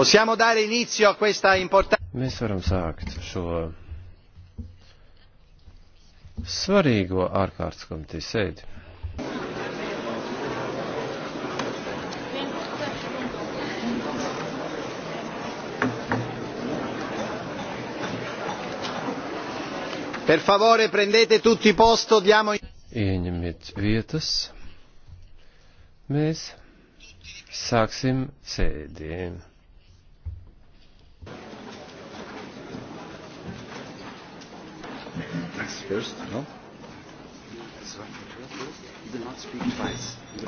Possiamo dare inizio a questa importante. Mēs varam sākt šo svarīgo ārkārtas komitejas sēdi. Per favore prendete tutti posto, diamo Ieņemiet vietas. Mēs sāksim sēdienu. first, no?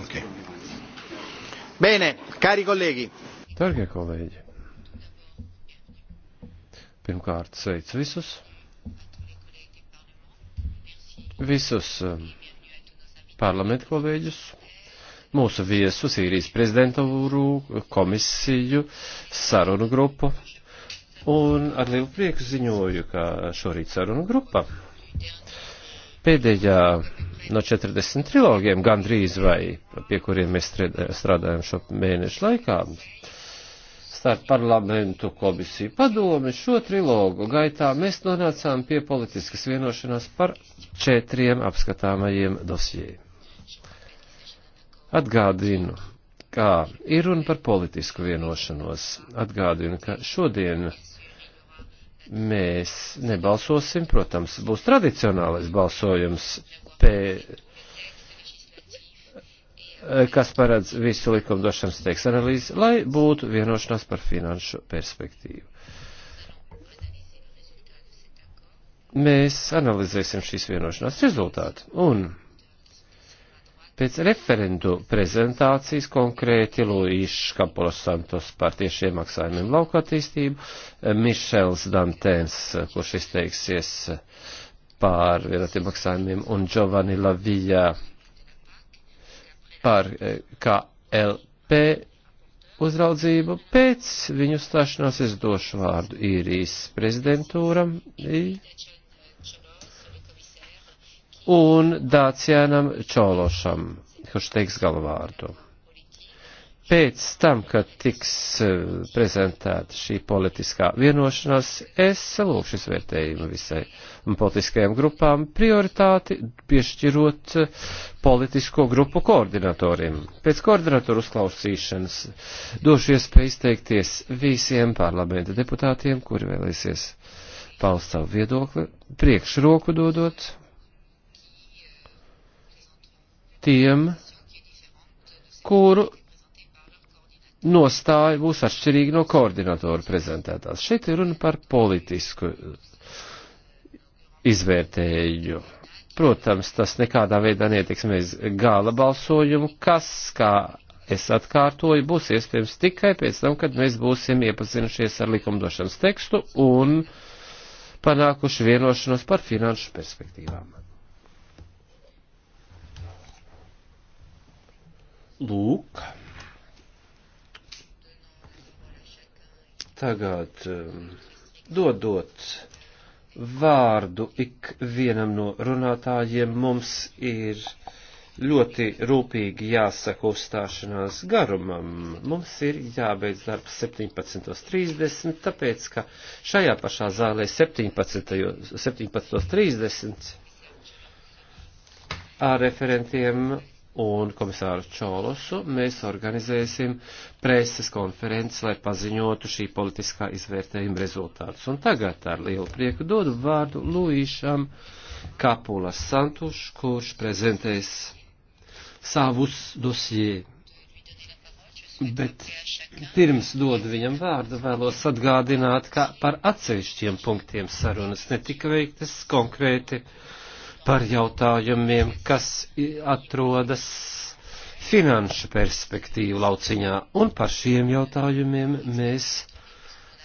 Okay. Bene, cari colleghi. Dargie kolēģi, pirmkārt sveicu visus. Visus um, parlamentu kolēģus, mūsu viesus, īrijas prezidentūru, komisiju, sarunu grupu. Un ar lielu prieku ziņoju, ka šorīt sarunu grupa Pēdējā no 40 trilogiem gandrīz vai pie kuriem mēs strādājam šo mēnešu laikā starp parlamentu komisiju padomi šo trilogu gaitā mēs nonācām pie politiskas vienošanās par četriem apskatāmajiem dosijiem. Atgādinu, kā ir runa par politisku vienošanos. Atgādinu, ka šodien Mēs nebalsosim, protams, būs tradicionālais balsojums, pē, kas paredz visu likumdošanas teiks analīzi, lai būtu vienošanās par finanšu perspektīvu. Mēs analizēsim šīs vienošanās rezultātu un Pēc referendu prezentācijas konkrēti Luīšs Kapolos Santos par tiešiem maksājumiem lauku attīstību, Mišels Dantēns, kurš izteiksies par vienotiem maksājumiem, un Giovanni Lavija par eh, KLP uzraudzību. Pēc viņu stāšanās es došu vārdu īrijas prezidentūram. I un Dācijānam Čološam, kurš teiks galvārdu. Pēc tam, kad tiks e, prezentēta šī politiskā vienošanās, es lūkšu izvērtējumu visai politiskajām grupām prioritāti piešķirot e, politisko grupu koordinatoriem. Pēc koordinatoru uzklausīšanas došu iespēju izteikties visiem parlamenta deputātiem, kuri vēlēsies paust savu viedokli, priekšroku dodot tiem, kuru nostāja būs atšķirīga no koordinatora prezentētās. Šeit ir runa par politisku izvērtēju. Protams, tas nekādā veidā netiksmēs gala balsojumu, kas, kā es atkārtoju, būs iespējams tikai pēc tam, kad mēs būsim iepazinušies ar likumdošanas tekstu un panākuši vienošanos par finanšu perspektīvām. Lūk. Tagad um, dodot vārdu ik vienam no runātājiem mums ir ļoti rūpīgi jāsaka uzstāšanās garumam. Mums ir jābeidz darbs 17.30, tāpēc, ka šajā pašā zālē 17.30 ar referentiem un komisāru Čolosu mēs organizēsim preses konferenci, lai paziņotu šī politiskā izvērtējuma rezultātus. Un tagad ar lielu prieku dodu vārdu Luīšam Kapulas Santuš, kurš prezentēs savus dosijē. Bet pirms dodu viņam vārdu, vēlos atgādināt, ka par atsevišķiem punktiem sarunas netika veiktas konkrēti par jautājumiem, kas atrodas finanšu perspektīvu lauciņā, un par šiem jautājumiem mēs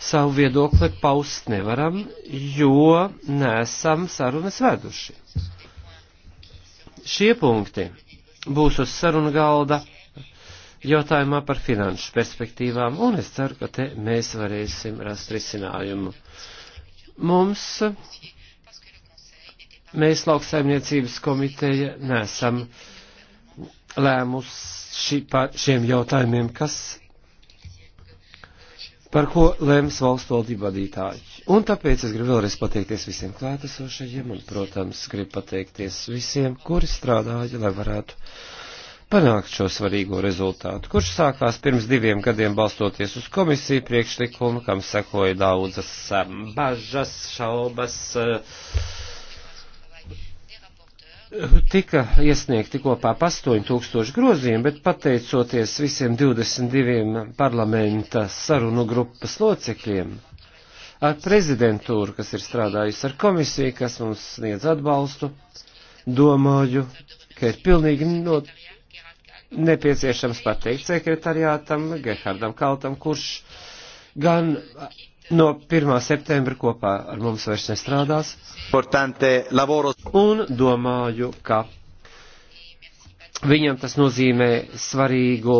savu viedokli paust nevaram, jo nesam sarunas veduši. Šie punkti būs uz sarunu galda jautājumā par finanšu perspektīvām, un es ceru, ka te mēs varēsim rast risinājumu. Mums Mēs lauksaimniecības komiteja nesam lēmusi par šiem jautājumiem, kas par ko lems valsts valdību vadītāji. Un tāpēc es gribu vēlreiz pateikties visiem klātesošajiem un, protams, gribu pateikties visiem, kuri strādāja, lai varētu panākt šo svarīgo rezultātu, kurš sākās pirms diviem gadiem balstoties uz komisiju priekšlikumu, kam sekoja daudzas um, bažas, šaubas. Uh, tika iesniegti kopā 8000 grozījumi, bet pateicoties visiem 22 parlamenta sarunu grupas locekļiem, ar prezidentūru, kas ir strādājusi ar komisiju, kas mums sniedz atbalstu, domāju, ka ir pilnīgi no nepieciešams pateikt sekretariātam, Gehardam Kaltam, kurš gan no 1. septembra kopā ar mums vairs nestrādās. Un domāju, ka viņam tas nozīmē svarīgu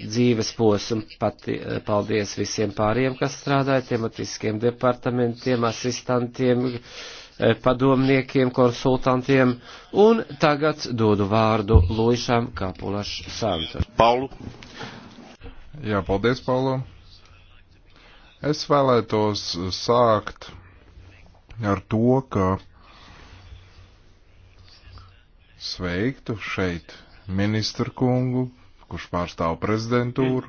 dzīves posmu. Pati, eh, paldies visiem pāriem, kas strādāja, tematiskiem departamentiem, asistantiem, eh, padomniekiem, konsultantiem. Un tagad dodu vārdu Luišam Kapulaš Santu. Paulu. Jā, paldies, Paulo. Es vēlētos sākt ar to, ka sveiktu šeit ministru kungu, kurš pārstāv prezidentūru,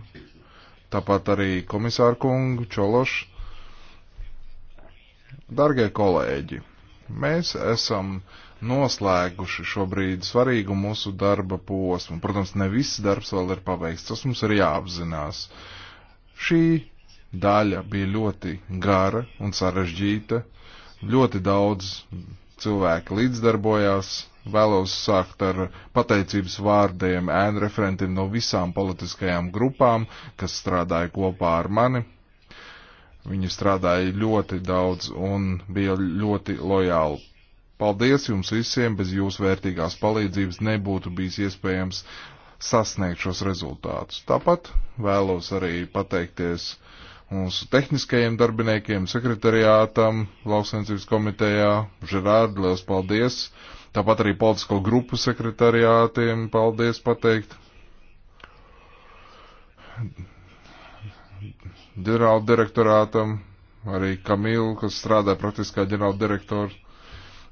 tāpat arī komisāru kungu Čološu. Dargie kolēģi, mēs esam noslēguši šobrīd svarīgu mūsu darba posmu. Protams, ne viss darbs vēl ir paveikts, tas mums ir jāapzinās. Šī daļa bija ļoti gara un sarežģīta. Ļoti daudz cilvēki līdzdarbojās. Vēlos sākt ar pateicības vārdiem ēnu referentiem no visām politiskajām grupām, kas strādāja kopā ar mani. Viņi strādāja ļoti daudz un bija ļoti lojāli. Paldies jums visiem, bez jūsu vērtīgās palīdzības nebūtu bijis iespējams sasniegt šos rezultātus. Tāpat vēlos arī pateikties mūsu tehniskajiem darbiniekiem, sekretariātam, lauksainicības komitejā, Žerārdi, liels paldies. Tāpat arī politisko grupu sekretariātiem paldies pateikt. Ģenerāla direktorātam, arī Kamilu, kas strādā praktiskā ģenerāla direktora.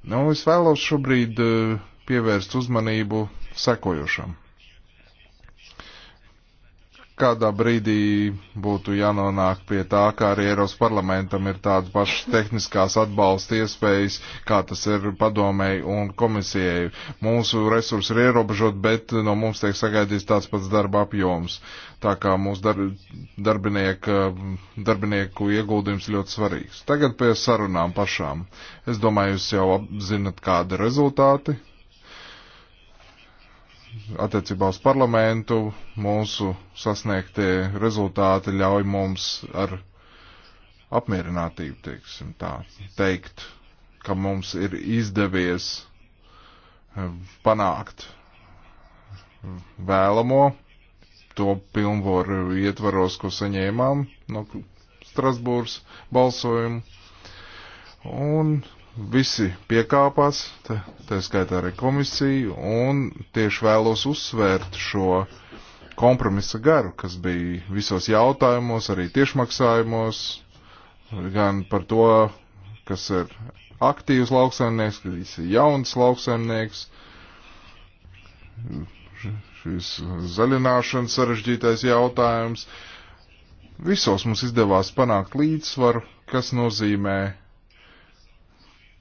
Nu, es vēlos šobrīd eh, pievērst uzmanību sekojošam kādā brīdī būtu jānonāk pie tā, kā arī Eiropas parlamentam ir tādas pašas tehniskās atbalsta iespējas, kā tas ir padomēji un komisijai. Mūsu resursi ir ierobežot, bet no mums tiek sagaidīts tāds pats darba apjoms. Tā kā mūsu dar darbinieka, darbinieku ieguldījums ļoti svarīgs. Tagad pie sarunām pašām. Es domāju, jūs jau zinat, kādi rezultāti attiecībā uz parlamentu mūsu sasniegtie rezultāti ļauj mums ar apmierinātību, teiksim tā, teikt, ka mums ir izdevies eh, panākt vēlamo to pilnvaru ietvaros, ko saņēmām no Strasbūras balsojumu. Un visi piekāpās, tā skaitā arī komisija, un tieši vēlos uzsvērt šo kompromisa garu, kas bija visos jautājumos, arī tiešmaksājumos, gan par to, kas ir aktīvs lauksaimnieks, kas ir jauns lauksaimnieks, šis zaļināšanas sarežģītais jautājums. Visos mums izdevās panākt līdzsvaru, kas nozīmē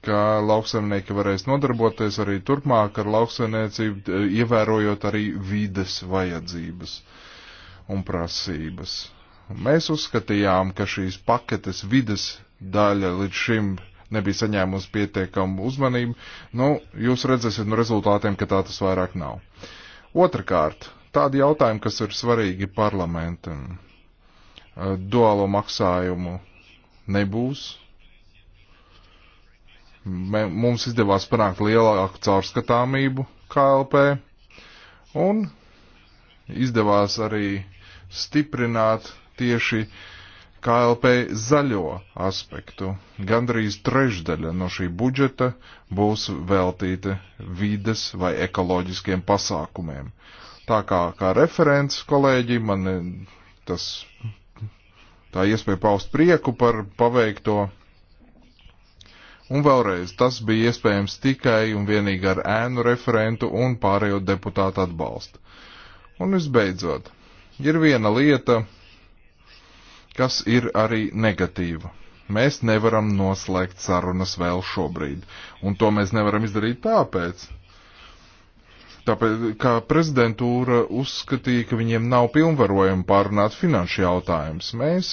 ka lauksaimnieki varēs nodarboties arī turpmāk ar lauksaimniecību, ievērojot arī vides vajadzības un prasības. Mēs uzskatījām, ka šīs paketes vides daļa līdz šim nebija saņēmusi pietiekamu uzmanību. Nu, jūs redzēsiet no rezultātiem, ka tā tas vairāk nav. Otrakārt, tādi jautājumi, kas ir svarīgi parlamentam. Duālo maksājumu nebūs, Mums izdevās panākt lielāku caurskatāmību KLP un izdevās arī stiprināt tieši KLP zaļo aspektu. Gandrīz trešdaļa no šī budžeta būs veltīta vides vai ekoloģiskiem pasākumiem. Tā kā, kā referents kolēģi, man tas tā iespēja paust prieku par paveikto Un vēlreiz, tas bija iespējams tikai un vienīgi ar ēnu referentu un pārējo deputātu atbalstu. Un visbeidzot, ir viena lieta, kas ir arī negatīva. Mēs nevaram noslēgt sarunas vēl šobrīd, un to mēs nevaram izdarīt tāpēc. Tāpēc, kā prezidentūra uzskatīja, ka viņiem nav pilnvarojumi pārunāt finanšu jautājumus, mēs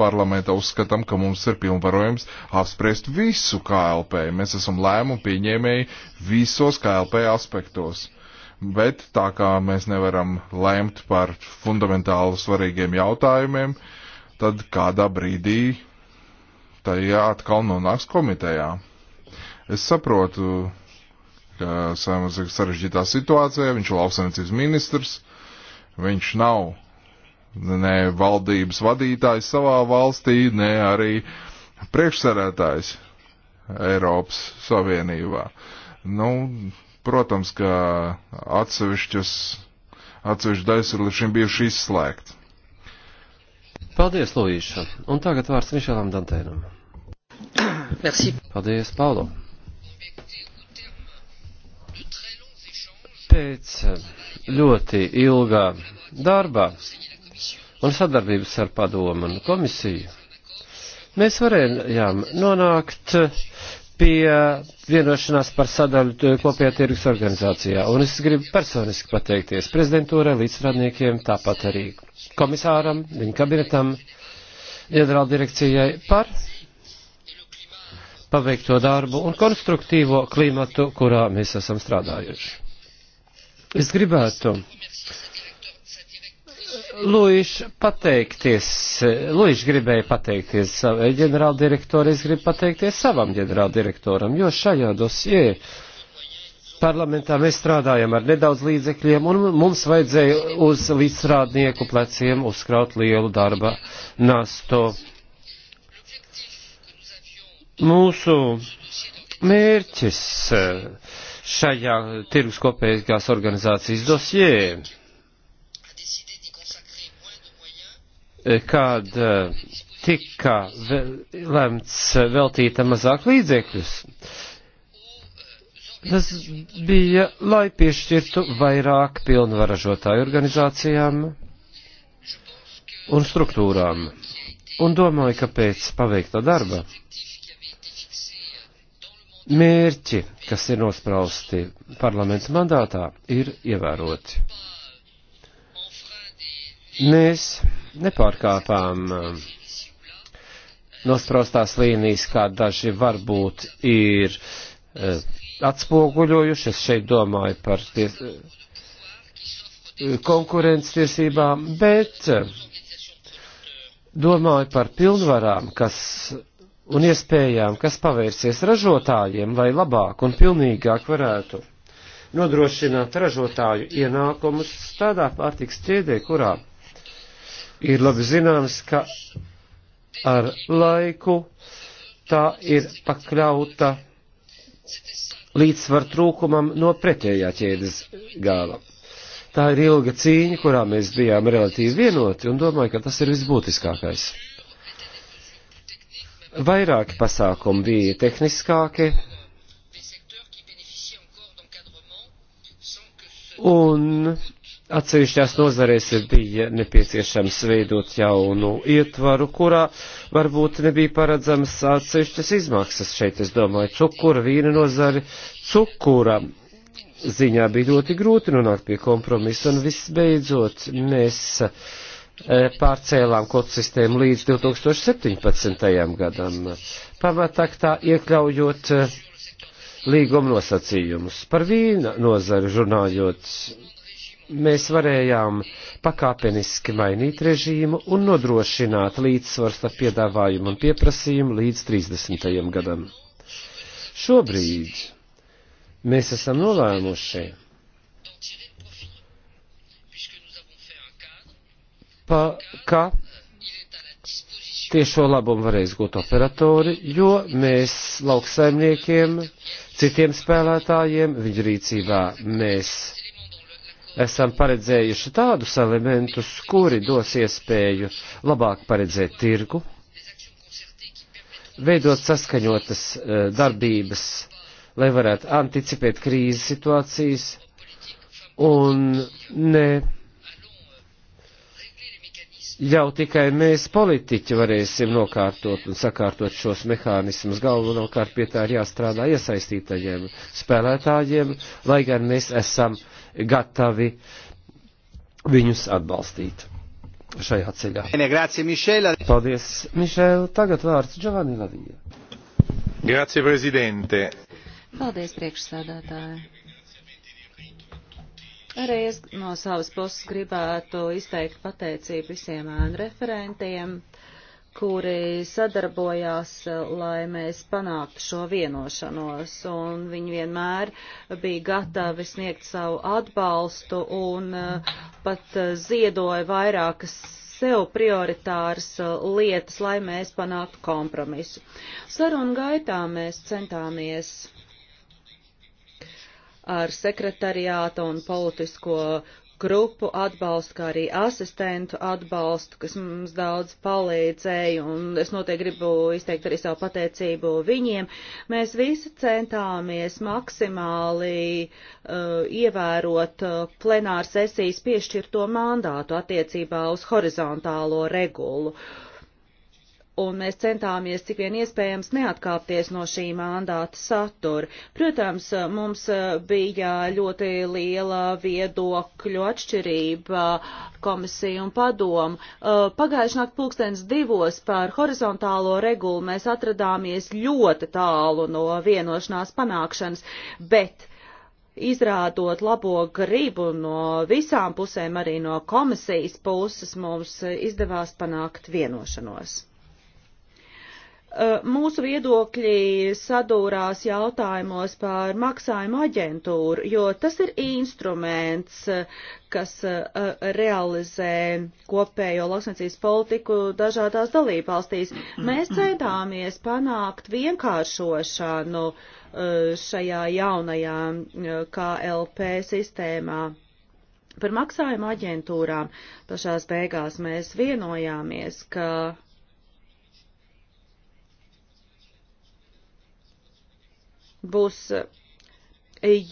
parlamentā uzskatām, ka mums ir pilnvarojums apspriest visu KLP. Mēs esam lēmumu pieņēmēji visos KLP aspektos. Bet tā kā mēs nevaram lēmt par fundamentāli svarīgiem jautājumiem, tad kādā brīdī tajā atkal nonāks komitejā. Es saprotu, ka Saimas ir sarežģītā situācijā, viņš ir lauksaimniecības ministrs, viņš nav ne valdības vadītājs savā valstī, ne arī priekšsarētājs Eiropas Savienībā. Nu, protams, ka atsevišķas, atsevišķa daļas ir līdz šim bijuši izslēgts. Paldies, Lūīša. Un tagad vārds Mišelam Dantēnam. Merci. Paldies, Paulo. Pēc ļoti ilgā darba un sadarbības ar padomu un komisiju, mēs varējām nonākt pie vienošanās par sadaļu kopējā tirgus organizācijā. Un es gribu personiski pateikties prezidentūrai, līdzstrādniekiem, tāpat arī komisāram, viņa kabinetam, ģenerāldirekcijai par paveikto darbu un konstruktīvo klimatu, kurā mēs esam strādājuši. Es gribētu Luīš pateikties, Luīš gribēja pateikties ģenerāldirektoru, es gribu pateikties savam ģenerāldirektoram, jo šajā dosjē parlamentā mēs strādājam ar nedaudz līdzekļiem, un mums vajadzēja uz līdzstrādnieku pleciem uzkraut lielu darba nasto. Mūsu mērķis eh, šajā tirgus kopējās organizācijas dosjē kad eh, tika lemts eh, veltīta mazāk līdzekļus. Tas bija, lai piešķirtu vairāk pilnvaražotāju organizācijām un struktūrām. Un domāju, ka pēc paveikta darba mērķi, kas ir nosprausti parlamenta mandātā, ir ievēroti. Mēs nepārkāpām um, nospraustās līnijas, kā daži varbūt ir uh, atspoguļojuši. Es šeit domāju par ties, uh, konkurences tiesībām, bet uh, domāju par pilnvarām, kas un iespējām, kas pavērsies ražotājiem, lai labāk un pilnīgāk varētu nodrošināt ražotāju ienākumus tādā pārtiks ķēdē, kurā Ir labi zināms, ka ar laiku tā ir pakļauta līdzsvar trūkumam no pretējā ķēdes gāla. Tā ir ilga cīņa, kurā mēs bijām relatīvi vienoti, un domāju, ka tas ir visbūtiskākais. Vairāki pasākumi bija tehniskāki, un atsevišķās nozarēs ir bija nepieciešams veidot jaunu ietvaru, kurā varbūt nebija paredzamas atsevišķas izmaksas. Šeit es domāju cukura, vīna nozari, cukura ziņā bija ļoti grūti nonākt pie kompromisa un visbeidzot mēs e, pārcēlām kodu sistēmu līdz 2017. gadam, pamataktā iekļaujot e, līguma nosacījumus. Par vīna nozari runājot, mēs varējām pakāpeniski mainīt režīmu un nodrošināt līdzsvaru starp piedāvājumu un pieprasījumu līdz 30. gadam. Šobrīd mēs esam nolēmuši pa, ka tiešo labumu varēs gūt operatori, jo mēs lauksaimniekiem, citiem spēlētājiem, viņu rīcībā mēs esam paredzējuši tādus elementus, kuri dos iespēju labāk paredzēt tirgu, veidot saskaņotas eh, darbības, lai varētu anticipēt krīzes situācijas un ne jau tikai mēs politiķi varēsim nokārtot un sakārtot šos mehānismus. Galvenokārt pie tā ir jāstrādā iesaistītajiem spēlētājiem, lai gan mēs esam uh, gatavi viņus atbalstīt šajā ceļā. Paldies, Mišēl. Tagad vārds Giovanni Lavija. Grazie, prezidente. Paldies, priekšsēdētāji. Arī es no savas puses gribētu izteikt pateicību visiem ēnu referentiem kuri sadarbojās, lai mēs panāktu šo vienošanos, un viņi vienmēr bija gatavi sniegt savu atbalstu un eh, pat eh, ziedoja vairākas sev prioritāras eh, lietas, lai mēs panāktu kompromisu. Sarunu gaitā mēs centāmies ar sekretariātu un politisko grupu atbalstu, kā arī asistentu atbalstu, kas mums daudz palīdzēja, un es noteikti gribu izteikt arī savu pateicību viņiem. Mēs visi centāmies maksimāli uh, ievērot uh, plenāru sesijas piešķirto mandātu attiecībā uz horizontālo regulu. Uh, un mēs centāmies cik vien iespējams neatkāpties no šī mandāta satura. Protams, mums uh, bija ļoti liela viedokļu atšķirība komisija un padomu. Uh, Pagājušā naktī pulkstens divos par horizontālo regulu mēs atradāmies ļoti tālu no vienošanās panākšanas, bet izrādot labo gribu no visām pusēm, arī no komisijas puses, mums izdevās panākt vienošanos. Mūsu viedokļi sadūrās jautājumos par maksājumu aģentūru, jo tas ir instruments, kas realizē kopējo lauksniecības politiku dažādās dalībvalstīs. Mēs centāmies panākt vienkāršošanu šajā jaunajā KLP sistēmā. Par maksājumu aģentūrām pašās beigās mēs vienojāmies, ka būs eh,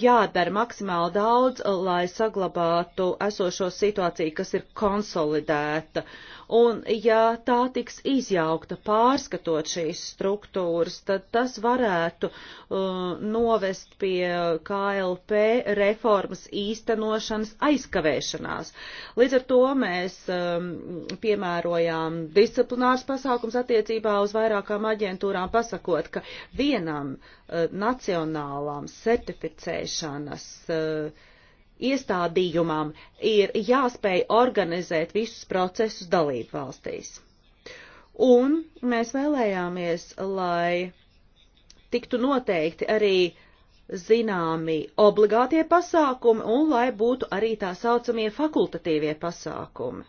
jādara maksimāli daudz, lai saglabātu esošo situāciju, kas ir konsolidēta. Uh, Un ja tā tiks izjaukta pārskatot šīs struktūras, tad tas varētu uh, novest pie KLP reformas īstenošanas aizkavēšanās. Līdz ar to mēs um, piemērojām disciplinārs pasākums attiecībā uz vairākām aģentūrām, pasakot, ka vienam uh, nacionālām certificēšanas uh, iestādījumam ir jāspēj organizēt visus procesus dalību valstīs. Un mēs vēlējāmies, lai tiktu noteikti arī zināmi obligātie pasākumi un lai būtu arī tā saucamie fakultatīvie pasākumi.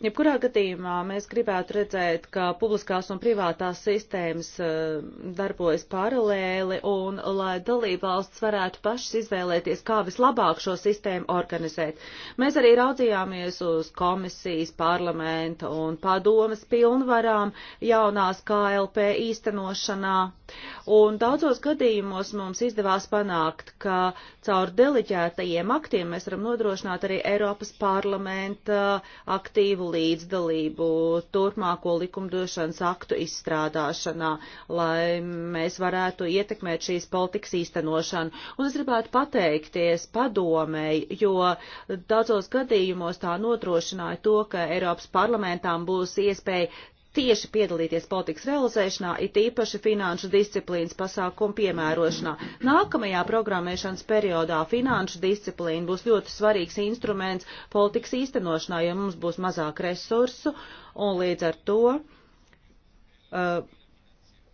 Jebkurā gadījumā mēs gribētu redzēt, ka publiskās un privātās sistēmas eh, darbojas paralēli un lai dalībvalsts varētu pašas izvēlēties, kā vislabāk šo sistēmu organizēt. Mēs arī raudzījāmies uz komisijas, parlamenta un padomas pilnvarām jaunās KLP īstenošanā. Un daudzos gadījumos mums izdevās panākt, ka caur deliģētajiem aktiem mēs varam nodrošināt arī Eiropas parlamenta aktīvu līdzdalību turpmāko likumdošanas aktu izstrādāšanā, lai mēs varētu ietekmēt šīs politikas īstenošanu. Un es gribētu pateikties padomēji, jo daudzos gadījumos tā nodrošināja to, ka Eiropas parlamentām būs iespēja tieši piedalīties politikas realizēšanā, it īpaši finanšu disciplīnas pasākumu piemērošanā. Nākamajā programmēšanas periodā finanšu disciplīna būs ļoti svarīgs instruments politikas īstenošanā, jo mums būs mazāk resursu un līdz ar to. Uh,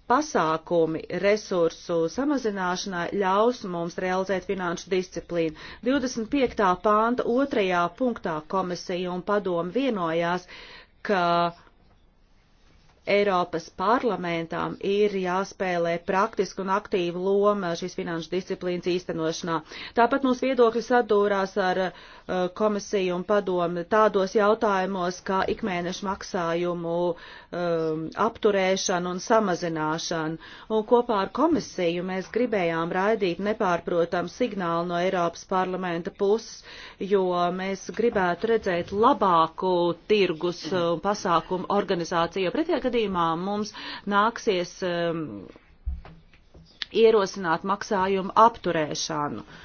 pasākumi resursu samazināšanai ļaus mums realizēt finanšu disciplīnu. 25. pānta otrajā punktā komisija un padomu vienojās, ka uh, Eiropas parlamentam ir jāspēlē praktiska un aktīva loma šīs finanšu disciplīnas īstenošanā. Tāpat mūsu viedokļi sadūrās ar uh, Uh, komisiju un padomi tādos jautājumos kā ikmēnešu maksājumu um, apturēšana un samazināšana. Un kopā ar komisiju mēs gribējām raidīt nepārprotam signālu no Eiropas parlamenta puses, jo mēs gribētu redzēt labāku tirgus uh, un pasākumu organizāciju. Pretējā gadījumā mums nāksies um, ierosināt maksājumu apturēšanu. Uh,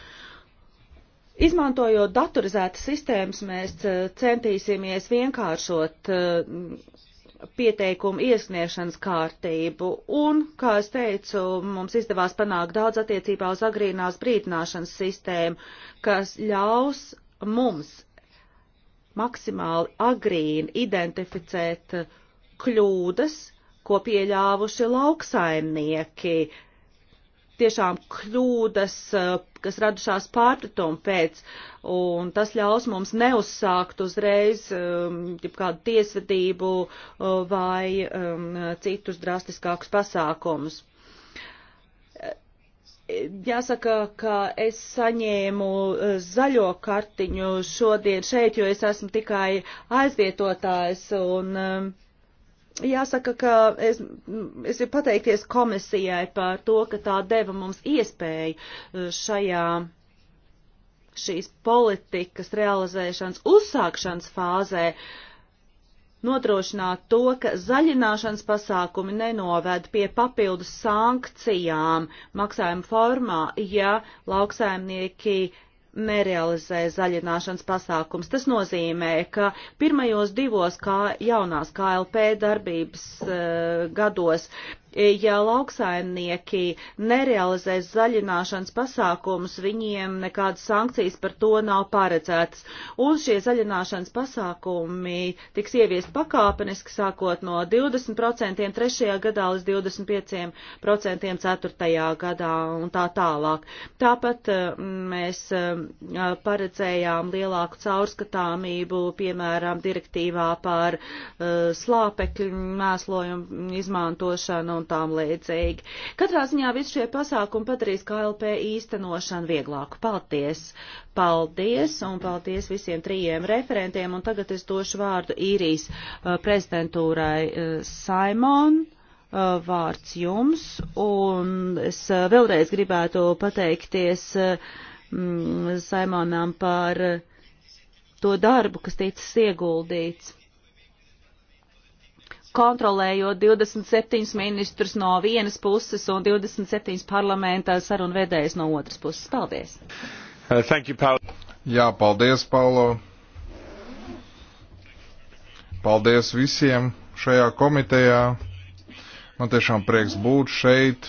Izmantojot datorizētas sistēmas, mēs eh, centīsimies vienkāršot eh, pieteikumu iesniešanas kārtību, un, kā es teicu, mums izdevās panākt daudz attiecībā uz agrīnās brīdināšanas sistēmu, kas ļaus mums maksimāli agrīni identificēt eh, kļūdas, ko pieļāvuši lauksaimnieki, uh, tiešām kļūdas, eh, kas radušās pārpratumu pēc, un tas ļaus mums neuzsākt uzreiz ehm, kādu tiesvedību eh, vai ehm, citus drastiskākus pasākumus. Jāsaka, ka es saņēmu eh, zaļo kartiņu šodien šeit, jo es esmu tikai aizvietotājs un uh, Jāsaka, ka es, es ir pateikties komisijai par to, ka tā deva mums iespēju uh, šajā šīs politikas realizēšanas uzsākšanas fāzē nodrošināt to, ka zaļināšanas pasākumi nenoved pie papildus sankcijām maksājuma formā, ja lauksaimnieki nerealizē zaļināšanas pasākums. Tas nozīmē, ka pirmajos divos kā jaunās KLP darbības uh, gados E, ja lauksaimnieki nerealizēs zaļināšanas pasākumus, viņiem nekādas sankcijas par to nav paredzētas. Un šie zaļināšanas pasākumi tiks ieviest pakāpeniski sākot no 20% trešajā gadā līdz 25% ceturtajā gadā un tā tālāk. Tāpat e, mēs e, paredzējām lielāku caurskatāmību, piemēram, direktīvā par slāpekļu mēslojumu izmantošanu un tām līdzīgi. Katrā ziņā visi šie pasākumi padarīs KLP īstenošanu vieglāku. Paldies! Paldies! Un paldies visiem trījiem referentiem. Un tagad es došu vārdu īrijas uh, prezidentūrai uh, Simon uh, vārds jums, un es vēlreiz gribētu pateikties mm, Saimonam par to darbu, kas ticis ieguldīts kontrolējot 27 ministrus no vienas puses un 27 parlamentā sarunvedējs no otras puses. Paldies! Uh, you, Paolo. Jā, paldies, Paulo! Paldies visiem šajā komitejā. Man tiešām prieks būt šeit,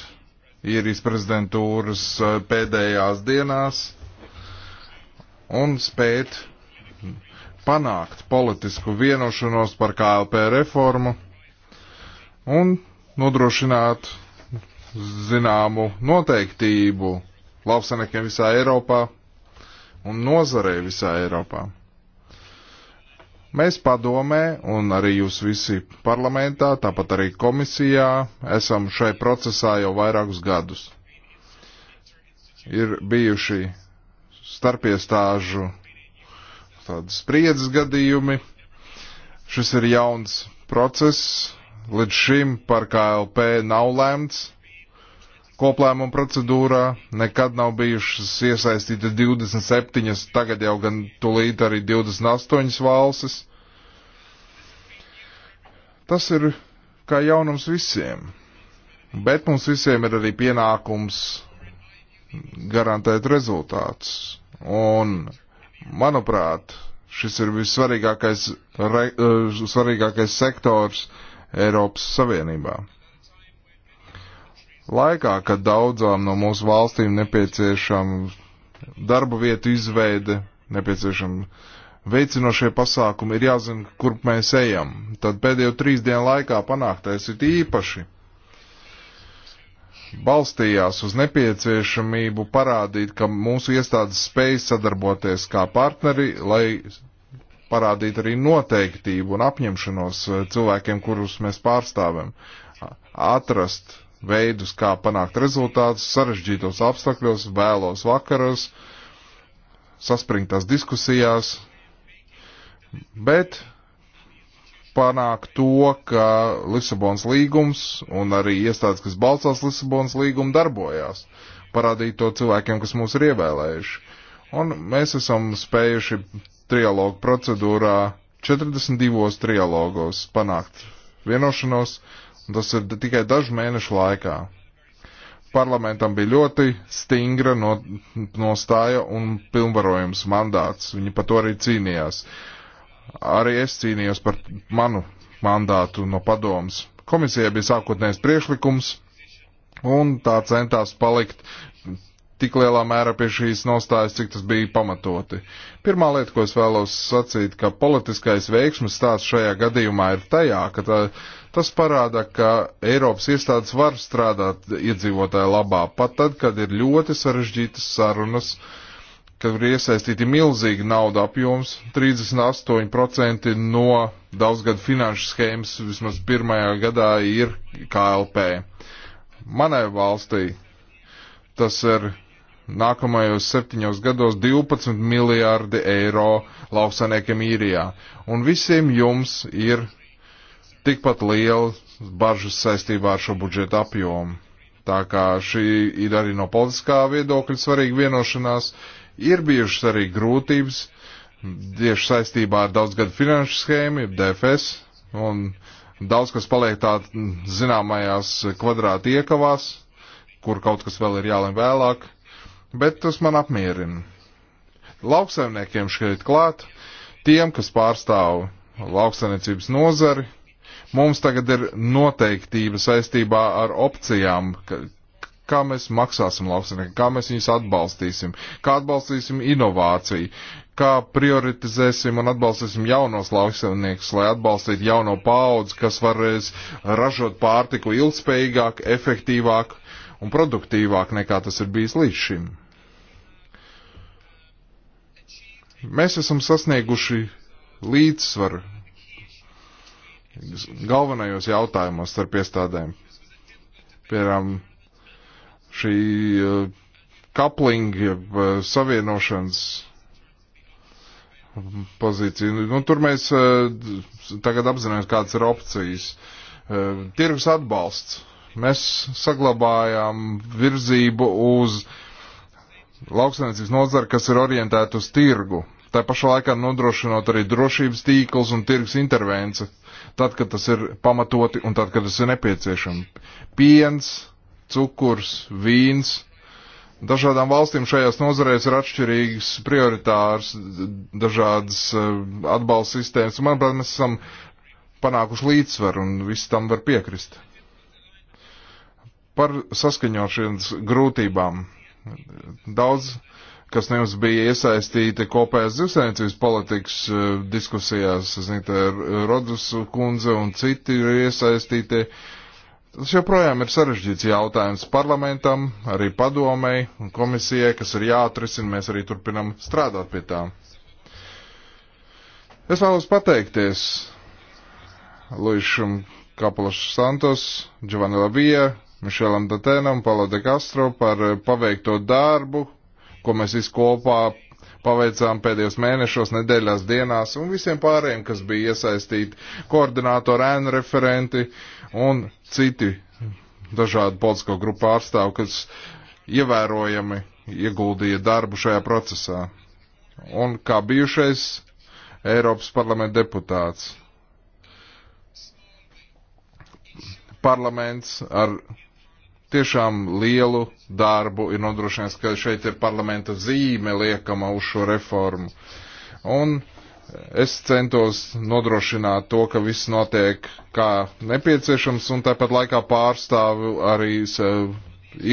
īrijas prezidentūras uh, pēdējās dienās un spēt panākt politisku vienošanos par KLP reformu un nodrošināt zināmu noteiktību lauksaimniekiem visā Eiropā un nozarei visā Eiropā. Mēs padomē un arī jūs visi parlamentā, tāpat arī komisijā esam šai procesā jau vairākus gadus. Ir bijuši starpiestāžu tādas spriedzes gadījumi. Šis ir jauns process, Līdz šim par KLP nav lemts koplēmuma procedūrā, nekad nav bijušas iesaistīta 27, tagad jau gan tulīt arī 28 valstis. Tas ir kā jaunums visiem, bet mums visiem ir arī pienākums garantēt rezultātus. Un, manuprāt, šis ir vissvarīgākais re, eh, svarīgākais sektors uh, Eiropas Savienībā. Laikā, kad daudzām no mūsu valstīm nepieciešama darba vietu izveide, nepieciešama veicinošie pasākumi, ir jāzina, kur mēs ejam. Tad pēdējo trīs dienu laikā panāktais ir īpaši balstījās uz nepieciešamību parādīt, ka mūsu iestādes spēj sadarboties kā partneri, lai parādīt arī noteiktību un apņemšanos eh, cilvēkiem, kurus mēs pārstāvam, atrast veidus, kā panākt rezultātus sarežģītos apstākļos, vēlos vakaros, saspringtās diskusijās, bet panākt to, ka Lisabonas līgums un arī iestādes, kas balsās Lisabonas līgumu, darbojās, parādīt to cilvēkiem, kas mūs ir ievēlējuši. Un mēs esam spējuši trialogu procedūrā 42 trialogos panākt vienošanos, un tas ir tikai dažu mēnešu laikā. Parlamentam bija ļoti stingra no, nostāja un pilnvarojums mandāts. Viņi par to arī cīnījās. Arī es cīnījos par manu mandātu no padomas. Komisijai bija sākotnējs priešlikums, un tā centās palikt tik lielā mērā pie šīs nostājas, cik tas bija pamatoti. Pirmā lieta, ko es vēlos sacīt, ka politiskais veiksmes stāsts šajā gadījumā ir tajā, ka tā, tas parāda, ka Eiropas iestādes var strādāt iedzīvotāju labā, pat tad, kad ir ļoti sarežģītas sarunas, kad ir iesaistīti milzīgi nauda apjoms, 38% no daudzgadu finanšu schēmas vismaz pirmajā gadā ir KLP. Manai valstī tas ir nākamajos septiņos gados 12 miljārdi eiro lauksaniekiem īrijā. Un visiem jums ir tikpat liela bažas saistībā ar šo budžeta apjomu. Tā kā šī ir arī no politiskā viedokļa svarīga vienošanās, ir bijušas arī grūtības tieši saistībā ar daudzgadu finanšu schēmu, DFS, un daudz kas paliek tā zināmajās kvadrāta iekavās, kur kaut kas vēl ir jālem vēlāk bet tas man apmierina. Lauksaimniekiem šeit klāt, tiem, kas pārstāv lauksaimniecības nozari, mums tagad ir noteiktība saistībā ar opcijām, kā mēs maksāsim lauksaimniekiem, kā mēs viņus atbalstīsim, kā atbalstīsim inovāciju, kā prioritizēsim un atbalstīsim jaunos lauksaimniekus, lai atbalstītu jauno paudzi, kas varēs ražot pārtiku ilgspējīgāk, efektīvāk un produktīvāk nekā tas ir bijis līdz šim. Mēs esam sasnieguši līdzsvaru galvenajos jautājumos starp iestādēm. Piemēram, šī kaplinga, eh, eh, savienošanas pozīcija. Nu, tur mēs eh, tagad apzināmies, kādas ir opcijas. Tirgus atbalsts. Mēs saglabājām virzību uz uh, lauksaimniecības nozara, kas ir orientēta uz tirgu, tā pašā laikā nodrošinot arī drošības tīklus un tirgus intervenci, tad, kad tas ir pamatoti un tad, kad tas ir nepieciešams. Piens, cukurs, vīns. Dažādām valstīm šajās nozarēs ir atšķirīgas prioritāras, dažādas eh, atbalsta sistēmas. Manuprāt, mēs esam panākuši līdzsvaru un viss tam var piekrist. Par saskaņošanas grūtībām Daudz, kas nevis bija iesaistīti kopējās zivsainicības politikas eh, diskusijās, zinu, tā ir Rodus kundze un citi ir iesaistīti. Tas joprojām ir sarežģīts jautājums parlamentam, arī padomei un komisijai, kas ir jāatrisina. Mēs arī turpinam strādāt pie tām. Es vēlos pateikties Luišam Kapalašu Santos, Giovanni Lavija, Mišelam Datēnam, Palo de Castro par eh, paveikto darbu, ko mēs visi kopā paveicām pēdējos mēnešos, nedēļās, dienās, un visiem pārējiem, kas bija iesaistīti, koordinātori, ēnu referenti un citi dažādu politisko grupu pārstāvu, kas ievērojami ieguldīja darbu šajā procesā. Un kā bijušais Eiropas parlamenta deputāts. Parlaments ar tiešām lielu darbu ir nodrošinājis, ka šeit ir parlamenta zīme liekama uz šo reformu. Un es centos nodrošināt to, ka viss notiek kā nepieciešams un tāpat laikā pārstāvu arī eh,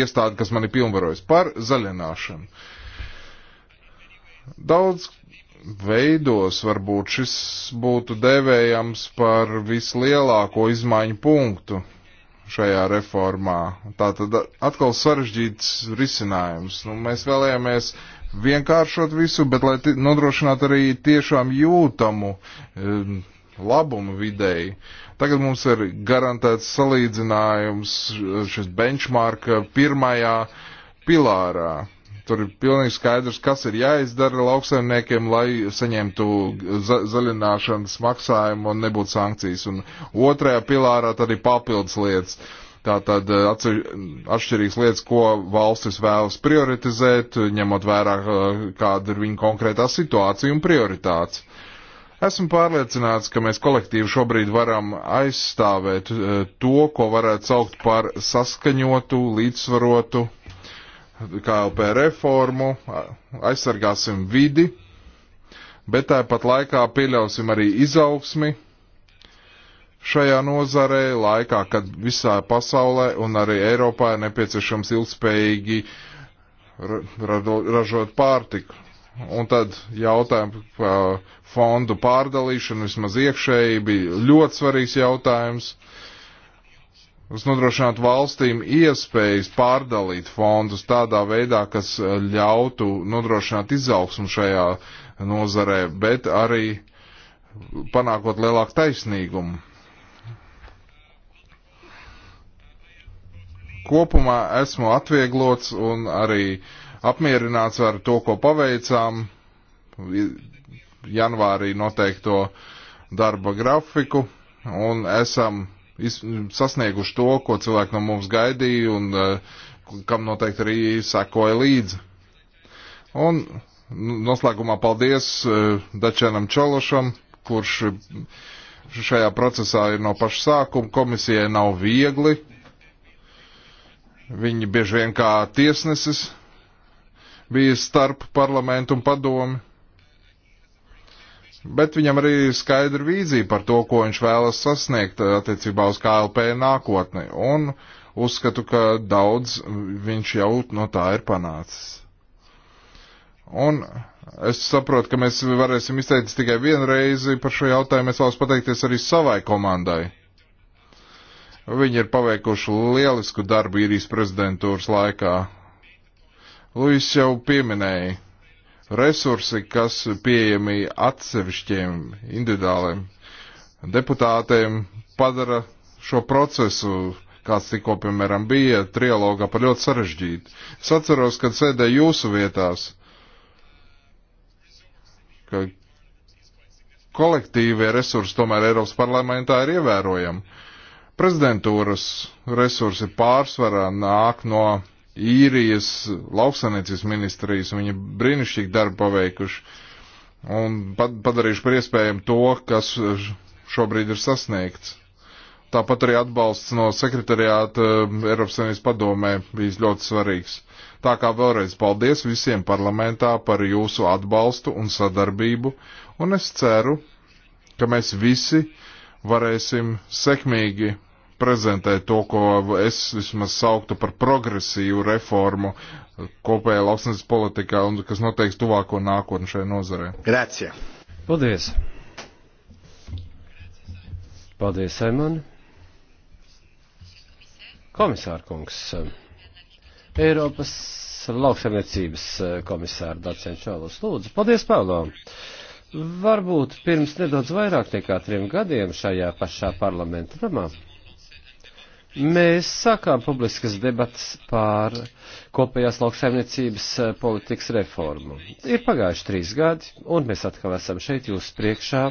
iestādi, kas mani pilnvarojas par zaļināšanu. Daudz veidos varbūt šis būtu devējams par vislielāko izmaiņu punktu šajā reformā. Tā tad atkal sarežģīts risinājums. Nu, mēs vēlējāmies vienkāršot visu, bet lai nodrošinātu arī tiešām jūtamu um, labumu videi. Tagad mums ir garantēts salīdzinājums, šis benchmark pirmajā pilārā. Tur ir pilnīgi skaidrs, kas ir jāizdara lauksaimniekiem, lai saņemtu za zaļināšanas maksājumu un nebūtu sankcijas. Un otrajā pilārā tad ir papildus lietas. Tātad eh, atšķirīgas lietas, ko valstis vēlas prioritizēt, ņemot vērā, eh, kāda ir viņa konkrētā situācija un prioritātes. Esmu pārliecināts, ka mēs kolektīvi šobrīd varam aizstāvēt eh, to, ko varētu saukt par saskaņotu, līdzsvarotu KLP reformu, aizsargāsim vidi, bet tāpat laikā pieļausim arī izaugsmi šajā nozarē, laikā, kad visā pasaulē un arī Eiropā ir nepieciešams ilgspējīgi rado, ražot pārtiku. Un tad jautājumu par uh, fondu pārdalīšanu vismaz iekšēji bija ļoti svarīgs jautājums. Uh, uz nodrošināt valstīm iespējas pārdalīt fondus tādā veidā, kas eh, ļautu nodrošināt izaugsmu šajā nozarē, bet arī panākot lielāku taisnīgumu. Kopumā esmu atvieglots un arī apmierināts ar to, ko paveicām janvārī noteikto darba grafiku un esam sasnieguši to, ko cilvēki no mums gaidīja un eh, kam noteikti arī sekoja līdzi. Un nu, noslēgumā paldies eh, Dačēnam Čološam, kurš šajā procesā ir no paša sākuma. Komisijai nav viegli. Viņi bieži vien kā tiesnesis bija starp parlamentu un padomi Bet viņam arī ir skaidra vīzija par to, ko viņš vēlas sasniegt eh, attiecībā uz KLP nākotni. Un uzskatu, ka daudz viņš jau no tā ir panācis. Un es saprotu, ka mēs varēsim izteikties tikai vienu reizi par šo jautājumu. Es vēlos pateikties arī savai komandai. Viņi ir paveikuši lielisku darbu īrijas prezidentūras laikā. Luis jau pieminēja resursi, kas pieejami atsevišķiem individuāliem deputātiem, padara šo procesu, kāds tikko, piemēram, bija trialogā par ļoti sarežģītu. Es atceros, kad sēdēju jūsu vietās, ka kolektīvie resursi tomēr Eiropas parlamentā ir ievērojami. Prezidentūras resursi pārsvarā nāk no īrijas lauksaimniecības ministrijas, viņi brīnišķīgi darbu paveikuši un padarījuši par iespējamu to, kas šobrīd ir sasniegts. Tāpat arī atbalsts no sekretariāta um, Eiropas Savienības padomē bijis ļoti svarīgs. Tā kā vēlreiz paldies visiem parlamentā par jūsu atbalstu un sadarbību, un es ceru, ka mēs visi varēsim sekmīgi prezentēt to, ko es vismaz sauktu par progresīvu reformu kopējā lauksnes politikā un kas noteiks tuvāko nākotni šai nozarē. Grācija. Paldies. Paldies, Saimon. Komisārkungs. Eiropas lauksaimniecības komisāra Dārcēns Čālos. Lūdzu, paldies, Pāvlā. Varbūt pirms nedaudz vairāk nekā trim gadiem šajā pašā parlamenta namā. Mēs sākām publiskas debatas pār kopējās lauksaimniecības eh, politikas reformu. Ir pagājuši trīs gadi, un mēs atkal esam šeit jūsu priekšā.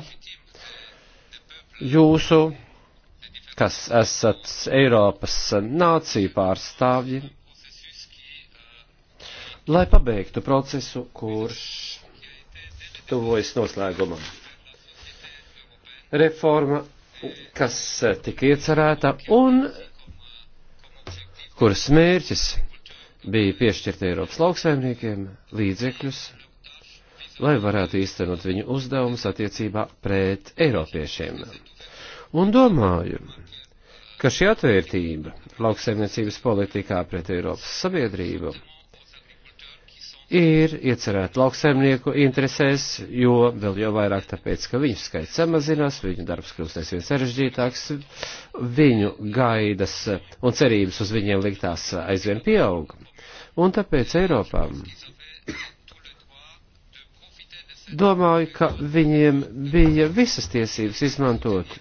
Jūsu, kas esat Eiropas nāciju pārstāvji, lai pabeigtu procesu, kurš tuvojas noslēgumam. Reforma, kas tika iecerēta, un kuras mērķis bija piešķirt Eiropas lauksaimniekiem līdzekļus, lai varētu īstenot viņu uzdevumus attiecībā pret Eiropiešiem. Un domāju, ka šī atvērtība lauksaimniecības politikā pret Eiropas sabiedrību ir iecerēta lauksaimnieku interesēs, jo vēl jau vairāk tāpēc, ka viņu skaits samazinās, viņu darbs kļūst aizvien sarežģītāks, viņu gaidas un cerības uz viņiem liktās aizvien pieaug. Un tāpēc Eiropā domāju, ka viņiem bija visas tiesības izmantot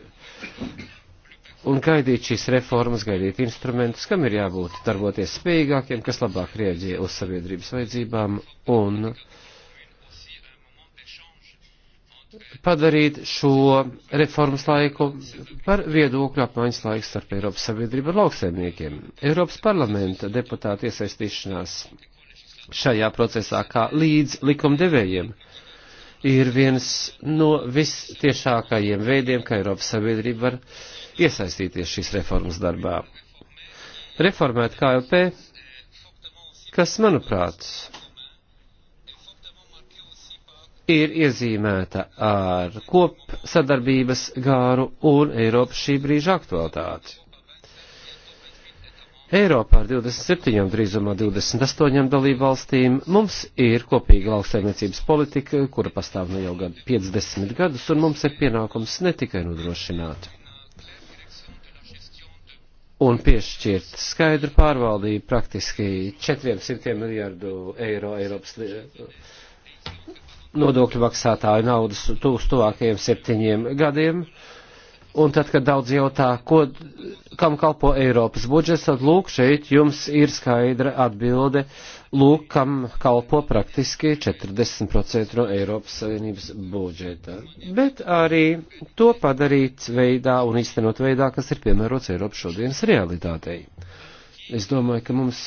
un gaidīt šīs reformas, gaidīt instrumentus, kam ir jābūt darboties spējīgākiem, kas labāk rieģē uz sabiedrības vajadzībām un padarīt šo reformas laiku par viedokļu apmaiņas laiku starp Eiropas sabiedrību un lauksaimniekiem. Eiropas parlamenta deputāta iesaistīšanās šajā procesā kā līdz likumdevējiem ir viens no vistiešākajiem veidiem, kā Eiropas sabiedrība var uh, iesaistīties šīs reformas darbā. Reformēt KLP, kas, manuprāt, ir iezīmēta ar kopsadarbības gāru un Eiropas šī brīža aktualitāti. Eiropā ar 27, drīzumā 28 dalību valstīm mums ir kopīga lauksaimniecības politika, kura pastāv ne jau gadu 50 gadus, un mums ir pienākums ne tikai nodrošināt un piešķirt skaidru pārvaldību praktiski 400 miljardu eiro Eiropas eh, nodokļu maksātāju naudas tūs tuvākajiem septiņiem gadiem. Un tad, kad daudz jautā, ko, kam kalpo Eiropas budžets, tad lūk, šeit jums ir skaidra atbilde uh, lūkam kalpo praktiski 40% no Eiropas Savienības budžeta, bet arī to padarīt veidā un iztenot veidā, kas ir piemērots Eiropas šodienas realitātei. Es domāju, ka mums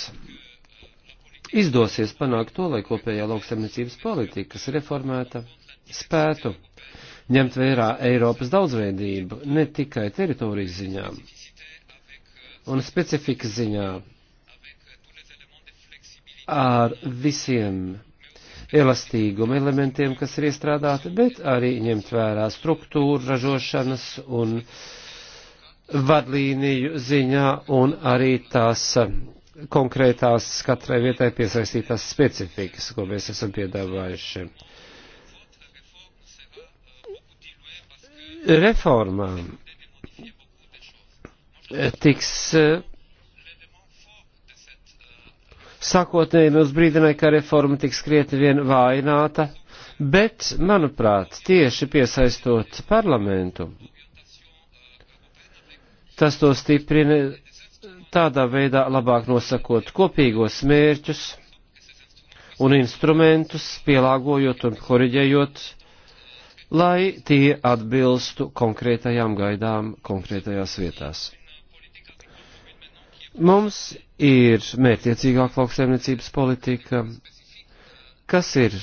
izdosies panākt to, lai kopējā lauksaimniecības politika, kas ir reformēta, spētu ņemt vērā Eiropas daudzveidību ne tikai teritorijas ziņā un specifikas ziņā, ar visiem elastīguma elementiem, kas ir iestrādāti, bet arī ņemt vērā struktūru, ražošanas un vadlīniju ziņā un arī tās konkrētās katrai vietai piesaistītās specifikas, ko mēs esam piedāvājuši. Reformām tiks Sākotnēji mums brīdināja, ka reforma tiks krietni vien vājināta, bet, manuprāt, tieši piesaistot parlamentu, tas to stiprina tādā veidā labāk nosakot kopīgos mērķus un instrumentus, pielāgojot un koriģējot, lai tie atbilstu konkrētajām gaidām konkrētajās vietās. Mums ir mērķiecīgāka lauksaimniecības politika, kas ir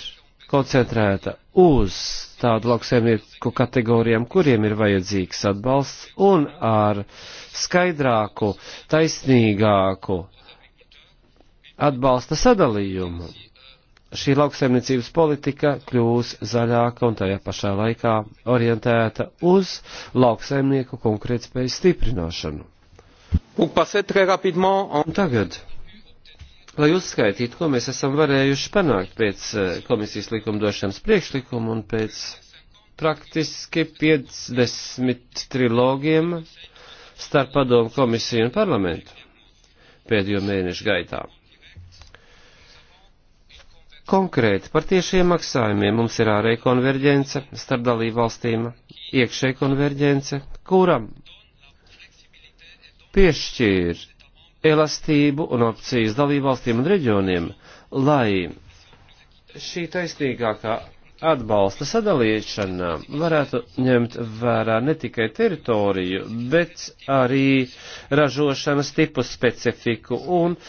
koncentrēta uz tādu lauksaimnieku kategorijām, kuriem ir vajadzīgs atbalsts un ar skaidrāku, taisnīgāku atbalsta sadalījumu. Šī lauksaimniecības politika kļūs zaļāka un tajā pašā laikā orientēta uz lauksaimnieku konkurētspējas stiprināšanu. Tagad, lai uzskaitītu, ko mēs esam varējuši panākt pēc eh, komisijas likumdošanas priekšlikuma un pēc praktiski 50 trilogiem starp padomu komisiju un parlamentu pēdējo mēnešu gaitā. Konkrēti par tiešiem maksājumiem mums ir ārēja konverģence starp dalībvalstīm, iekšēja konverģence, kuram piešķīr elastību un opcijas dalībvalstīm un reģioniem, lai šī taisnīgākā atbalsta sadalīšana varētu ņemt vērā ne tikai teritoriju, bet arī ražošanas tipu specifiku un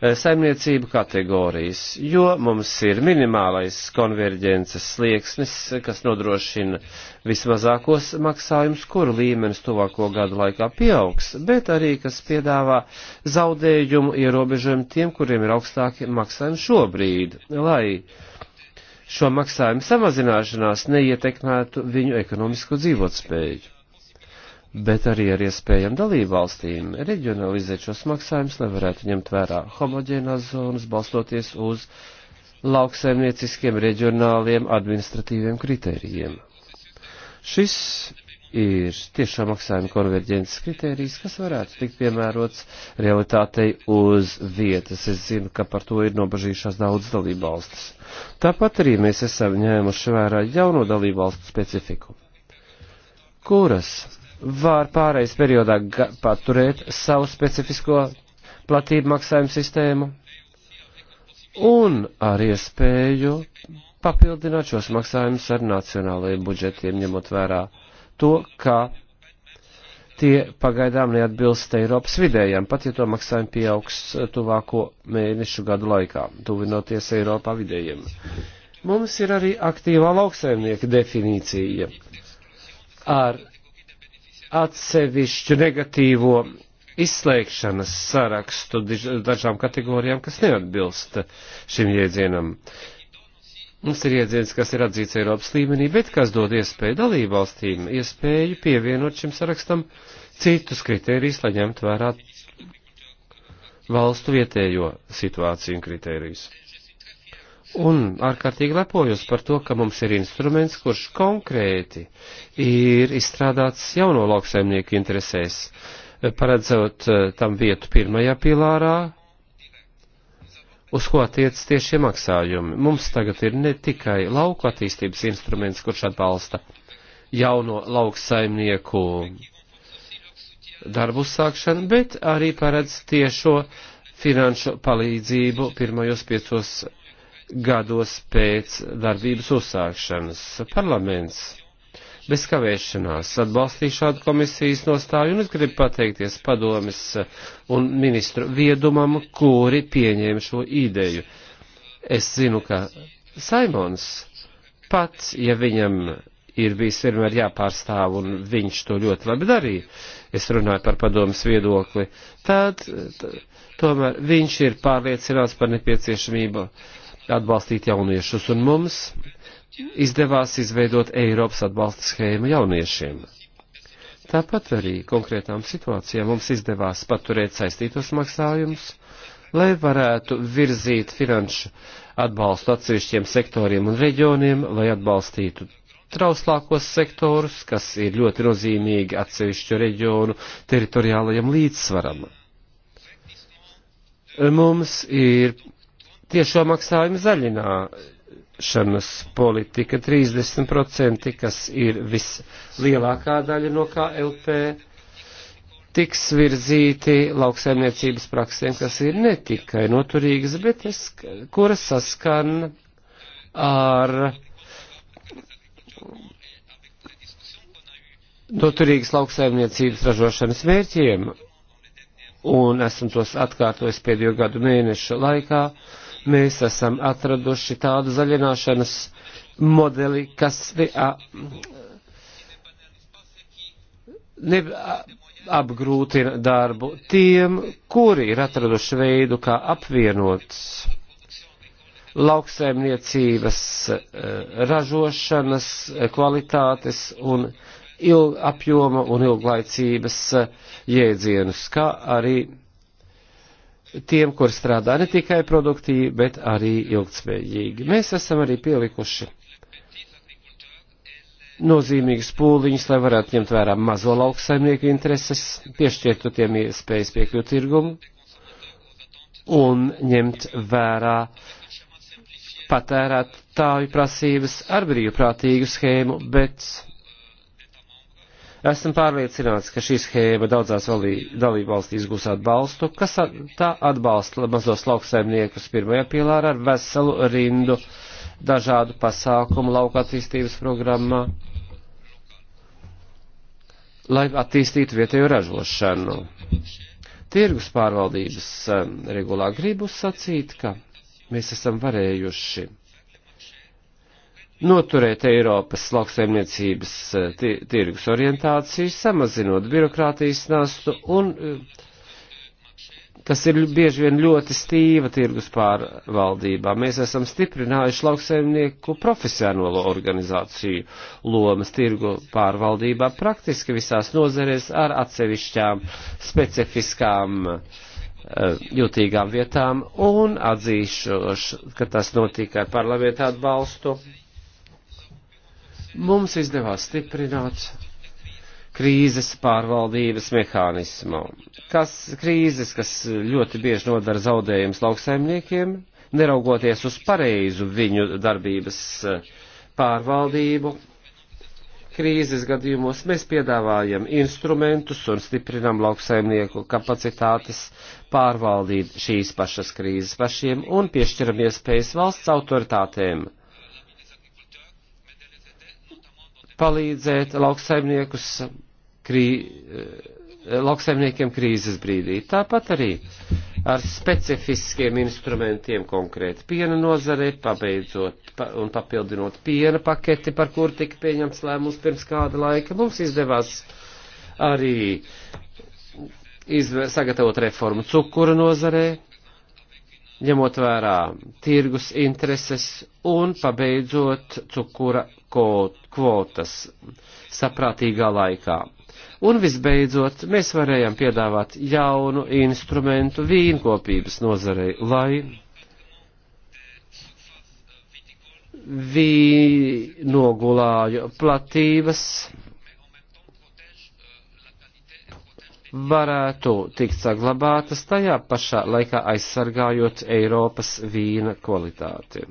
Eh, saimniecību kategorijas, jo mums ir minimālais konverģences slieksnis, eh, kas nodrošina vismazākos maksājumus, kuru līmenis tuvāko gadu laikā pieaugs, bet arī kas piedāvā zaudējumu ierobežojumu tiem, kuriem ir augstāki maksājumi šobrīd, lai šo maksājumu samazināšanās neietekmētu viņu ekonomisko dzīvotspēju bet arī ar iespējām dalībvalstīm reģionalizēt šos maksājumus, lai varētu ņemt vērā homoģēnās zonas, balstoties uz lauksaimnieciskiem reģionāliem administratīviem kritērijiem. Šis ir tiešā maksājuma konverģences kritērijs, kas varētu tikt piemērots realitātei uz vietas. Es zinu, ka par to ir nobažījušās daudz dalībvalstis. Tāpat arī mēs esam ņēmuši vērā jauno dalībvalstu specifiku, kuras var pārējais periodā paturēt savu specifisko platību maksājumu sistēmu un ar iespēju papildināt šos maksājumus ar nacionālajiem budžetiem, ņemot vērā to, ka tie pagaidām neatbilst Eiropas vidējām, pat ja to maksājumi pieaugs tuvāko mēnešu gadu laikā, tuvinoties Eiropā vidējiem. Mums ir arī aktīvā lauksaimnieka definīcija ar atsevišķu negatīvo izslēgšanas sarakstu dažām kategorijām, kas neatbilst šim jēdzienam. Mums ir iedziens, kas ir atzīts Eiropas līmenī, bet kas dod iespēju dalībvalstīm, iespēju pievienot šim sarakstam citus kritērijus, lai ņemtu vērā valstu vietējo situāciju un kritērijus. Un ārkārtīgi lepojos par to, ka mums ir instruments, kurš konkrēti ir izstrādāts jauno lauksaimnieku interesēs, paredzot eh, tam vietu pirmajā pilārā, uz ko attiec tiešie maksājumi. Mums tagad ir ne tikai lauku attīstības instruments, kurš atbalsta jauno lauksaimnieku darbu sākšanu, bet arī paredz tiešo finanšu palīdzību pirmajos piecos gados pēc darbības uzsākšanas. Parlaments bez kavēšanās atbalstīja šādu komisijas nostāju, un es gribu pateikties padomis un ministru viedumam, kuri pieņēma šo ideju. Es zinu, ka Saimons pats, ja viņam ir bijis vienmēr jāpārstāv, un viņš to ļoti labi darīja. Es runāju par padomas viedokli. Tad, tomēr viņš ir pārliecināts par nepieciešamību atbalstīt jauniešus, un mums izdevās izveidot Eiropas atbalsta schēmu jauniešiem. Tāpat arī konkrētām situācijām mums izdevās paturēt saistītos maksājumus, lai varētu virzīt finanšu atbalstu atsevišķiem sektoriem un reģioniem, lai atbalstītu trauslākos sektorus, kas ir ļoti nozīmīgi atsevišķu reģionu teritoriālajam līdzsvaram. Mums ir tiešo maksājumu zaļināšanas politika 30%, kas ir vislielākā daļa no KLP, tiks virzīti lauksaimniecības praksēm, kas ir ne tikai noturīgas, bet es, kuras saskan ar noturīgas lauksaimniecības ražošanas mērķiem, un esam tos atkārtojis pēdējo gadu mēnešu laikā, uh, mēs esam atraduši tādu zaļināšanas modeli, kas ne, a, ne, a, apgrūtina darbu tiem, kuri ir atraduši veidu, kā apvienot lauksaimniecības e, ražošanas e, kvalitātes un ilg, apjoma un ilglaicības e, jēdzienus, kā arī tiem, kur strādā ne tikai produktīvi, bet arī ilgtspējīgi. Mēs esam arī pielikuši nozīmīgas pūliņas, lai varētu ņemt vērā mazo lauksaimnieku intereses, piešķirtu tiem iespējas piekļūt tirgumu un ņemt vērā patērētāju prasības ar brīvprātīgu schēmu, bet Esmu pārliecināts, ka šī schēma daudzās dalībvalstīs gūs atbalstu, kas at, tā atbalsta mazos lauksaimniekus pirmajā pilārā ar veselu rindu dažādu pasākumu lauka attīstības programmā, lai attīstītu vietējo ražošanu. Tirgus pārvaldības um, regulā gribu sacīt, ka mēs esam varējuši noturēt Eiropas lauksaimniecības eh, tirgus orientāciju, samazinot birokrātijas nastu un kas eh, ir bieži vien ļoti stīva tirgus pārvaldībā. Mēs esam stiprinājuši lauksaimnieku profesionālo organizāciju lomas tirgu pārvaldībā praktiski visās nozerēs ar atsevišķām specifiskām uh, eh, jūtīgām vietām un atzīšu, ka tas notika ar parlamentu atbalstu Mums izdevās stiprināt krīzes pārvaldības mehānismu, kas krīzes, kas ļoti bieži nodara zaudējums lauksaimniekiem, neraugoties uz pareizu viņu darbības eh, pārvaldību. Krīzes gadījumos mēs piedāvājam instrumentus un stiprinam lauksaimnieku kapacitātes pārvaldīt šīs pašas krīzes pašiem un piešķiram iespējas valsts autoritātēm palīdzēt lauksaimniekus, krī, eh, lauksaimniekiem krīzes brīdī. Tāpat arī ar specifiskiem instrumentiem konkrēti piena nozarei, pabeidzot pa, un papildinot piena paketi, par kur tika pieņemts lēmums pirms kāda laika. Mums izdevās arī izve, sagatavot reformu cukura nozarei ņemot vērā tirgus intereses un pabeidzot cukura kvotas saprātīgā laikā. Un visbeidzot, mēs varējām piedāvāt jaunu instrumentu vīnkopības nozarei, lai vīnogulāju platības varētu tikt saglabātas tajā pašā laikā aizsargājot Eiropas vīna kvalitāti.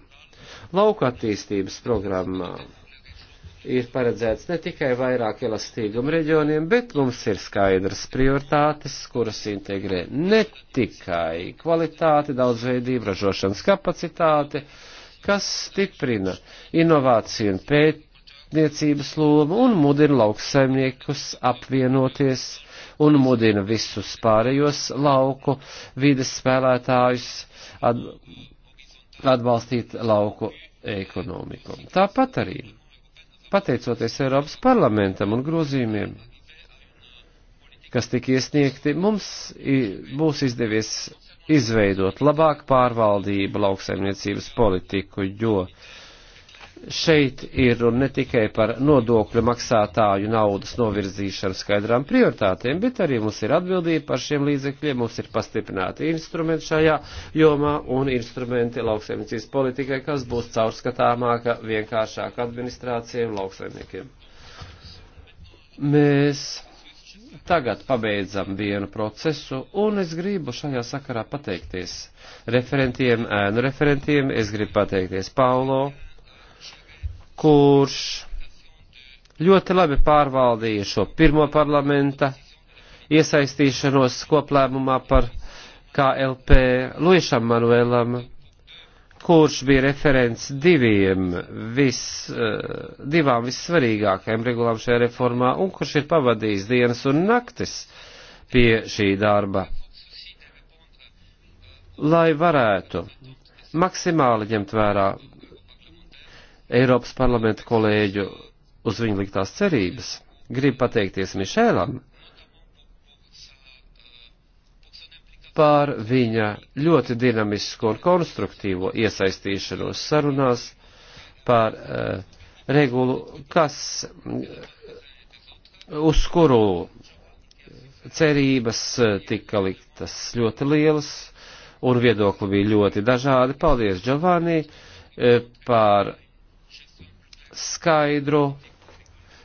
Lauka attīstības programmā ir paredzēts ne tikai vairāk elastīgumu reģioniem, bet mums ir skaidras prioritātes, kuras integrē ne tikai kvalitāti, daudzveidību, ražošanas kapacitāti, kas stiprina inovāciju un pētniecības lomu un mudina lauksaimniekus apvienoties un mudina visus pārējos lauku vides spēlētājus atbalstīt lauku ekonomiku. Tāpat arī, pateicoties Eiropas parlamentam un grozījumiem, kas tika iesniegti, mums būs izdevies izveidot labāku pārvaldību lauksaimniecības politiku, jo uh, šeit ir un ne tikai par nodokļu maksātāju naudas novirzīšanu skaidrām prioritātēm, bet arī mums ir atbildība par šiem līdzekļiem, mums ir pastiprināti instrumenti šajā jomā un instrumenti lauksaimniecības politikai, kas būs caurskatāmāka, vienkāršāka administrācija un lauksaimniekiem. Mēs tagad pabeidzam vienu procesu, un es gribu šajā sakarā pateikties referentiem, ēnu referentiem, es gribu pateikties Paulo, kurš ļoti labi pārvaldīja šo pirmo parlamenta iesaistīšanos koplēmumā par KLP Luišam Manuēlam, kurš bija referents diviem vis, eh, divām vissvarīgākajām regulām šajā reformā un kurš ir pavadījis dienas un naktis pie šī darba, lai varētu maksimāli ņemt vērā Eiropas parlamenta kolēģu uz viņu liktās cerības. Gribu pateikties Mišēlam par viņa ļoti dinamisko un konstruktīvo iesaistīšanos sarunās par uh, regulu, kas, mm, uz kuru cerības eh, tika liktas ļoti lielas un viedokli bija ļoti dažādi. Paldies, Giovanni, eh, par skaidru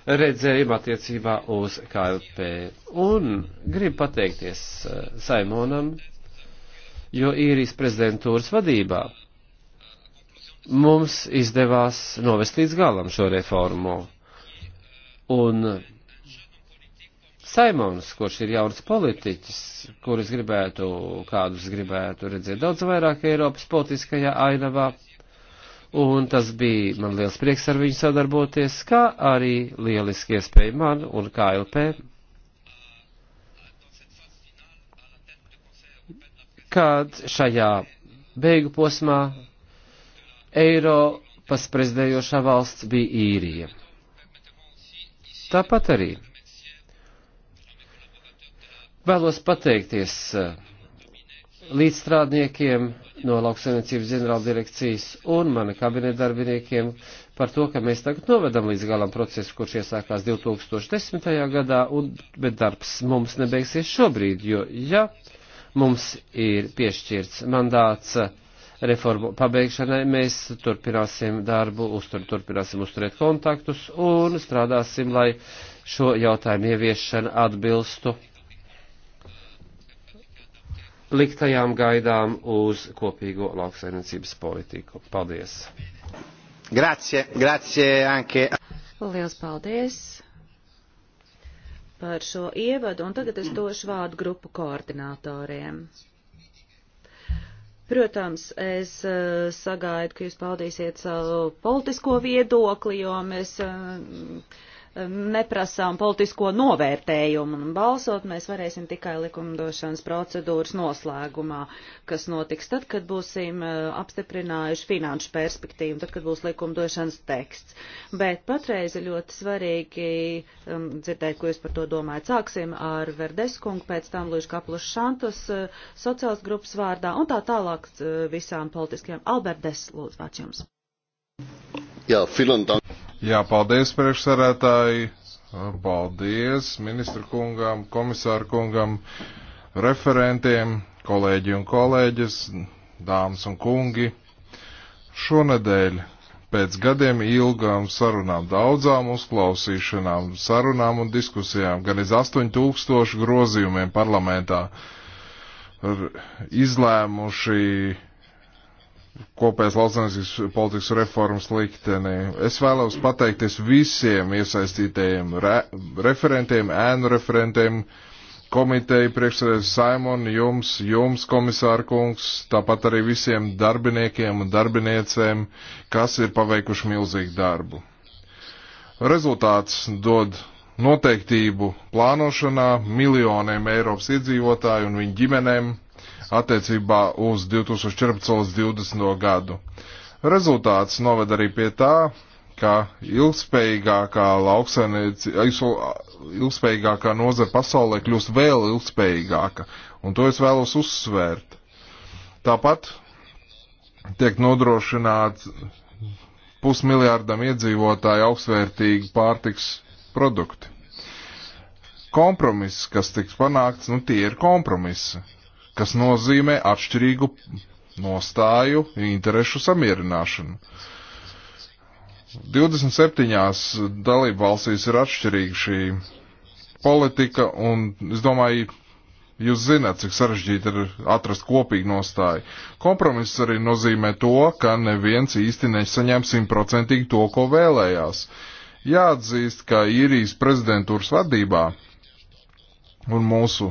redzējumu attiecībā uz KLP. Un gribu pateikties eh, Saimonam, jo īrijas prezidentūras vadībā mums izdevās novest līdz galam šo reformu. Un Saimons, kurš ir jauns politiķis, kurus gribētu, kādus gribētu redzēt daudz vairāk Eiropas politiskajā ainavā, un tas bija man liels prieks ar viņu sadarboties, kā arī lieliski iespēja man un KLP. Kad šajā beigu posmā Eiropas prezidējošā valsts bija īrija. Tāpat arī vēlos pateikties uh, līdzstrādniekiem no lauksaimniecības ģenerāla direkcijas un mana kabineta darbiniekiem par to, ka mēs tagad novedam līdz galam procesu, kurš iesākās 2010. gadā, un, bet darbs mums nebeigsies šobrīd, jo ja mums ir piešķirts mandāts reformu pabeigšanai, mēs turpināsim darbu, uztur, turpināsim uzturēt kontaktus un strādāsim, lai šo jautājumu ieviešana atbilstu liktajām gaidām uz kopīgo lauksaimniecības politiku. Paldies! Grazie, grazie anche. Liels paldies par šo ievadu, un tagad es došu vārdu grupu koordinatoriem. Protams, es eh, sagaidu, ka jūs paudīsiet savu politisko viedokli, jo mēs eh, neprasām politisko novērtējumu un balsot mēs varēsim tikai likumdošanas procedūras noslēgumā, kas notiks tad, kad būsim eh, apstiprinājuši finanšu perspektīvu, tad, kad būs likumdošanas teksts. Bet patreiz ir ļoti svarīgi um, dzirdēt, ko jūs par to domājat. Sāksim ar Verdeskungu, pēc tam Lūžu Kaplus Šantus uh, eh, sociāls grupas vārdā un tā tālāk uh, visām politiskajām. Albertes, lūdzu, vārds jums. Jā, vielen dank. Jā, paldies priekšsarētāji, paldies ministru kungam, komisāru kungam, referentiem, kolēģi un kolēģis, dāmas un kungi. Šonedēļ pēc gadiem ilgām sarunām, daudzām uzklausīšanām, sarunām un diskusijām, gan iz 8000 grozījumiem parlamentā, ir izlēmuši kopējas lauksaimniecības politikas reformas likteni. Es vēlos pateikties visiem iesaistītajiem re referentiem, ēnu referentiem, komiteju priekšsēdētājs Simon, jums, jums komisāra kungs, tāpat arī visiem darbiniekiem un darbiniecēm, kas ir paveikuši milzīgu darbu. Rezultāts dod noteiktību plānošanā miljoniem Eiropas iedzīvotāju un viņu ģimenēm attiecībā uz 2014 līdz 2020 gadu. Rezultāts noved arī pie tā, ka ilgspējīgākā ilgspējīgākā nozara pasaulē kļūst vēl ilgspējīgāka, un to es vēlos uzsvērt. Tāpat tiek nodrošināts pusmiljārdam iedzīvotāju augstvērtīgi pārtiks produkti. Kompromiss, kas tiks panākts, nu tie ir kompromisi kas nozīmē atšķirīgu nostāju interešu samierināšanu. 27 dalību valstīs ir atšķirīga šī politika, un es domāju, jūs zināt, cik sarežģīti ir atrast kopīgu nostāju. Kompromiss arī nozīmē to, ka neviens īsti nesaņem simtprocentīgi to, ko vēlējās. Jāatzīst, ka īrijas prezidentūras vadībā un mūsu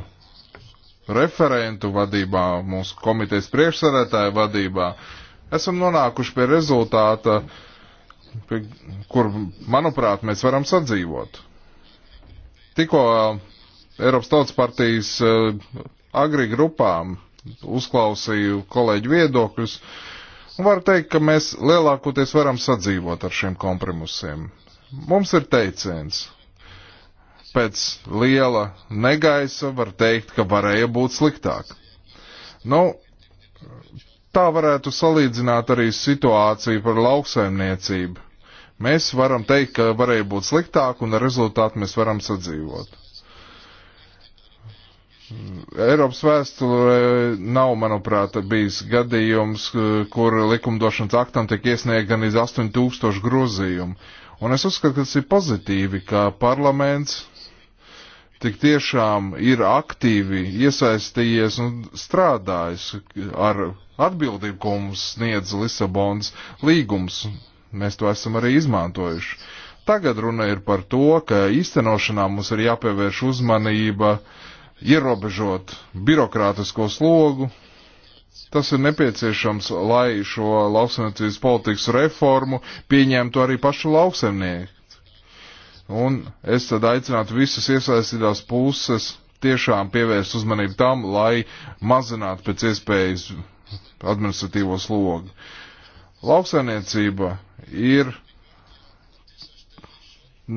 referentu vadībā, mūsu komitejas priekšsarētāja vadībā, esam nonākuši pie rezultāta, pie, kur, manuprāt, mēs varam sadzīvot. Tikko Eiropas Tautas partijas eh, agri grupām uzklausīju kolēģu viedokļus, un var teikt, ka mēs lielākoties varam sadzīvot ar šiem kompromisiem. Mums ir teiciens, pēc liela negaisa var teikt, ka varēja būt sliktāk. Nu, tā varētu salīdzināt arī situāciju par lauksaimniecību. Mēs varam teikt, ka varēja būt sliktāk un ar rezultātu mēs varam sadzīvot. Eiropas vēsturē nav, manuprāt, bijis gadījums, kur likumdošanas aktam tiek iesniegt gan iz 8000 grozījumu. Un es uzskatu, ka tas ir pozitīvi, ka parlaments tik tiešām ir aktīvi iesaistījies un strādājis ar atbildību, ko mums sniedz Lisabonas līgums. Mēs to esam arī izmantojuši. Tagad runa ir par to, ka īstenošanā mums ir jāpievērš uzmanība, ierobežot birokrātisko slogu. Tas ir nepieciešams, lai šo lauksaimniecības politikas reformu pieņemtu arī pašu lauksaimnieku Un es tad aicinātu visas iesaistītās puses tiešām pievērst uzmanību tam, lai mazinātu pēc iespējas administratīvo slogu. Lauksainiecība ir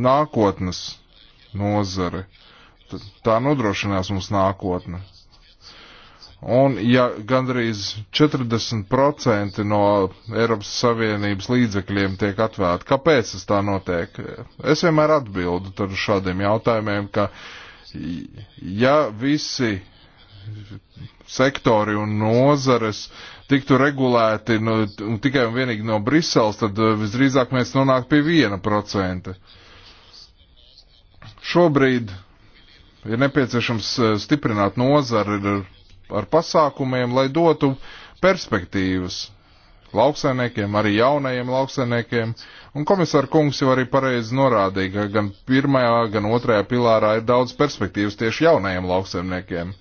nākotnes nozare. Tā nodrošinās mums nākotne. Un ja gandrīz 40% no Eiropas Savienības līdzekļiem tiek atvērti, kāpēc tas tā notiek? Es vienmēr atbildu tad uz šādiem jautājumiem, ka ja visi sektori un nozares tiktu regulēti nu, tikai un vienīgi no Briseles, tad eh, visdrīzāk mēs nonāktu pie viena procenta. Šobrīd ir nepieciešams eh, stiprināt nozari, ir ar pasākumiem, lai dotu perspektīvas lauksainiekiem, arī jaunajiem lauksainiekiem. Un komisāra kungs jau arī pareizi norādīja, ka gan pirmajā, gan otrajā pilārā ir daudz perspektīvas tieši jaunajiem lauksainiekiem.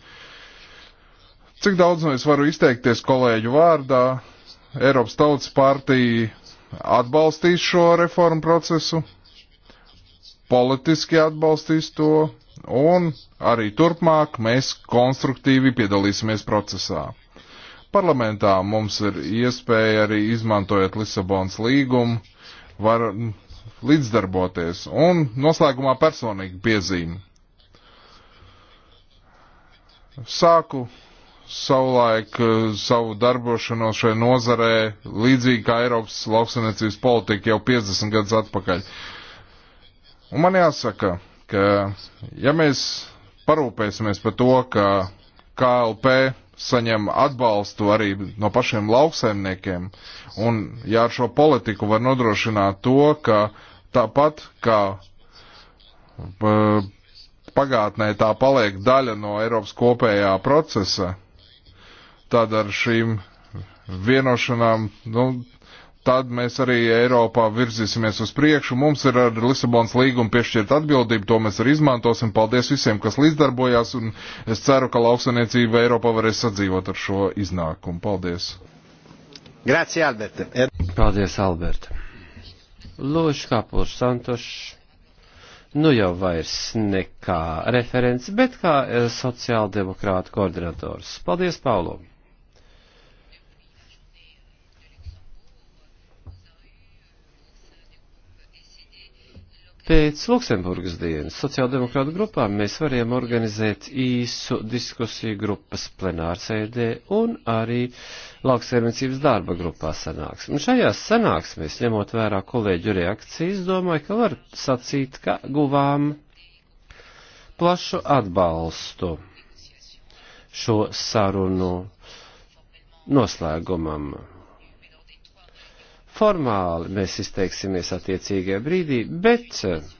Cik daudz no es varu izteikties kolēģu vārdā? Eiropas Tautas partija atbalstīs šo reformu procesu, politiski atbalstīs to, Un arī turpmāk mēs konstruktīvi piedalīsimies procesā. Parlamentā mums ir iespēja arī izmantojot Lisabonas līgumu, var līdzdarboties. Un noslēgumā personīgi piezīme. Sāku savulaik eh, savu darbošanos šai nozarē līdzīgi kā Eiropas lauksaimniecības politika jau 50 gadus atpakaļ. Un man jāsaka, ka ja mēs parūpēsimies par to, ka KLP saņem atbalstu arī no pašiem lauksaimniekiem, un ja ar šo politiku var nodrošināt to, ka tāpat kā pagātnē tā paliek daļa no Eiropas kopējā procesa, tad ar šīm vienošanām, nu, tad mēs arī Eiropā virzīsimies uz priekšu. Mums ir ar Lisabonas līgumu piešķirt atbildību, to mēs arī izmantosim. Paldies visiem, kas līdzdarbojās, un es ceru, ka lauksaniecība Eiropā varēs sadzīvot ar šo iznākumu. Paldies! Grazie, Albert! Paldies, Albert! Lūdzu, Kapurs Santošs! nu jau vairs nekā referents, bet kā eh, sociāldemokrāta koordinators. Paldies, Paulo! Pēc Luksemburgas dienas sociāldemokrātu grupām mēs varējām organizēt īsu diskusiju grupas plenārsēdē un arī lauksaimniecības darba grupā sanāksmi. Šajās sanāksmēs, ņemot vērā kolēģu reakcijas, domāju, ka var sacīt, ka guvām plašu atbalstu šo sarunu noslēgumam formāli mēs izteiksimies attiecīgajā brīdī, bet eh,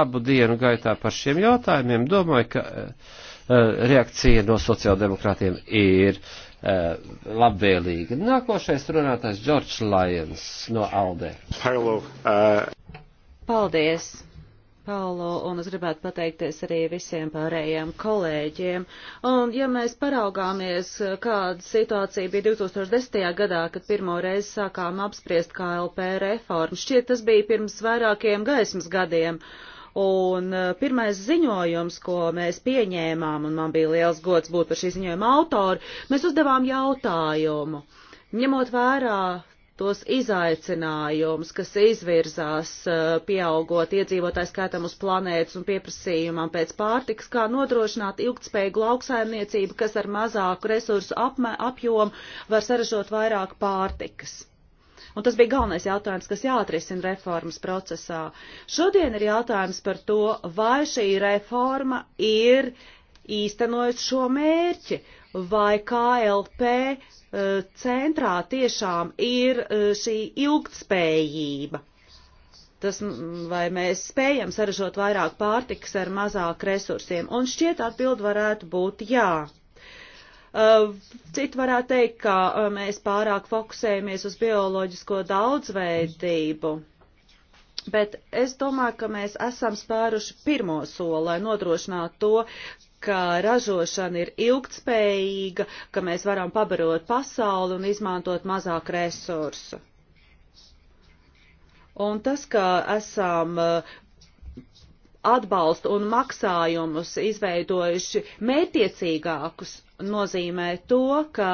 abu dienu gaitā par šiem jautājumiem domāju, ka eh, eh, reakcija no sociāldemokrātiem ir labvēlīga. Nākošais runātājs Džordžs Lajens no Aldē. Uh, Paldies! Paulo, un es gribētu pateikties arī visiem pārējiem kolēģiem. Un, ja mēs paraugāmies, kāda situācija bija 2010. gadā, kad pirmo reizi sākām apspriest KLP reformu, šķiet tas bija pirms vairākiem gaismas gadiem. Un eh, pirmais ziņojums, ko mēs pieņēmām, un man bija liels gods būt par šī ziņojuma autoru, mēs uzdevām jautājumu. Ņemot vērā tos izaicinājumus, kas izvirzās eh, pieaugot iedzīvotāju skaitam uz planētas un pieprasījumam pēc pārtikas, kā nodrošināt ilgtspējīgu lauksaimniecību, kas ar mazāku resursu apme, apjomu var saražot vairāk pārtikas. Un tas bija galvenais jautājums, kas jāatrisina reformas procesā. Šodien ir jautājums par to, vai šī reforma ir īstenojis šo mērķi, vai KLP eh, centrā tiešām ir eh, šī ilgtspējība. Tas, vai mēs spējam saražot vairāk pārtikas ar mazāk resursiem? Un šķiet atbild varētu būt jā. Eh, citi varētu teikt, ka mēs pārāk fokusējamies uz bioloģisko daudzveidību. Mm bet es domāju, ka mēs esam spēruši pirmo soli, lai nodrošinātu to, ka ražošana ir ilgtspējīga, ka mēs varam pabarot pasauli un izmantot mazāk resursu. Un tas, ka esam uh, atbalstu un maksājumus izveidojuši mērtiecīgākus nozīmē to, ka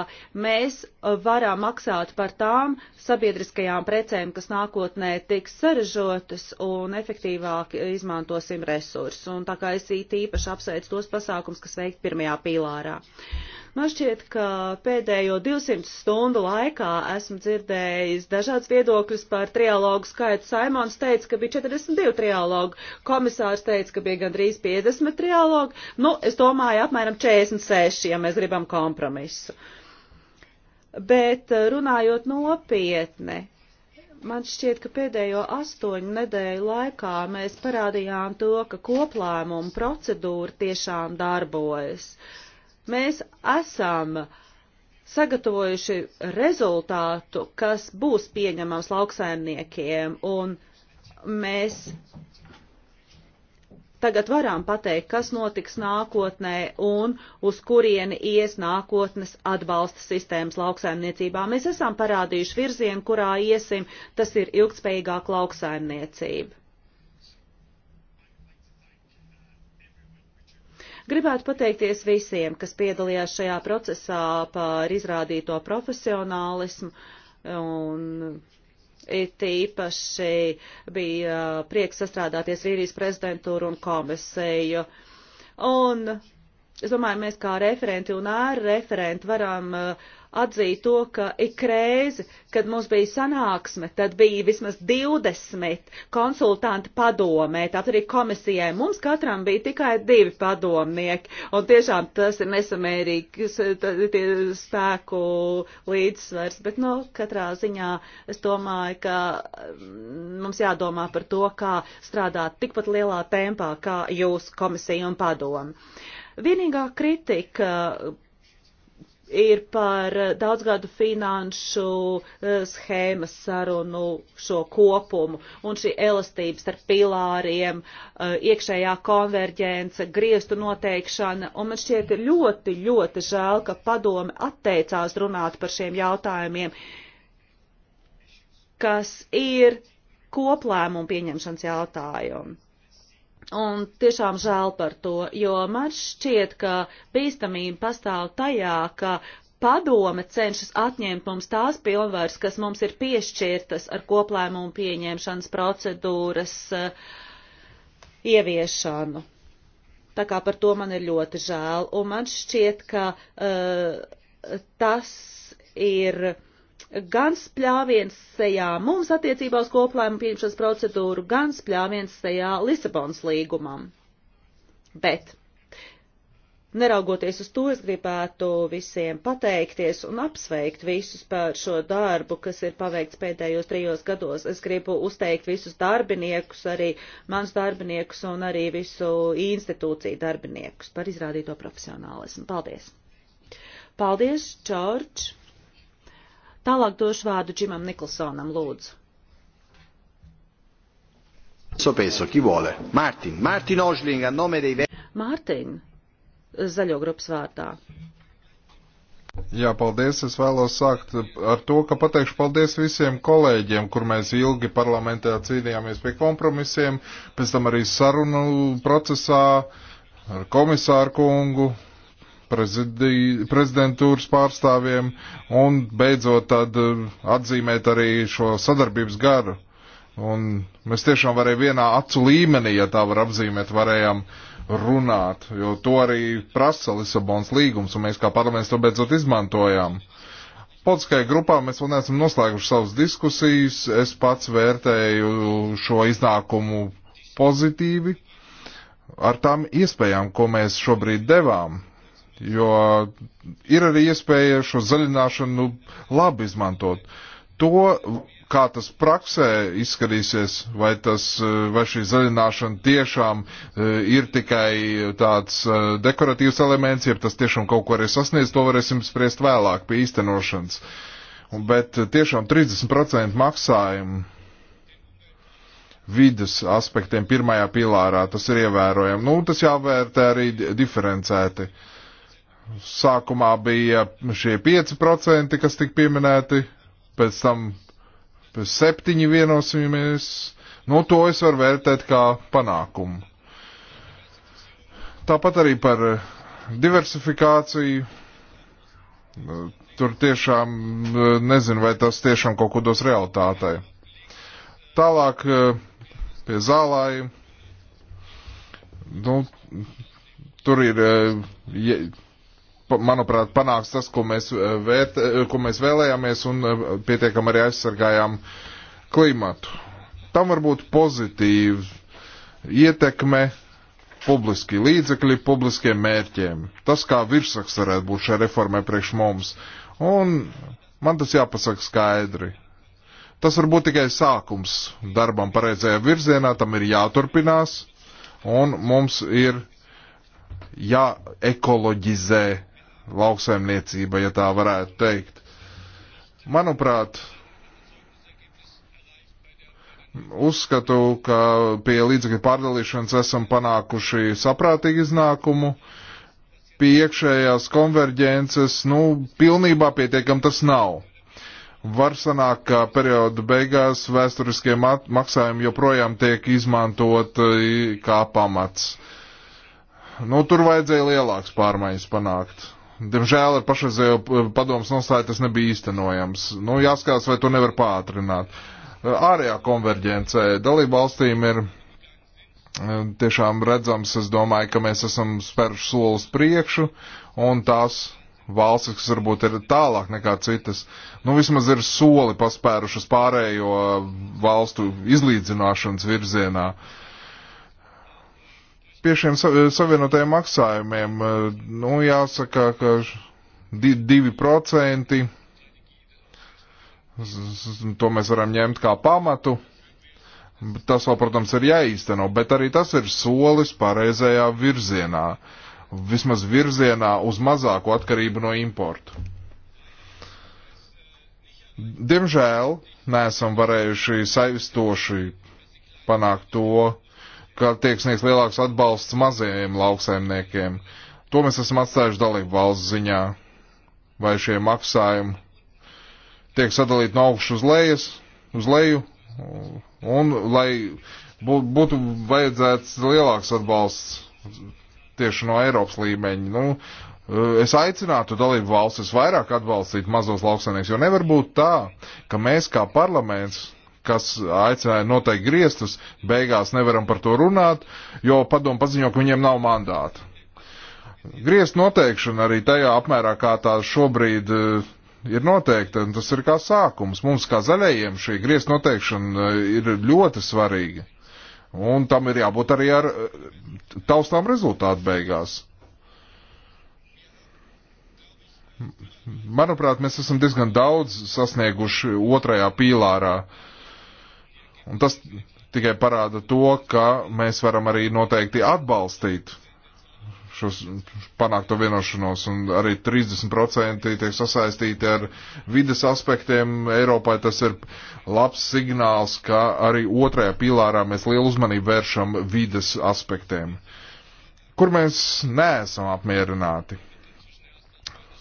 mēs uh, varam maksāt par tām sabiedriskajām precēm, kas nākotnē tiks saražotas un efektīvāk izmantosim resursus. Un tā kā es īpaši apsveicu tos pasākums, kas veikt pirmajā pīlārā. Uh, Man šķiet, ka pēdējo 200 stundu laikā esmu dzirdējis dažādas viedokļas par trialogu skaitu. Saimons teica, ka bija 42 trialogu, komisārs teica, ka bija gandrīz 50 trialogu. Nu, es domāju, apmēram 46, ja mēs gribam kompromisu. Bet eh, runājot nopietni, man šķiet, ka pēdējo astoņu nedēļu laikā mēs parādījām to, ka koplēmuma procedūra tiešām darbojas. Mēs esam sagatavojuši rezultātu, kas būs pieņemams lauksaimniekiem, un mēs tagad varam pateikt, kas notiks nākotnē un uz kurieni ies nākotnes atbalsta sistēmas lauksaimniecībā. Mēs esam parādījuši virzienu, kurā iesim, tas ir ilgspējīgāk lauksaimniecība. Gribētu pateikties visiem, kas piedalījās šajā procesā par izrādīto profesionālismu un it īpaši bija prieks sastrādāties Rīrijas prezidentūru un komisēju. Un es domāju, mēs kā referenti un ārreferenti varam uh, atzīt to, ka ik reizi, kad mums bija sanāksme, tad bija vismaz 20 konsultanti padomē, tāpat arī komisijai. Mums katram bija tikai divi padomnieki, un tiešām tas ir nesamērīgs spēku līdzsvars, bet, nu, no katrā ziņā es domāju, ka mm, mums jādomā par to, kā strādāt tikpat lielā tempā, kā jūs komisija un padomu. Vienīgā kritika ir par eh, daudzgadu finanšu eh, schēmas sarunu šo kopumu un šī elastības ar pilāriem, eh, iekšējā konverģence, griestu noteikšana. Un man šķiet ļoti, ļoti žēl, ka padome atteicās runāt par šiem jautājumiem, kas ir koplēmumu pieņemšanas jautājumi. Un tiešām žēl par to, jo man šķiet, ka bīstamība pastāv tajā, ka padome cenšas atņemt mums tās pilnvaras, kas mums ir piešķirtas ar koplēmumu pieņemšanas procedūras eh, ieviešanu. Tā kā par to man ir ļoti žēl. Un man šķiet, ka uh, tas ir gan spļāviens sejā mums attiecībā uz koplēmu pieņemšanas procedūru, gan spļāviens sejā Lisabons līgumam. Bet, neraugoties uz to, es gribētu visiem pateikties un apsveikt visus par šo darbu, kas ir paveikts pēdējos trijos gados. Es gribu uzteikt visus darbiniekus, arī mans darbiniekus un arī visu institūciju darbiniekus par izrādīto profesionālismu. Paldies! Paldies, Čorč! Tālāk došu vārdu Džimam Niklsonam, lūdzu. So penso, chi vuole? Martin, Martin Ožling, a nome dei... Martin, zaļo grupas vārdā. Jā, paldies. Es vēlos sākt ar to, ka pateikšu paldies visiem kolēģiem, kur mēs ilgi parlamentā cīnījāmies pie kompromisiem, pēc tam arī sarunu procesā ar komisāru kungu, prezidī, prezidentūras pārstāvjiem un beidzot tad eh, atzīmēt arī šo sadarbības garu. Un mēs tiešām varējām vienā acu līmenī, ja tā var apzīmēt, varējām runāt, jo to arī prasa Lisabons līgums, un mēs kā parlaments to beidzot izmantojām. Politiskajā grupā mēs vēl neesam noslēguši savas diskusijas. Es pats vērtēju šo iznākumu pozitīvi ar tām iespējām, ko mēs šobrīd devām jo ir arī iespēja šo zaļināšanu labi izmantot. To, kā tas praksē izskatīsies, vai, tas, vai šī zaļināšana tiešām e, ir tikai tāds e, dekoratīvs elements, ja tas tiešām kaut ko arī sasniedz, to varēsim spriest vēlāk pie īstenošanas. Bet tiešām 30% maksājumu vidas aspektiem pirmajā pilārā tas ir ievērojami. Nu, tas jāvērtē arī diferencēti. Uh, Sākumā bija šie 5%, kas tika pieminēti, pēc tam pēc septiņi vienosimies. Nu, to es varu vērtēt kā panākumu. Tāpat arī par eh, diversifikāciju. Tur tiešām eh, nezinu, vai tas tiešām kaut ko dos realitātei. Tālāk eh, pie zālāja. Nu, tur ir manuprāt, panāks tas, ko mēs, eh, vērt, eh, ko mēs vēlējāmies un eh, pietiekam arī aizsargājām klimatu. Tam var būt pozitīva ietekme publiski līdzekļi publiskiem mērķiem. Tas kā virsaks varētu būt šai reformai priekš mums. Un man tas jāpasaka skaidri. Tas var būt tikai sākums darbam pareizajā virzienā, tam ir jāturpinās, un mums ir jāekoloģizē lauksaimniecība, ja tā varētu teikt. Manuprāt, uzskatu, ka pie līdzekļu pārdalīšanas esam panākuši saprātīgu iznākumu. Pie iekšējās konverģences, nu, pilnībā pietiekam tas nav. Var sanākt, ka perioda beigās vēsturiskie maksājumi joprojām tiek izmantot e, kā pamats. Nu, tur vajadzēja lielāks pārmaiņas panākt. Diemžēl ar pašreizējo eh, padomus nostāju tas nebija īstenojams. Nu, jāskatās, vai to nevar pātrināt. Ārējā konverģence dalību valstīm ir eh, tiešām redzams. Es domāju, ka mēs esam spēruši solis priekšu un tās valstis, kas varbūt ir tālāk nekā citas, nu vismaz ir soli paspērušas pārējo valstu izlīdzināšanas virzienā. Uh, pie šiem eh, savienotajiem maksājumiem, eh, nu, jāsaka, ka 2% to mēs varam ņemt kā pamatu. Tas vēl, protams, ir jāīsteno, bet arī tas ir solis pareizajā virzienā. Vismaz virzienā uz mazāku atkarību no importu. Diemžēl neesam varējuši saistoši panākt to, ka tiek sniegts lielāks atbalsts mazajiem lauksaimniekiem. To mēs esam atstājuši dalību valsts ziņā. Vai šie maksājumi tiek sadalīti no augšas uz, lejas, uz leju, un lai būtu vajadzēts lielāks atbalsts tieši no Eiropas līmeņa. Nu, es aicinātu dalību valstis vairāk atbalstīt mazos lauksaimnieks, jo nevar būt tā, ka mēs kā parlaments kas aicināja noteikti griestus, beigās nevaram par to runāt, jo padomu paziņo, ka viņiem nav mandāta. Griezt noteikšana arī tajā apmērā, kā tā šobrīd eh, ir noteikta, un tas ir kā sākums. Mums kā zaļajiem šī griezt noteikšana eh, ir ļoti svarīga. Un tam ir jābūt arī ar eh, taustām rezultātu beigās. Manuprāt, mēs esam diezgan daudz sasnieguši otrajā pīlārā. Uh, Un tas tikai parāda to, ka mēs varam arī noteikti atbalstīt šos panākto vienošanos, un arī 30% tiek sasaistīti ar vides aspektiem. Eiropai tas ir labs signāls, ka arī otrajā pilārā mēs lielu uzmanību vēršam vides aspektiem, kur mēs neesam apmierināti.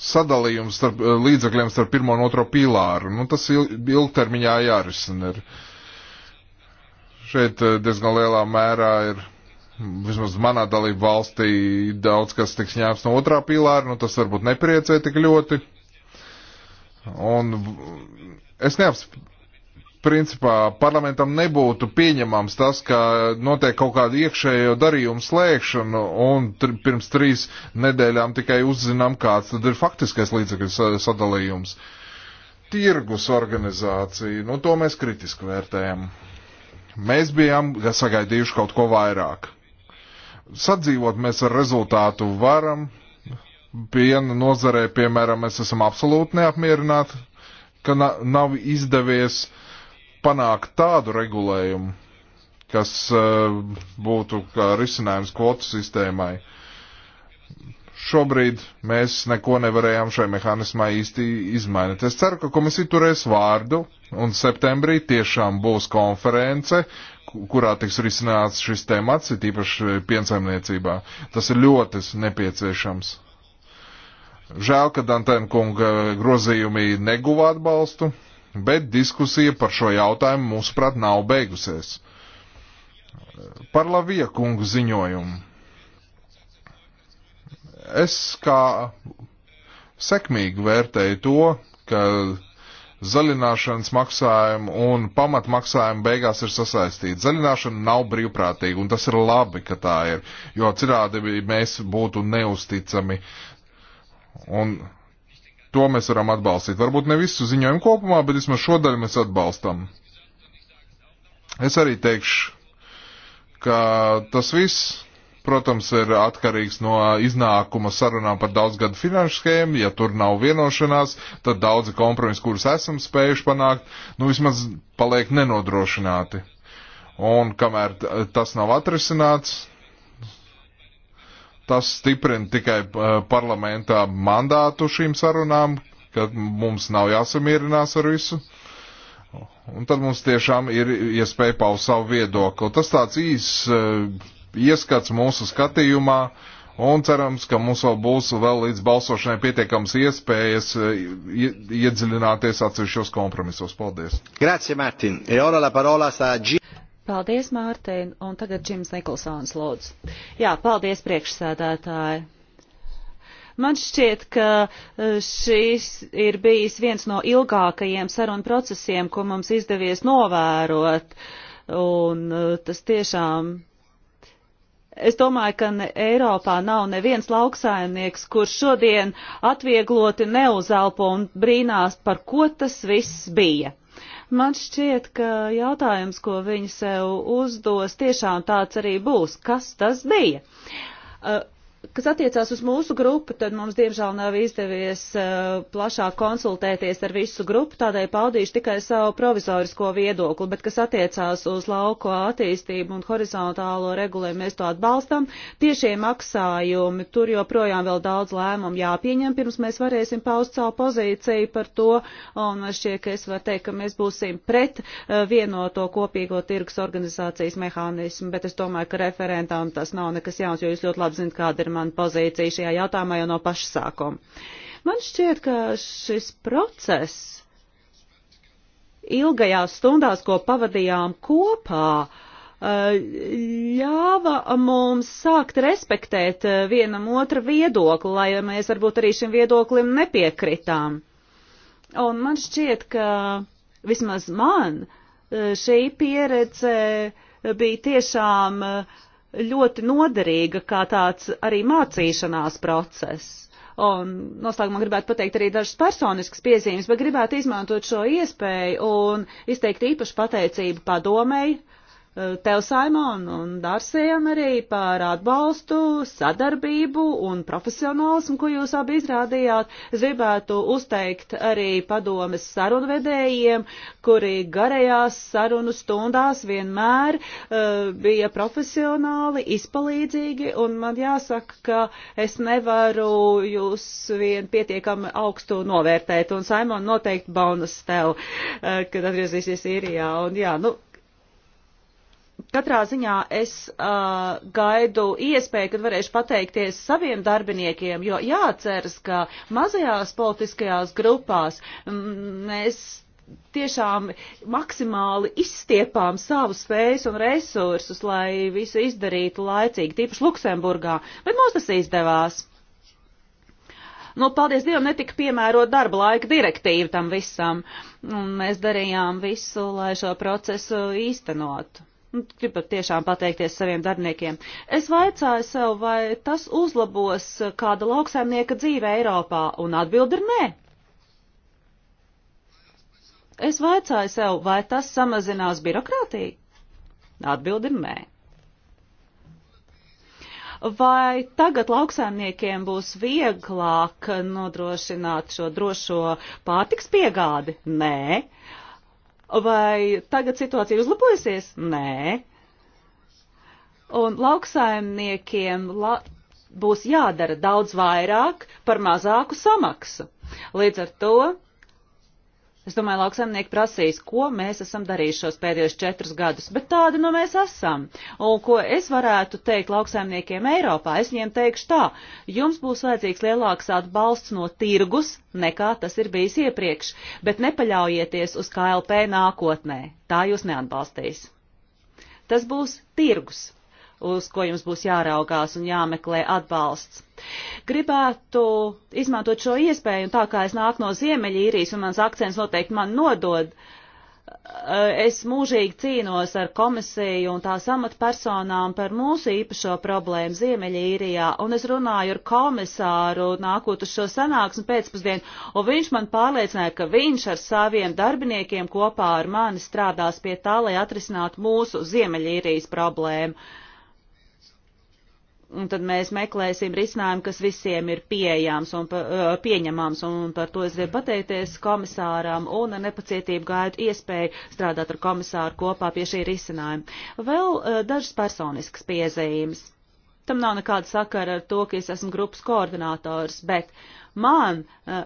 Sadalījums starp līdzekļiem starp pirmo un otro pilāru, nu tas ilgtermiņā jārisina. Ir Šeit eh, diezgan lielā mērā ir, vismaz manā dalību valstī, daudz kas tiks ņēmts no otrā pīlāra, nu tas varbūt nepriecē tik ļoti. Un es neapspriestu principā parlamentam nebūtu pieņemams tas, ka notiek kaut kāda iekšējo darījumu slēgšana un tr pirms trīs nedēļām tikai uzzinām, kāds tad ir faktiskais līdzekļu sadalījums. Tirgus organizācija, nu to mēs kritiski vērtējam. Mēs bijām sagaidījuši kaut ko vairāk. Sadzīvot mēs ar rezultātu varam. Piena nozarē, piemēram, mēs esam absolūti neapmierināti, ka na nav izdevies panākt tādu regulējumu, kas uh, būtu kā risinājums kvotu sistēmai. Uh, šobrīd mēs neko nevarējām šai mehānismā īsti izmainīt. Es ceru, ka komisija turēs vārdu un septembrī tiešām būs konference, kurā tiks risināts šis temats, ir īpaši piensaimniecībā. Tas ir ļoti nepieciešams. Žēl, ka Dantēna kunga grozījumi neguva atbalstu, bet diskusija par šo jautājumu, mūsuprāt, nav beigusies. Par Lavija kungu ziņojumu Es kā sekmīgi vērtēju to, ka zaļināšanas maksājumu un pamatmaksājumu beigās ir sasaistīti. Zaļināšana nav brīvprātīga, un tas ir labi, ka tā ir, jo citādi mēs būtu neusticami. Un to mēs varam atbalstīt. Varbūt ne visu ziņojumu kopumā, bet vismaz šo daļu mēs atbalstam. Es arī teikšu, ka tas viss protams, ir atkarīgs no iznākuma sarunām par daudzgadu finanšu schēmu. Ja tur nav vienošanās, tad daudzi kompromisi, kurus esam spējuši panākt, nu vismaz paliek nenodrošināti. Un kamēr tas nav atrisināts, tas stiprina tikai parlamentā mandātu šīm sarunām, ka mums nav jāsamierinās ar visu. Un tad mums tiešām ir iespēja paust savu viedokli. Tas tāds īsts ieskats mūsu skatījumā. Un cerams, ka mums vēl būs vēl līdz balsošanai pietiekams iespējas e, iedziļināties atsevišķos kompromisos. Paldies! Grazie, Mārtiņ! E ora la parola sta Paldies, Mārtiņ! Un tagad Džims Nikolsons lūdzu. Jā, paldies, priekšsēdētāji! Man šķiet, ka e, šis ir bijis viens no ilgākajiem sarunu procesiem, ko mums izdevies novērot, un e, tas tiešām Es domāju, ka ne Eiropā nav neviens lauksaimnieks, kurš šodien atviegloti neuzelpo un brīnās, par ko tas viss bija. Man šķiet, ka jautājums, ko viņi sev uzdos, tiešām tāds arī būs. Kas tas bija? Uh, Kas attiecās uz mūsu grupu, tad mums diemžēl nav izdevies uh, plašāk konsultēties ar visu grupu, tādēļ paudīšu tikai savu provizorisko viedokli, bet kas attiecās uz lauko attīstību un horizontālo regulējumu, mēs to atbalstam. Tiešie maksājumi, tur joprojām vēl daudz lēmumu jāpieņem, pirms mēs varēsim paust savu pozīciju par to, un man šķiet, ka es varu teikt, ka mēs būsim pret uh, vienoto kopīgo tirgus organizācijas mehānismu, bet es domāju, ka referentām tas nav nekas jauns, jo jūs ļoti labi zināt, kāda ir ir mana pozīcija šajā jautājumā jau no paša sākuma. Man šķiet, ka šis process ilgajās stundās, ko pavadījām kopā, eh, ļāva mums sākt respektēt eh, vienam otru viedokli, lai mēs varbūt arī šim viedoklim nepiekritām. Un man šķiet, ka vismaz man eh, šī pieredze bija tiešām uh, ļoti noderīga kā tāds arī mācīšanās process. Un noslēgumā gribētu pateikt arī dažas personiskas piezīmes, bet gribētu izmantot šo iespēju un izteikt īpašu pateicību padomēji, tev, Saimon, un Dārsējam arī par atbalstu, sadarbību un profesionālismu, ko jūs abi izrādījāt. Es gribētu uzteikt arī padomes sarunvedējiem, kuri garajās sarunu stundās vienmēr uh, bija profesionāli, izpalīdzīgi, un man jāsaka, ka es nevaru jūs vien pietiekami augstu novērtēt, un Saimon noteikti baunas tev, uh, kad atgriezīsies īrijā. Un, jā, nu, Katrā ziņā es uh, gaidu iespēju, kad varēšu pateikties saviem darbiniekiem, jo jāceras, ka mazajās politiskajās grupās mēs tiešām maksimāli izstiepām savus spējas un resursus, lai visu izdarītu laicīgi, tīpaši Luksemburgā, bet mums tas izdevās. Nu, paldies Dievam, netika piemērot darba laika direktīvu tam visam, un mēs darījām visu, lai šo procesu īstenotu. Nu, gribu tiešām pateikties saviem darbiniekiem. Es vaicāju sev, vai tas uzlabos eh, kāda lauksaimnieka dzīve Eiropā, un atbildi ir nē. Es vaicāju sev, vai tas samazinās birokrātiju? Atbildi ir nē. Vai tagad lauksaimniekiem būs vieglāk nodrošināt šo drošo pārtiks piegādi? Nē. Vai tagad situācija ir uzlabojusies? Nē. Un lauksaimniekiem la būs jādara daudz vairāk par mazāku samaksu. Līdz ar to Es domāju, lauksaimnieki prasīs, ko mēs esam darījuši šos pēdējos četrus gadus, bet tādi nu mēs esam. Un ko es varētu teikt lauksaimniekiem Eiropā, es viņiem teikšu tā, jums būs vajadzīgs lielāks atbalsts no tirgus, nekā tas ir bijis iepriekš, bet nepaļaujieties uz KLP nākotnē, tā jūs neatbalstīs. Tas būs tirgus uz ko jums būs jāraugās un jāmeklē atbalsts. Gribētu izmantot šo iespēju, un tā kā es nāku no Ziemeļīrijas, un mans akcents noteikti man nodod, eh, es mūžīgi cīnos ar komisiju un tās amatpersonām par mūsu īpašo problēmu Ziemeļīrijā, un es runāju ar komisāru nākot uz šo sanāksmu pēcpusdienu, un viņš man pārliecināja, ka viņš ar saviem darbiniekiem kopā ar mani strādās pie tā, lai atrisinātu mūsu Ziemeļīrijas problēmu un tad mēs meklēsim risinājumu, kas visiem ir pieejams un pieņemams, un par to es gribu pateikties komisāram un ar nepacietību gaidu iespēju strādāt ar komisāru kopā pie šī risinājuma. Vēl dažas personiskas piezīmes. Tam nav nekāda sakara ar to, ka es esmu grupas koordinators, bet man uh,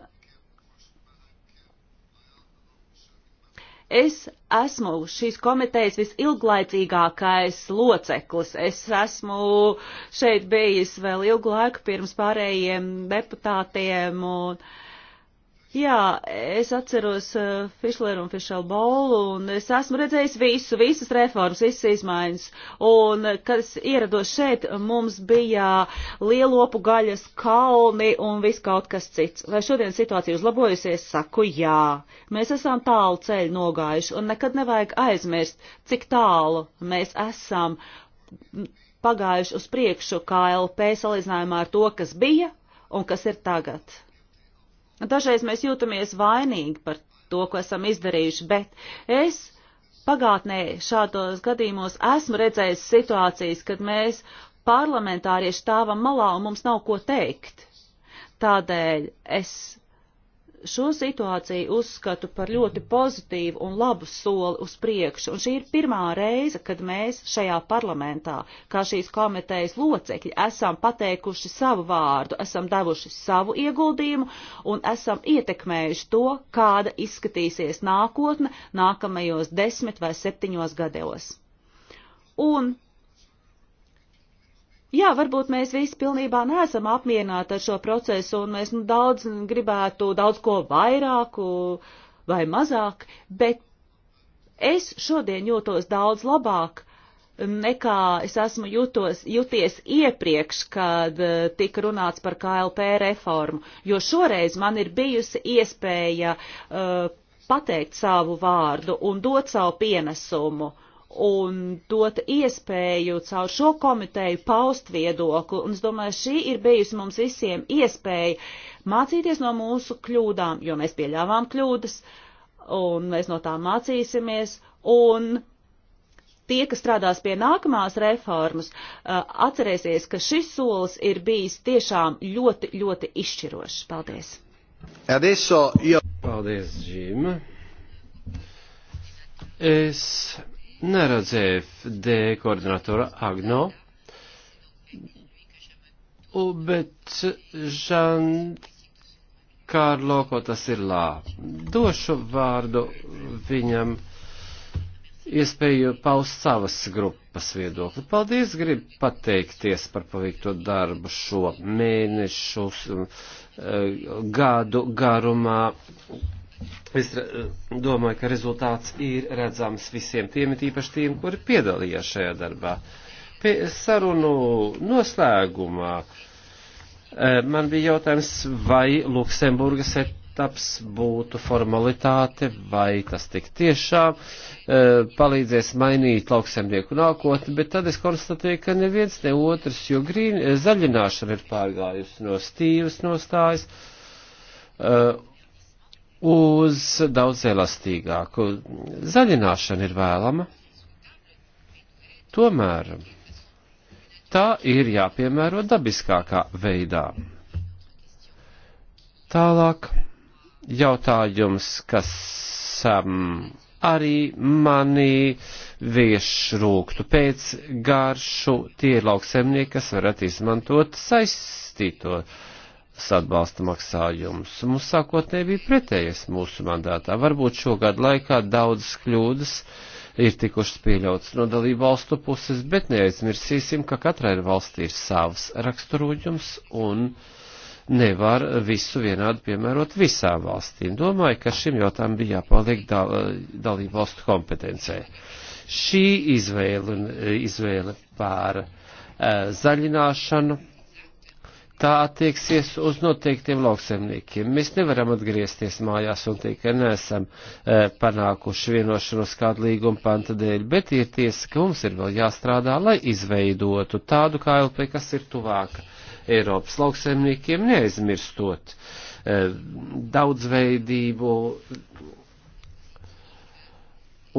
Es esmu šīs komitejas visilglaicīgākais loceklis. Es esmu šeit bijis vēl ilgu laiku pirms pārējiem deputātiem. Un, uh, Jā, es atceros uh, eh, Fišleru un Fišelu Bolu, un es esmu redzējis visu, visas reformas, visas izmaiņas. Un, kad es ierados šeit, mums bija lielopu gaļas kalni un viss kaut kas cits. Vai šodien situācija uzlabojusies? Saku jā. Mēs esam tālu ceļu nogājuši, un nekad nevajag aizmirst, cik tālu mēs esam pagājuši uz priekšu KLP salīdzinājumā ar to, kas bija un kas ir tagad. Dažreiz mēs jūtamies vainīgi par to, ko esam izdarījuši, bet es pagātnē šādos gadījumos esmu redzējis situācijas, kad mēs parlamentārieši stāvam malā un mums nav ko teikt. Tādēļ es šo situāciju uzskatu par ļoti pozitīvu un labu soli uz priekšu, un šī ir pirmā reize, kad mēs šajā parlamentā, kā šīs komitejas locekļi, esam pateikuši savu vārdu, esam devuši savu ieguldījumu un esam ietekmējuši to, kāda izskatīsies nākotne nākamajos desmit vai septiņos gados. Un Jā, varbūt mēs visi pilnībā neesam apmierināti ar šo procesu, un mēs nu, daudz gribētu daudz ko vairāk vai mazāk, bet es šodien jūtos daudz labāk nekā es esmu jūtos, jūties iepriekš, kad eh, tika runāts par KLP reformu, jo šoreiz man ir bijusi iespēja uh, pateikt savu vārdu un dot savu pienesumu. Uh, un dot iespēju caur šo komiteju paust viedokli. Un es domāju, šī ir bijusi mums visiem iespēja mācīties no mūsu kļūdām, jo mēs pieļāvām kļūdas, un mēs no tām mācīsimies. Un tie, kas strādās pie nākamās reformas, atcerēsies, ka šis solis ir bijis tiešām ļoti, ļoti izšķirošs. Paldies! Adesso io... Paldies, Džim! Es neredz FD koordinatora Agno, u, bet Žan Kārlo, ko tas ir lā. Došu vārdu viņam iespēju paust savas grupas viedokli. Paldies, gribu pateikties par paveikto darbu šo mēnešu e, gadu garumā, Es eh, domāju, ka rezultāts ir redzams visiem tiem, it īpaši tiem, kuri piedalījās šajā darbā. Pie sarunu noslēgumā eh, man bija jautājums, vai Luksemburgas etaps būtu formalitāte, vai tas tik tiešām eh, palīdzēs mainīt lauksemnieku nākotni, bet tad es konstatēju, ka neviens ne otrs, jo grīn, zaļināšana ir pārgājusi no stīvas nostājas uz daudz elastīgāku. Zaļināšana ir vēlama, tomēr tā ir jāpiemēro dabiskākā veidā. Tālāk jautājums, kas um, arī mani vieš rūktu pēc garšu, tie ir lauksemnieki, kas varat izmantot saistīto uh, atbalsta maksājumus. Mums sākotnēji bija pretējais mūsu mandātā. Varbūt šogad laikā daudzas kļūdas ir tikušas pieļautas no dalību valstu puses, bet neaizmirsīsim, ka katrai valstī ir savs raksturoģums un nevar visu vienādi piemērot visām valstīm. Domāju, ka šim jautājumam bija jāpaliek dal, dalību valstu kompetencē. Šī izvēle un izvēle pār uh, eh, zaļināšanu tā attieksies uz noteiktiem lauksemniekiem. Mēs nevaram atgriezties mājās un teikt, ka neesam e, panākuši vienošanos kādu līgumu panta dēļ, bet ir tiesa, ka mums ir vēl jāstrādā, lai izveidotu tādu KLP, kas ir tuvāka Eiropas lauksemniekiem, neaizmirstot e, daudzveidību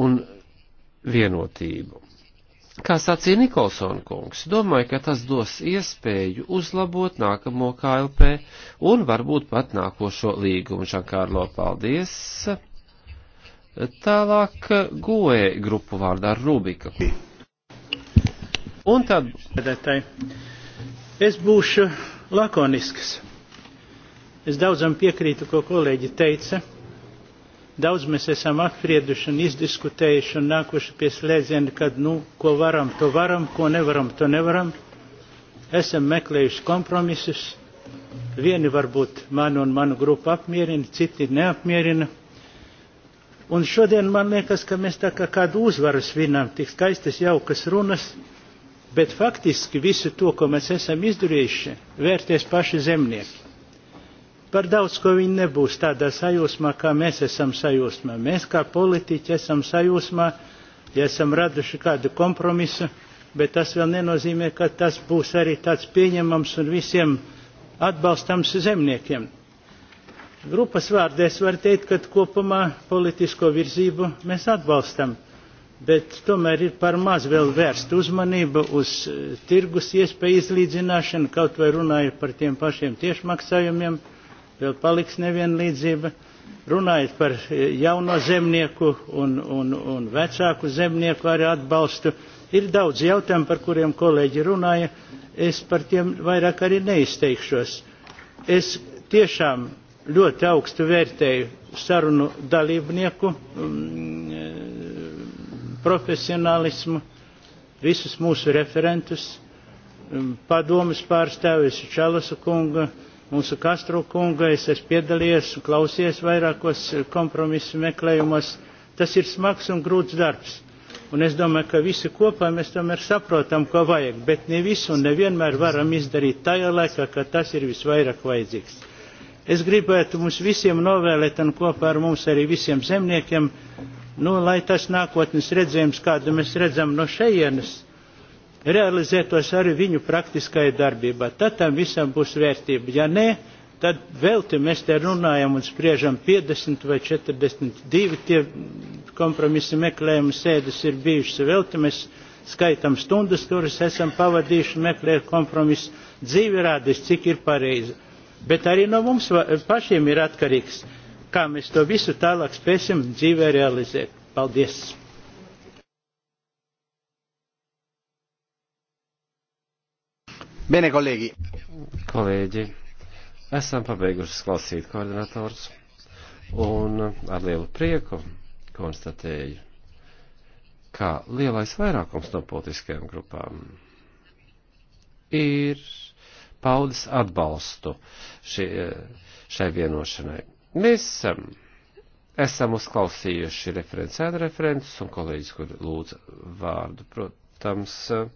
un vienotību. Kā sacīja Nikolsona kungs, domāju, ka tas dos iespēju uzlabot nākamo KLP un varbūt pat nākošo līgumu. Žankārlo, paldies! Tālāk goē e grupu vārdā Rubika. Un tad. Es būšu lakonisks. Es daudzam piekrītu, ko kolēģi teica Daudz mēs esam apsprieduši un izdiskutējuši un nākuši pie slēdziena, kad, nu, ko varam, to varam, ko nevaram, to nevaram. Esam meklējuši kompromisus. Vieni varbūt mani un manu grupu apmierina, citi neapmierina. Un šodien man liekas, ka mēs tā kā kādu uzvaru svinām, tik skaistas jaukas runas, bet faktiski visu to, ko mēs esam izdarījuši, vērties paši zemnieki. Par daudz ko viņi nebūs tādā sajūsmā, kā mēs esam sajūsmā. Mēs kā politiķi esam sajūsmā, ja esam raduši kādu kompromisu, bet tas vēl nenozīmē, ka tas būs arī tāds pieņemams un visiem atbalstams zemniekiem. Grupas vārdā es varu teikt, ka kopumā politisko virzību mēs atbalstam, bet tomēr ir par maz vēl vērst uzmanību uz eh, tirgus iespēju izlīdzināšanu, kaut vai runāju par tiem pašiem tiešmaksājumiem vēl paliks nevienlīdzība. Runājot par e, jauno zemnieku un, un, un vecāku zemnieku arī atbalstu, ir daudz jautājumu, par kuriem kolēģi runāja. Es par tiem vairāk arī neizteikšos. Es tiešām ļoti augstu vērtēju sarunu dalībnieku mm, e, profesionālismu, visus mūsu referentus, mm, padomus pārstāvis Čalasu kungu, Mūsu Kastro kunga es esmu piedalījies un klausies vairākos eh, kompromisu meklējumos. Tas ir smags un grūts darbs. Un es domāju, ka visi kopā mēs tomēr saprotam, ko vajag, bet ne visu un nevienmēr varam izdarīt tajā laikā, kad tas ir visvairāk vajadzīgs. Es gribētu mums visiem novēlēt un kopā ar mums arī visiem zemniekiem, nu, lai tas nākotnes redzējums, kādu mēs redzam no šeienes, realizētos arī viņu praktiskai darbībā. Tad tam visam būs vērtība. Ja nē, tad velti mēs te runājam un spriežam 50 vai 42 tie kompromisi meklējumi sēdes ir bijušas velti. Mēs skaitam stundas, kuras esam pavadījuši meklējot kompromisu. Dzīve rādīs, cik ir pareizi. Bet arī no mums pašiem ir atkarīgs, kā mēs to visu tālāk spēsim dzīvē realizēt. Paldies! Bene, kolēģi. Kolēģi, esam pabeiguši klausīt koordinators un ar lielu prieku konstatēju, ka lielais vairākums no politiskajām grupām ir paudis atbalstu šie, šai vienošanai. Mēs esam um, esam uzklausījuši referents, referents un kolēģis, kur lūdzu vārdu, protams, uh,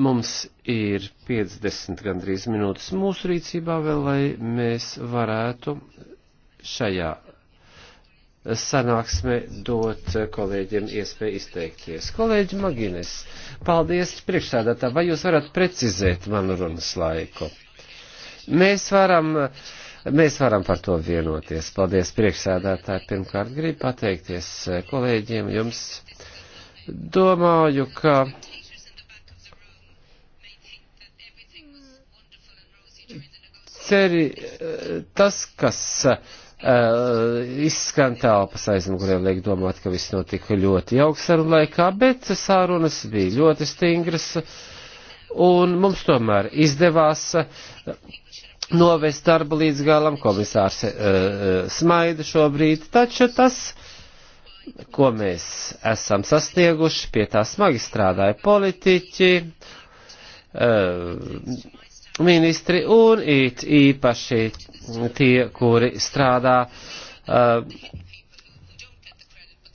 Mums ir 50 gandrīz minūtes mūsu rīcībā vēl, lai mēs varētu šajā sanāksmē dot kolēģiem iespēju izteikties. Kolēģi Magines, paldies priekšsādātā, vai jūs varat precizēt manu runas laiku? Mēs varam, mēs varam par to vienoties. Paldies priekšsādātāji. Pirmkārt, gribu pateikties kolēģiem jums. Domāju, ka ceri, tas, kas Uh, izskan telpas aizmuguriem, liek domāt, ka viss notika ļoti jauks sarunu laikā, bet sarunas bija ļoti stingras, un mums tomēr izdevās eh, novest darbu līdz galam, komisārs uh, smaida šobrīd, taču tas, ko mēs esam sasnieguši, pie tā smagi strādāja politiķi, uh, ministri un it īpaši tie, kuri strādā, eh,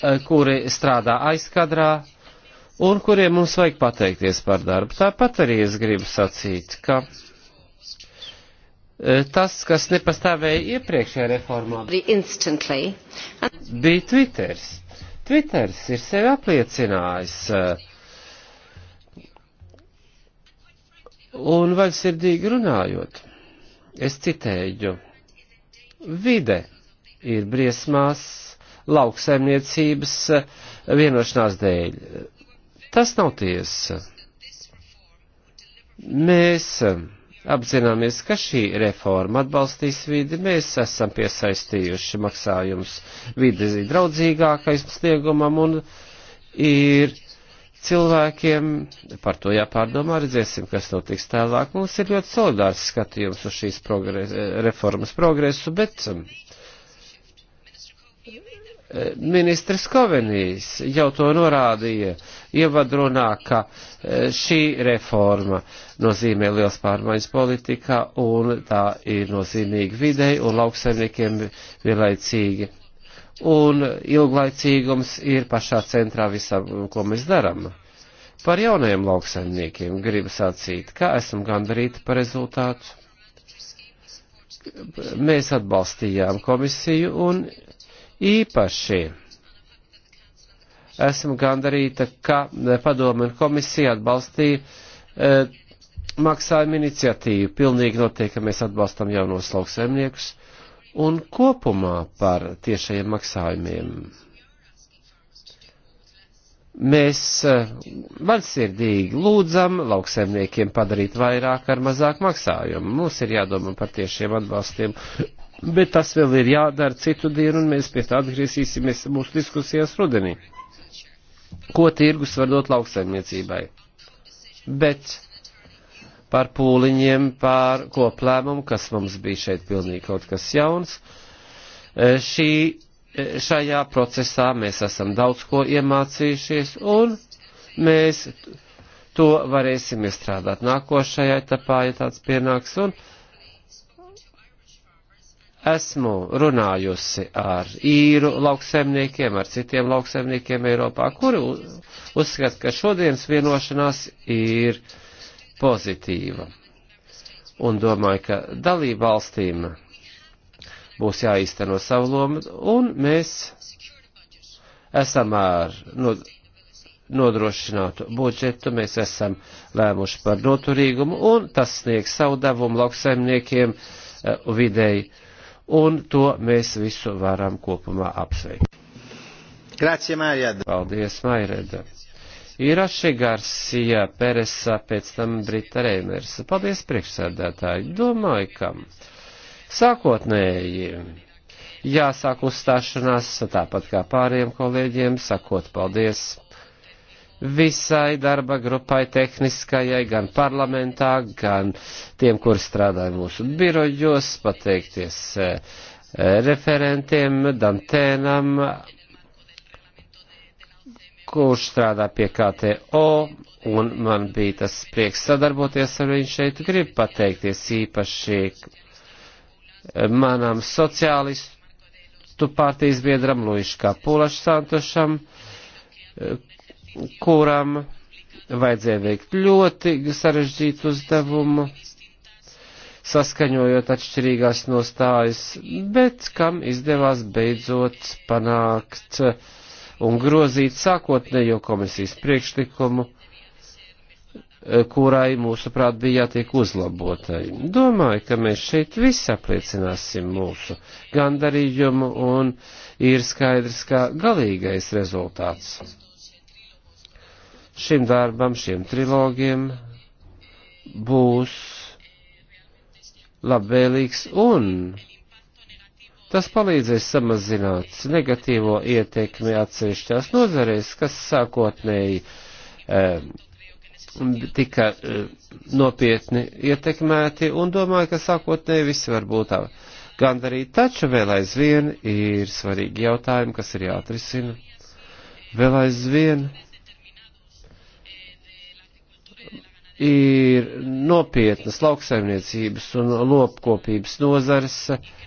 eh, kuri strādā aizkadrā un kuriem mums vajag pateikties par darbu. Tāpat arī es gribu sacīt, ka eh, tas, kas nepastāvēja iepriekšējā reformā, bija Twitters. Twitters ir sevi apliecinājis Un vaļsirdīgi runājot, es citēju, vide ir briesmās lauksaimniecības eh, vienošanās dēļ. Tas nav tiesa. Mēs eh, apzināmies, ka šī reforma atbalstīs vidi, mēs esam piesaistījuši maksājums vidi draudzīgākais sniegumam un ir cilvēkiem, par to jāpārdomā, redzēsim, kas notiks tālāk. Mums ir ļoti solidārs skatījums uz šīs progres, reformas progresu, bet um, ministrs Kovenijs jau to norādīja ievadrunā, ka eh, šī reforma nozīmē liels pārmaiņas politikā un tā ir nozīmīga videi un lauksaimniekiem vienlaicīgi un ilglaicīgums ir pašā centrā visam, ko mēs darām. Par jaunajiem lauksaimniekiem gribu sacīt, ka esam gandarīti par rezultātu. Mēs atbalstījām komisiju un īpaši esmu gandarīta, ka padome un komisija atbalstīja e, maksājuma iniciatīvu. Pilnīgi noteikti, ka mēs atbalstam jaunos lauksaimniekus. E, Un kopumā par tiešajiem maksājumiem mēs eh, vaļsirdīgi lūdzam lauksaimniekiem padarīt vairāk ar mazāk maksājumu. Mums ir jādomā par tiešiem atbalstiem, bet tas vēl ir jādara citu dienu, un mēs pie tā atgriezīsimies mūsu diskusijās rudenī. Ko tirgus var dot lauksaimniecībai? Bet par pūliņiem, par koplēmumu, kas mums bija šeit pilnīgi kaut kas jauns. E, šī, e, šajā procesā mēs esam daudz ko iemācījušies un mēs to varēsim iestrādāt nākošajā etapā, ja tāds pienāks. Un esmu runājusi ar īru lauksemniekiem, ar citiem lauksemniekiem Eiropā, kuri uzskata, ka šodienas vienošanās ir pozitīva. Un domāju, ka dalību valstīm būs jāīsteno savu lomu, un mēs esam ar nodrošinātu budžetu, mēs esam lēmuši par noturīgumu, un tas sniegs savu devumu lauksaimniekiem eh, vidēji, un to mēs visu varam kopumā apsveikt. Grazie, Mairēda. Paldies, Mairēda. Iraši Garsija, Peresa, pēc tam Brita Reimers. Paldies priekšsēdētāji. Domāju, ka sākotnēji jāsāk uzstāšanās, tāpat kā pāriem kolēģiem, sakot paldies visai darba grupai tehniskajai, gan parlamentā, gan tiem, kur strādāja mūsu birojos, pateikties eh, referentiem, Dantēnam, kurš strādā pie KTO, un man bija tas prieks sadarboties ar viņu šeit. Gribu pateikties īpaši eh, manam sociālistu partijas biedram Luiškā Pulaš Santošam, eh, kuram vajadzēja veikt ļoti sarežģītu uzdevumu, saskaņojot atšķirīgās nostājas, bet kam izdevās beidzot panākt uh, un grozīt sākotnējo komisijas priekšlikumu, eh, kurai, mūsuprāt, bija jātiek uzlabotai. Domāju, ka mēs šeit visi apliecināsim mūsu gandarījumu un ir skaidrs, kā galīgais rezultāts. Šim darbam, šiem trilogiem būs labvēlīgs un Tas palīdzēs samazināt negatīvo ietekmi atsevišķās nozarēs, kas sākotnēji eh, tika eh, nopietni ietekmēti un domāju, ka sākotnēji visi var būt tā. Gan arī taču vēl aizvien ir svarīgi jautājumi, kas ir jāatrisina. Vēl aizvien ir nopietnas lauksaimniecības un lopkopības nozares. Eh,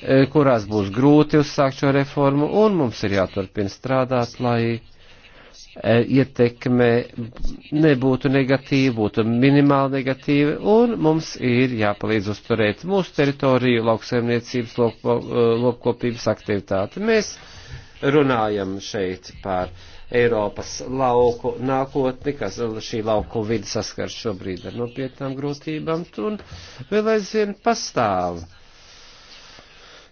E, kurās būs grūti uzsākt šo reformu, un mums ir jāturpina strādāt, lai e, ietekme nebūtu negatīva, būtu minimāli negatīva, un mums ir jāpalīdz uzturēt mūsu teritoriju, lauksaimniecības, e, lopkopības aktivitāti. Mēs runājam šeit par Eiropas lauku nākotni, kas šī lauku vidi saskars šobrīd ar nopietnām grūtībām, un vēl aizvien pastāv uh,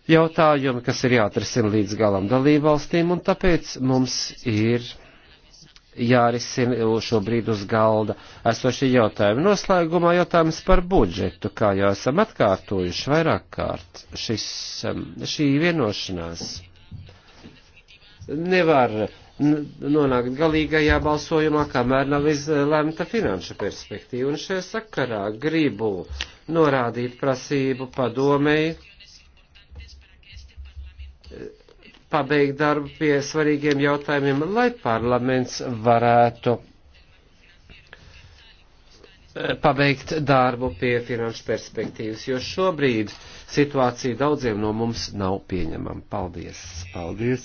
jautājumi, kas ir jāatrisina līdz galam dalībvalstīm, un tāpēc mums ir jārisina šobrīd uz galda esošie jautājumi. Noslēgumā jautājums par budžetu, kā jau esam atkārtojuši vairāk kārt. Šis, um, šī vienošanās nevar nonākt galīgajā balsojumā, kamēr nav izlemta finanšu perspektīva. Un šajā sakarā gribu norādīt prasību padomēji pabeigt darbu pie svarīgiem jautājumiem, lai parlaments varētu eh, pabeigt darbu pie finanšu perspektīvas, jo šobrīd situācija daudziem no mums nav pieņemama. Paldies! Paldies!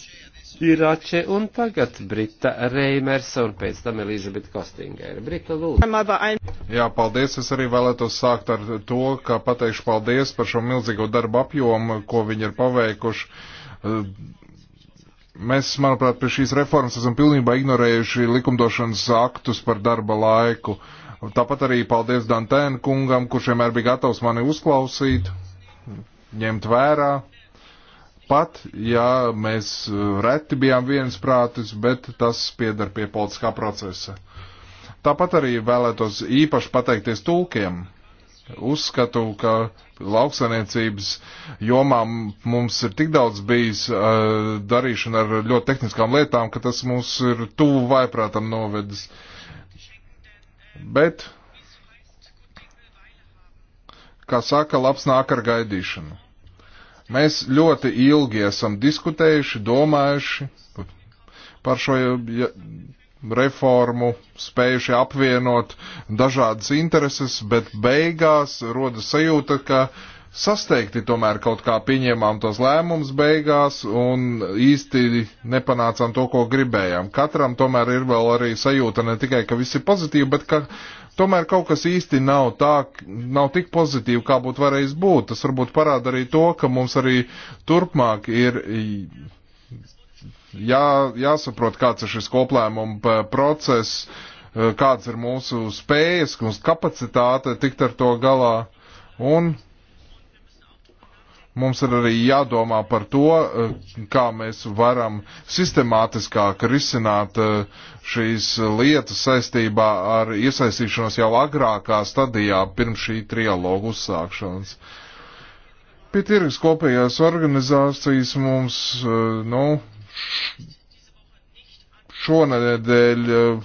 Irače un tagad Brita Reimers un pēc tam Elizabete Kostingēra. Brita lūdzu. Jā, paldies. Es arī vēlētos sākt ar to, ka pateikšu paldies par šo milzīgo darbu apjomu, ko viņi ir paveikuši Ehm, mēs, manuprāt, pie šīs reformas esam pilnībā ignorējuši likumdošanas aktus par darba laiku. Tāpat arī paldies Dantēna kungam, kurš vienmēr bija gatavs mani uzklausīt, ņemt vērā pat, ja mēs eh, reti bijām viensprātis, bet tas piedar pie politiskā procesa. Tāpat arī vēlētos īpaši pateikties tulkiem, uzskatu, ka lauksaimniecības jomā mums ir tik daudz bijis uh, darīšana ar ļoti tehniskām lietām, ka tas mūs ir tuvu vaiprātam novedis. Bet, kā saka, labs nāk ar gaidīšanu. Mēs ļoti ilgi esam diskutējuši, domājuši par šo reformu, spējuši apvienot dažādas intereses, bet beigās rodas sajūta, ka sasteigti tomēr kaut kā pieņēmām tos lēmumus beigās un īsti nepanācām to, ko gribējām. Katram tomēr ir vēl arī sajūta ne tikai, ka viss ir pozitīvi, bet ka tomēr kaut kas īsti nav tā, nav tik pozitīvi, kā būtu varējis būt. Tas varbūt parāda arī to, ka mums arī turpmāk ir Jā, jāsaprot, kāds ir šis koplēmuma process, eh, kāds ir mūsu spējas, mūsu kapacitāte tikt ar to galā. Un mums ir arī jādomā par to, eh, kā mēs varam sistemātiskāk risināt eh, šīs lietas saistībā ar iesaistīšanos jau agrākā stadijā pirms šī trialogu uzsākšanas. Pie tirgus kopējās organizācijas mums, nu, šonadēļ eh,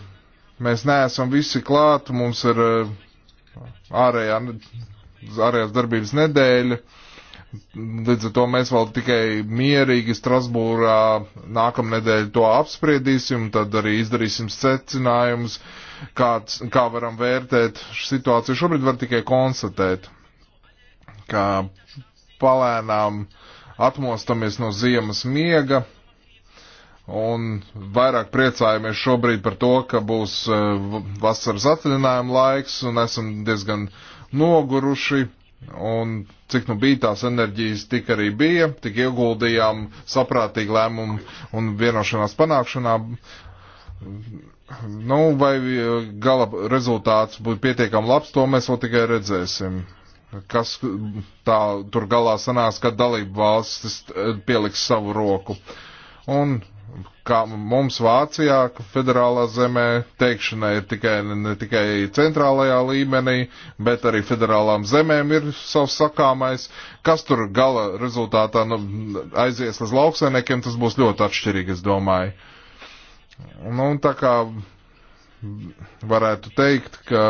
mēs neesam visi klāt, mums ir eh, ārējā, ārējās darbības nedēļa. Līdz ar to mēs vēl tikai mierīgi Strasbūrā nākamnedēļ to apspriedīsim, tad arī izdarīsim secinājumus, kāds, kā varam vērtēt situāciju. Šobrīd var tikai konstatēt, ka palēnām atmostamies no ziemas miega Un vairāk priecājamies šobrīd par to, ka būs e, vasaras atvinājuma laiks un esam diezgan noguruši. Un cik nu bija tās enerģijas, tik arī bija, tik ieguldījām saprātīgi lēmumu un vienošanās panākšanā. Nu, vai e, gala rezultāts būtu pietiekami labs, to mēs vēl tikai redzēsim kas tā tur galā sanās, kad dalība valstis e, pieliks savu roku. Un kā mums Vācijā, federālā zemē, teikšana ir tikai, ne tikai centrālajā līmenī, bet arī federālām zemēm ir savs sakāmais. Kas tur gala rezultātā nu, aizies līdz lauksainiekiem, tas būs ļoti atšķirīgi, es domāju. Nu, tā kā varētu teikt, ka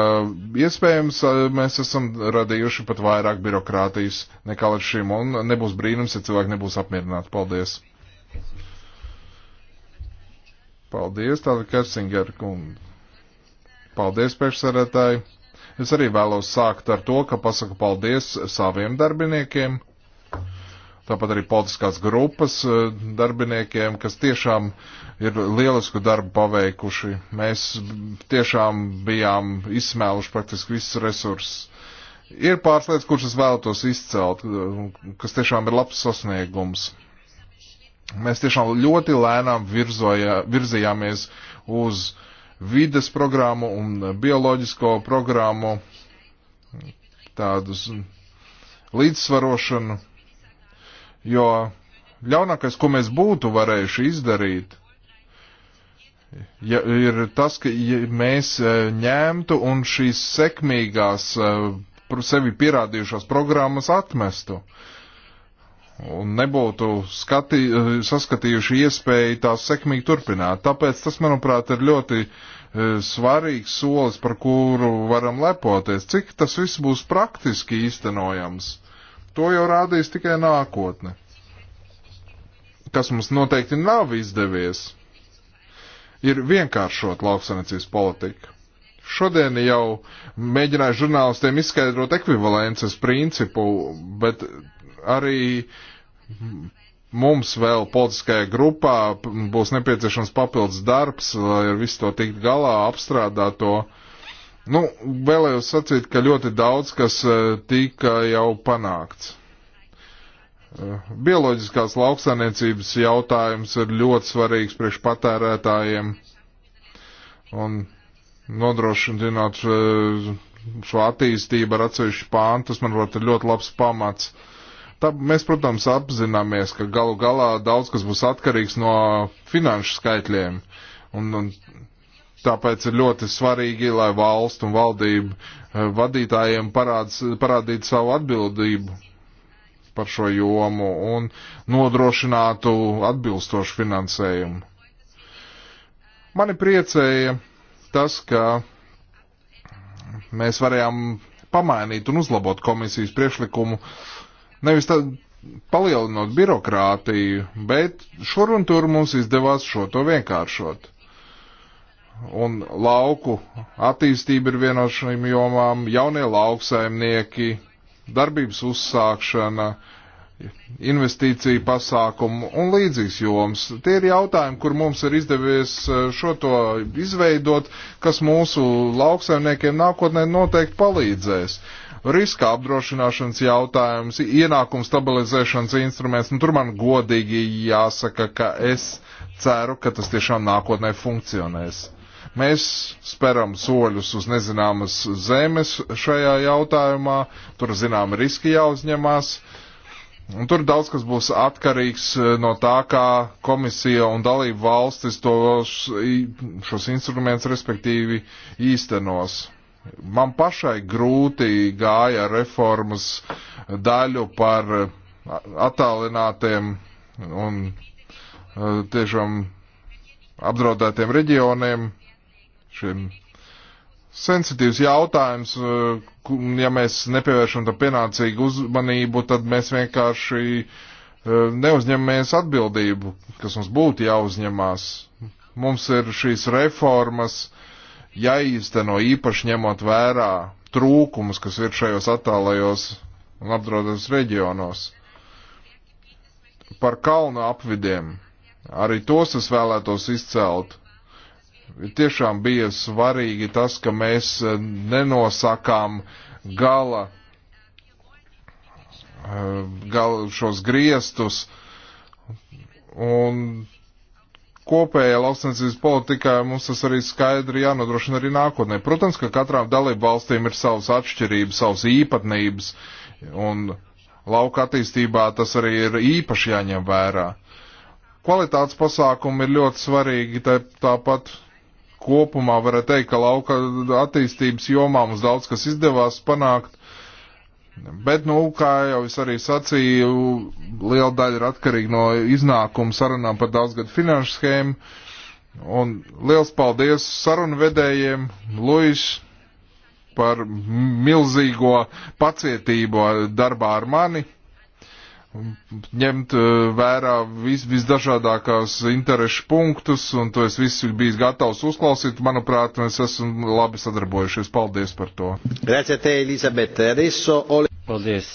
iespējams eh, mēs esam radījuši pat vairāk birokrātijas nekā līdz šim, un nebūs brīnums, ja cilvēki nebūs apmierināti. Paldies! Paldies, tālāk Kersinger kundze. Paldies, priekšsarētāji. Es arī vēlos sākt ar to, ka pasaku paldies saviem darbiniekiem, tāpat arī politiskās grupas eh, darbiniekiem, kas tiešām ir lielisku darbu paveikuši. Mēs tiešām bijām izsmēluši praktiski visus resursus. Ir pāris lietas, kuras es vēlētos izcelt, eh, kas tiešām ir labs sasniegums. Mēs tiešām ļoti lēnām virzoja, virzījāmies uz vides programmu un bioloģisko programmu tādus līdzsvarošanu, jo ļaunākais, ko mēs būtu varējuši izdarīt, ja, ir tas, ka ja mēs e, ņemtu un šīs sekmīgās e, sevi pierādījušās programmas atmestu. Uh, un nebūtu skati, eh, saskatījuši iespēju tās sekmīgi turpināt. Tāpēc tas, manuprāt, ir ļoti uh, svarīgs solis, par kuru varam lepoties. Cik tas viss būs praktiski īstenojams, to jau rādīs tikai nākotne. Kas mums noteikti nav izdevies, ir vienkāršot lauksanicības politiku. Šodien jau mēģināju žurnālistiem izskaidrot ekvivalences principu, bet arī mums vēl politiskajā grupā būs nepieciešams papildus darbs, lai ar visu to tikt galā, apstrādāt to. Nu, vēlējos sacīt, ka ļoti daudz, kas e, tika jau panākts. E, bioloģiskās lauksainiecības jautājums ir ļoti svarīgs priekš patērētājiem un nodrošināt e, šo attīstību ar atsevišķu pāntu, tas man varbūt ir ļoti labs pamats uh, Tā, mēs, protams, apzināmies, ka galu galā daudz kas būs atkarīgs no finanšu skaitļiem. Un, un tāpēc ir ļoti svarīgi, lai valstu un valdību eh, vadītājiem parāds, parādītu savu atbildību par šo jomu un nodrošinātu atbilstošu finansējumu. Mani priecēja tas, ka mēs varējām pamainīt un uzlabot komisijas priekšlikumu uh, Nevis tad palielinot birokrātiju, bet šur un tur mums izdevās šo to vienkāršot. Un lauku attīstība ir viena no šīm jomām, jaunie lauksaimnieki, darbības uzsākšana, investīciju pasākumu un līdzīgs joms. Tie ir jautājumi, kur mums ir izdevies eh, šo to izveidot, kas mūsu lauksaimniekiem nākotnē noteikti palīdzēs. Uh, riska apdrošināšanas jautājums, ienākumu stabilizēšanas instruments. Nu, tur man godīgi jāsaka, ka es ceru, ka tas tiešām nākotnē funkcionēs. Mēs speram soļus uz nezināmas zemes šajā jautājumā, tur zinām riski jāuzņemās. Un tur daudz kas būs atkarīgs e, no tā, kā komisija un dalību valstis to, šos instrumentus respektīvi īstenos. Man pašai grūti gāja reformas daļu par eh, attālinātiem un eh, tiešām apdraudētiem reģioniem. Šiem sensitīvs jautājums, eh, ja mēs nepievēršam tam pienācīgu uzmanību, tad mēs vienkārši neuzņemamies atbildību, kas mums būtu jāuzņemās. Mums ir šīs reformas jāīsteno īpaši ņemot vērā trūkumus, kas ir šajos attālajos un apdraudētos reģionos. Par kalnu apvidiem arī tos es vēlētos izcelt. Tiešām bija svarīgi tas, ka mēs eh, nenosakām gala, eh, gala šos griestus un kopējā lauksaimniecības politikā mums tas arī skaidri jānodrošina arī nākotnē. Protams, ka katrām dalību valstīm ir savas atšķirības, savas īpatnības, un lauka attīstībā tas arī ir īpaši jāņem vērā. Kvalitātes pasākumi ir ļoti svarīgi, tā, tāpat kopumā varētu teikt, ka lauka attīstības jomā mums daudz kas izdevās panākt, Bet, nu, kā jau es arī sacīju, liela daļa ir atkarīga no iznākuma sarunām par daudzgadu finanšu schēmu. Un liels paldies sarunvedējiem, Luis, par milzīgo pacietību darbā ar mani ņemt eh, vērā vis, visdažādākās interešu punktus, un to es visu bijis gatavs uzklausīt. Manuprāt, mēs esam labi sadarbojušies. Paldies par to. Paldies,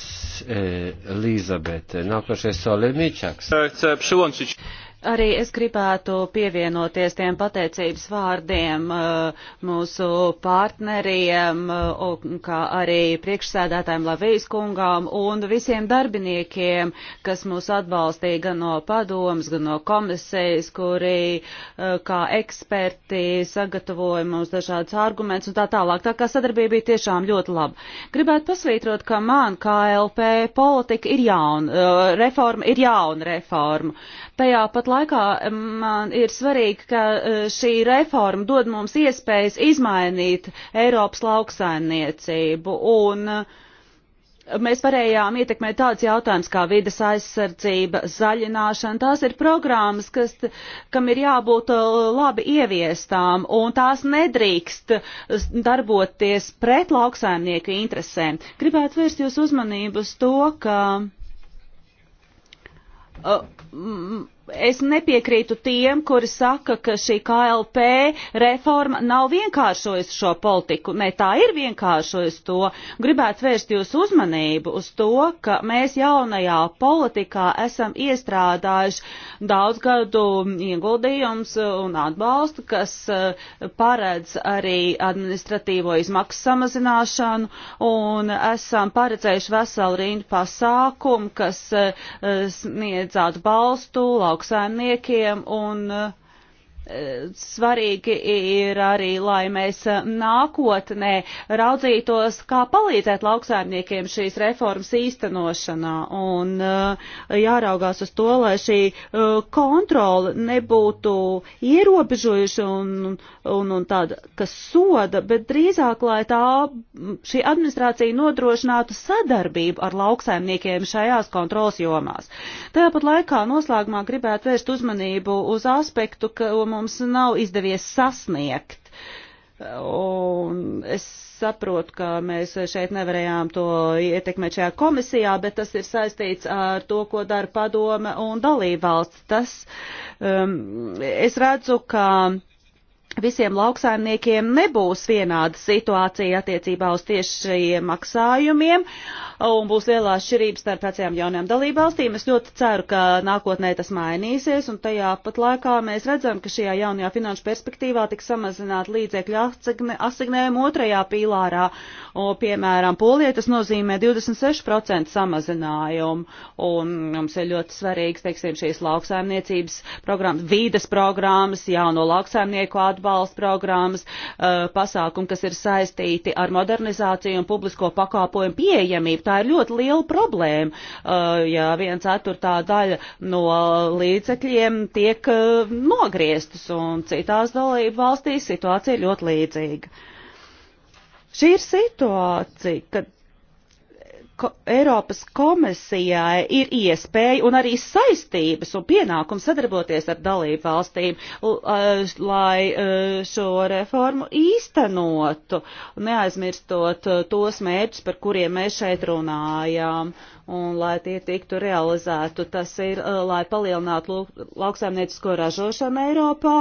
eh, Elizabete. Nākošais Solimičaks. Arī es gribētu pievienoties tiem pateicības vārdiem eh, mūsu partneriem, eh, kā arī priekšsēdētājiem Lavijas kungām un visiem darbiniekiem, kas mūs atbalstīja gan no padomas, gan no komisijas, kuri eh, kā eksperti sagatavoja mums dažādas argumentus un tā tālāk. Tā kā sadarbība bija tiešām ļoti laba. Gribētu pasvītrot, ka man KLP politika ir jauna, reforma ir jauna reforma. Tajā pat laikā man ir svarīgi, ka e, šī reforma dod mums iespējas izmainīt Eiropas lauksaimniecību un e, mēs varējām ietekmēt tāds jautājums kā vidas aizsardzība, zaļināšana. Tās ir programmas, kas, kam ir jābūt e, labi ieviestām, un tās nedrīkst darboties pret lauksaimnieku interesēm. Gribētu vērst jūs uzmanību uz to, ka. Uh, mm, es nepiekrītu tiem, kuri saka, ka šī KLP reforma nav vienkāršojusi šo politiku. Nē, tā ir vienkāršojusi to. Gribētu vērst jūs uzmanību uz to, ka mēs jaunajā politikā esam iestrādājuši daudzgadu ieguldījums un atbalstu, kas eh, paredz arī administratīvo izmaksu samazināšanu un esam paredzējuši veselu rindu pasākumu, kas eh, sniedz atbalstu, lauksaimniekiem un uh, svarīgi ir arī, lai mēs eh, nākotnē raudzītos, kā palīdzēt lauksaimniekiem šīs reformas īstenošanā un eh, jāraugās uz to, lai šī eh, kontrola nebūtu ierobežojuša un, un, un tāda, kas soda, bet drīzāk, lai tā šī administrācija nodrošinātu sadarbību ar lauksaimniekiem šajās kontrolas jomās. Tāpat laikā noslēgumā gribētu vērst uzmanību uz aspektu, ka mums nav izdevies sasniegt. Un es saprotu, ka mēs šeit nevarējām to ietekmēt šajā komisijā, bet tas ir saistīts ar to, ko dara padome un dalībvalsts. Tas, um, es redzu, ka visiem lauksaimniekiem nebūs vienāda situācija attiecībā uz tiešajiem maksājumiem un būs lielā šķirība starp vecajām jaunajām dalībvalstīm. Es ļoti ceru, ka nākotnē tas mainīsies un tajā pat laikā mēs redzam, ka šajā jaunajā finanšu perspektīvā tiks samazināt līdzekļu asignējumu otrajā pīlārā. O, piemēram, Polijai tas nozīmē 26% samazinājumu un mums ir ļoti svarīgs, teiksim, šīs lauksaimniecības programmas, vīdes programmas, jauno lauksaimnieku atbalstu atbalsta programmas, eh, pasākumi, kas ir saistīti ar modernizāciju un publisko pakāpojumu pieejamību. Tā ir ļoti liela problēma, eh, ja viena ceturtā daļa no līdzekļiem tiek eh, nogrieztas, un citās dalību valstīs situācija ir ļoti līdzīga. Šī ir situācija, kad ko, Eiropas komisijai ir iespēja un arī saistības un pienākums sadarboties ar dalību valstīm, eh, lai eh, šo reformu īstenotu, neaizmirstot eh, tos mērķus, par kuriem mēs šeit runājām, un lai tie tiktu realizētu. Tas ir, lai palielinātu lauksaimniecisko ražošanu Eiropā,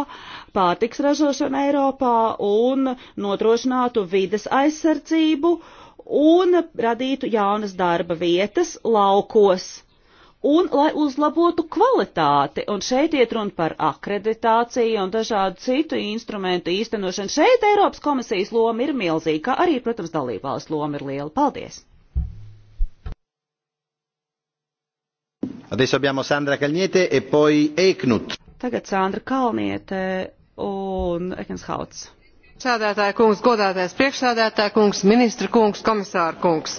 pārtiks ražošanu Eiropā un notrošinātu vides aizsardzību. Uh, un radītu jaunas darba vietas laukos un lai uzlabotu kvalitāti. Un šeit iet runa par akreditāciju un dažādu citu instrumentu īstenošanu. Šeit Eiropas komisijas loma ir milzīga, kā arī, protams, dalībvalsts loma ir liela. Paldies! Adesso abbiamo Sandra Calniete e poi Eiknut. Tagad Sandra Kalniete un Ekenshauts priekšsēdētāja kungs godātais priekšsēdētāja kungs ministra kungs komisāra kungs!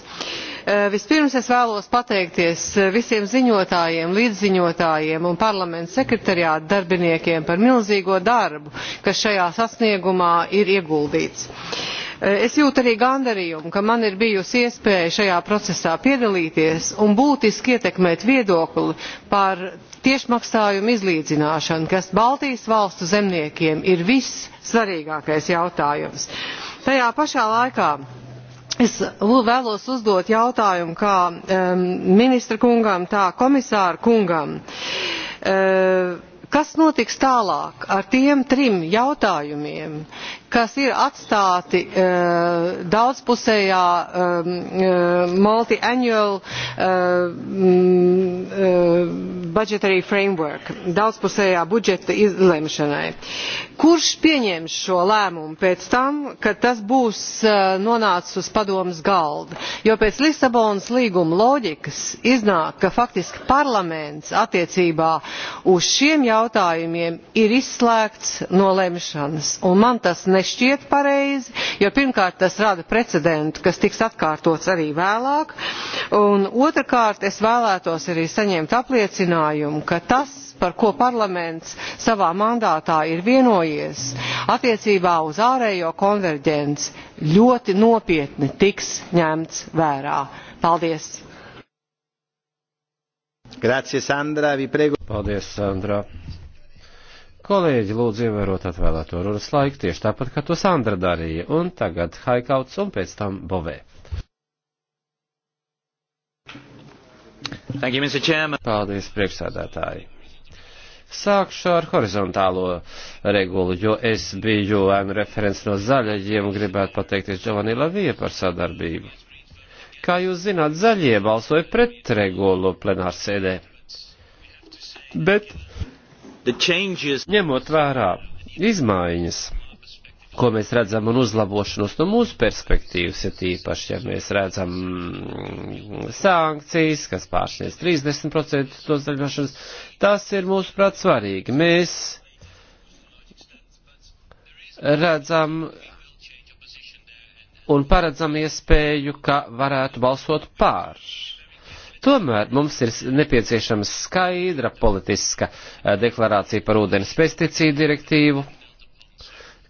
Eh, vispirms es vēlos pateikties eh, visiem ziņotājiem līdziņotājiem un parlamenta sekretariāta darbiniekiem par milzīgo darbu kas šajā sasniegumā ir ieguldīts eh, es jūtu arī gandarījumu ka man ir bijusi iespēja šajā procesā piedalīties un būtiski ietekmēt viedokli par tiešmaksājumu izlīdzināšanu kas baltijas valstu zemniekiem ir vissvarīgākais jautājums. tajā pašā laikā es vēlos uzdot jautājumu kā um, ministra kungam tā komisāra kungam uh, kas notiks tālāk ar tiem trim jautājumiem kas ir atstāti uh, daudzpusējā um, uh, multiannual uh, budgetary framework, daudzpusējā budžeta izlemšanai. Kurš pieņems šo lēmumu pēc tam, kad tas būs nonācis uz padomas galda? Jo pēc Lisabonas līguma loģikas iznāk, ka faktiski parlaments attiecībā uz šiem jautājumiem ir izslēgts no lemšanas. Un man tas ne nešķiet pareizi, jo pirmkārt tas rada precedentu, kas tiks atkārtots arī vēlāk, un otrkārt es vēlētos arī saņemt apliecinājumu, ka tas, par ko parlaments savā mandātā ir vienojies attiecībā uz ārējo konverģenci ļoti nopietni tiks ņemts vērā. Paldies! Grazie, Sandra, vi prego. Paldies, Sandra. Kolēģi, lūdzu, ievērot atvēlēto runas laiku, tieši tāpat, kā to Sandra darīja, un tagad Haikauts un pēc tam Bovē. Thank you, Mr. Chairman. Paldies, priekšsēdētāji. Sākšu ar horizontālo regulu, jo es biju ēnu referents no zaļajiem un gribētu pateikties Giovanni Lavija par sadarbību. Kā jūs zināt, zaļie balsoja pret regulu plenārsēdē. Bet changes... Ņemot vērā izmaiņas, ko mēs redzam un uzlabošanos no mūsu perspektīvas, ja tīpaši, ja mēs redzam mm, sankcijas, kas pārsniedz 30% to zaļošanas, tas ir mūsu prāt svarīgi. Mēs redzam un paredzam iespēju, ka varētu balsot pār Tomēr mums ir nepieciešama skaidra politiska eh, deklarācija par ūdens pesticīdu direktīvu,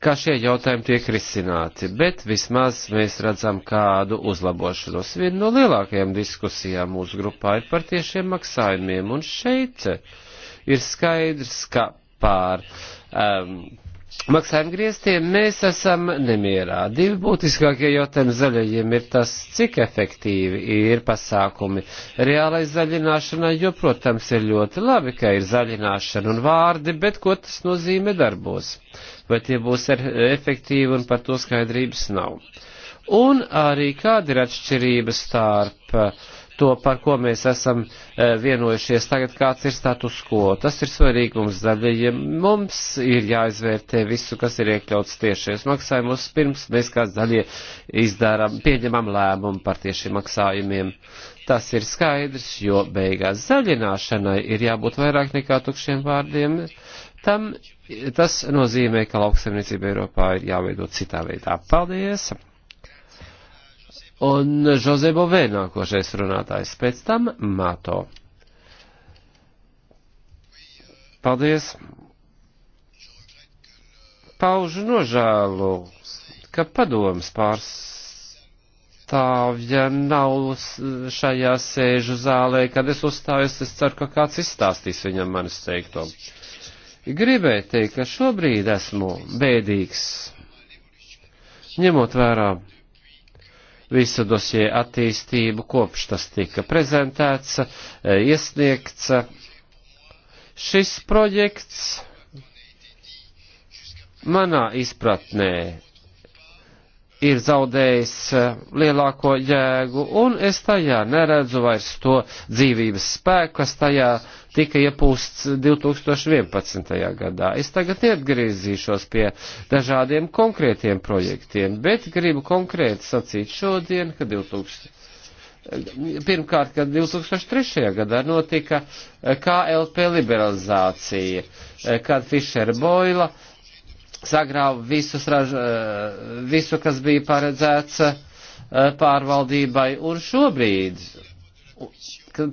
kā šie jautājumi tiek risināti, bet vismaz mēs redzam kādu uzlabošanos. Viena no lielākajām diskusijām mūsu grupā ir par tiešiem maksājumiem, un šeit ir skaidrs, ka pār um, maksājuma grieztiem, mēs esam nemierā. Divi būtiskākie jautājumi zaļajiem ir tas, cik efektīvi ir pasākumi. Reālais zaļināšanai, jo, protams, ir ļoti labi, ka ir zaļināšana un vārdi, bet ko tas nozīmē darbos? Vai tie būs er, efektīvi un par to skaidrības nav? Un arī kāda ir atšķirība starp uh, to, par ko mēs esam eh, vienojušies tagad, kāds ir status quo. Tas ir svarīgi mums zaļajiem. Mums ir jāizvērtē visu, kas ir iekļauts tiešies maksājumos, pirms mēs kā zaļie izdarām, pieņemam lēmumu par tiešiem maksājumiem. Tas ir skaidrs, jo beigās zaļināšanai ir jābūt vairāk nekā tukšiem vārdiem. Tam tas nozīmē, ka lauksaimniecība Eiropā ir jāveido citā veidā. Paldies! Un Žozē Bovē nākošais runātājs, pēc tam Mato. Paldies. Paužu nožēlu, ka padomas pārstāvja nav šajā sēžu zālē, kad es uzstājos, es ceru, ka kāds izstāstīs viņam manis teikto. Gribēju teikt, ka šobrīd esmu bēdīgs, ņemot vērā visu dosie attīstību, kopš tas tika prezentēts, e, iesniegts. Šis projekts manā izpratnē ir zaudējis eh, lielāko jēgu, un es tajā neredzu vairs to dzīvības spēku, kas tajā tika iepūsts 2011. gadā. Es tagad neatgriezīšos pie dažādiem konkrētiem projektiem, bet gribu konkrēti sacīt šodien, ka 2000. Pirmkārt, kad 2003. gadā notika eh, KLP liberalizācija, eh, kad Fišera Boila uh, sagrāva visus raž, eh, visu, kas bija paredzēts eh, pārvaldībai, un šobrīd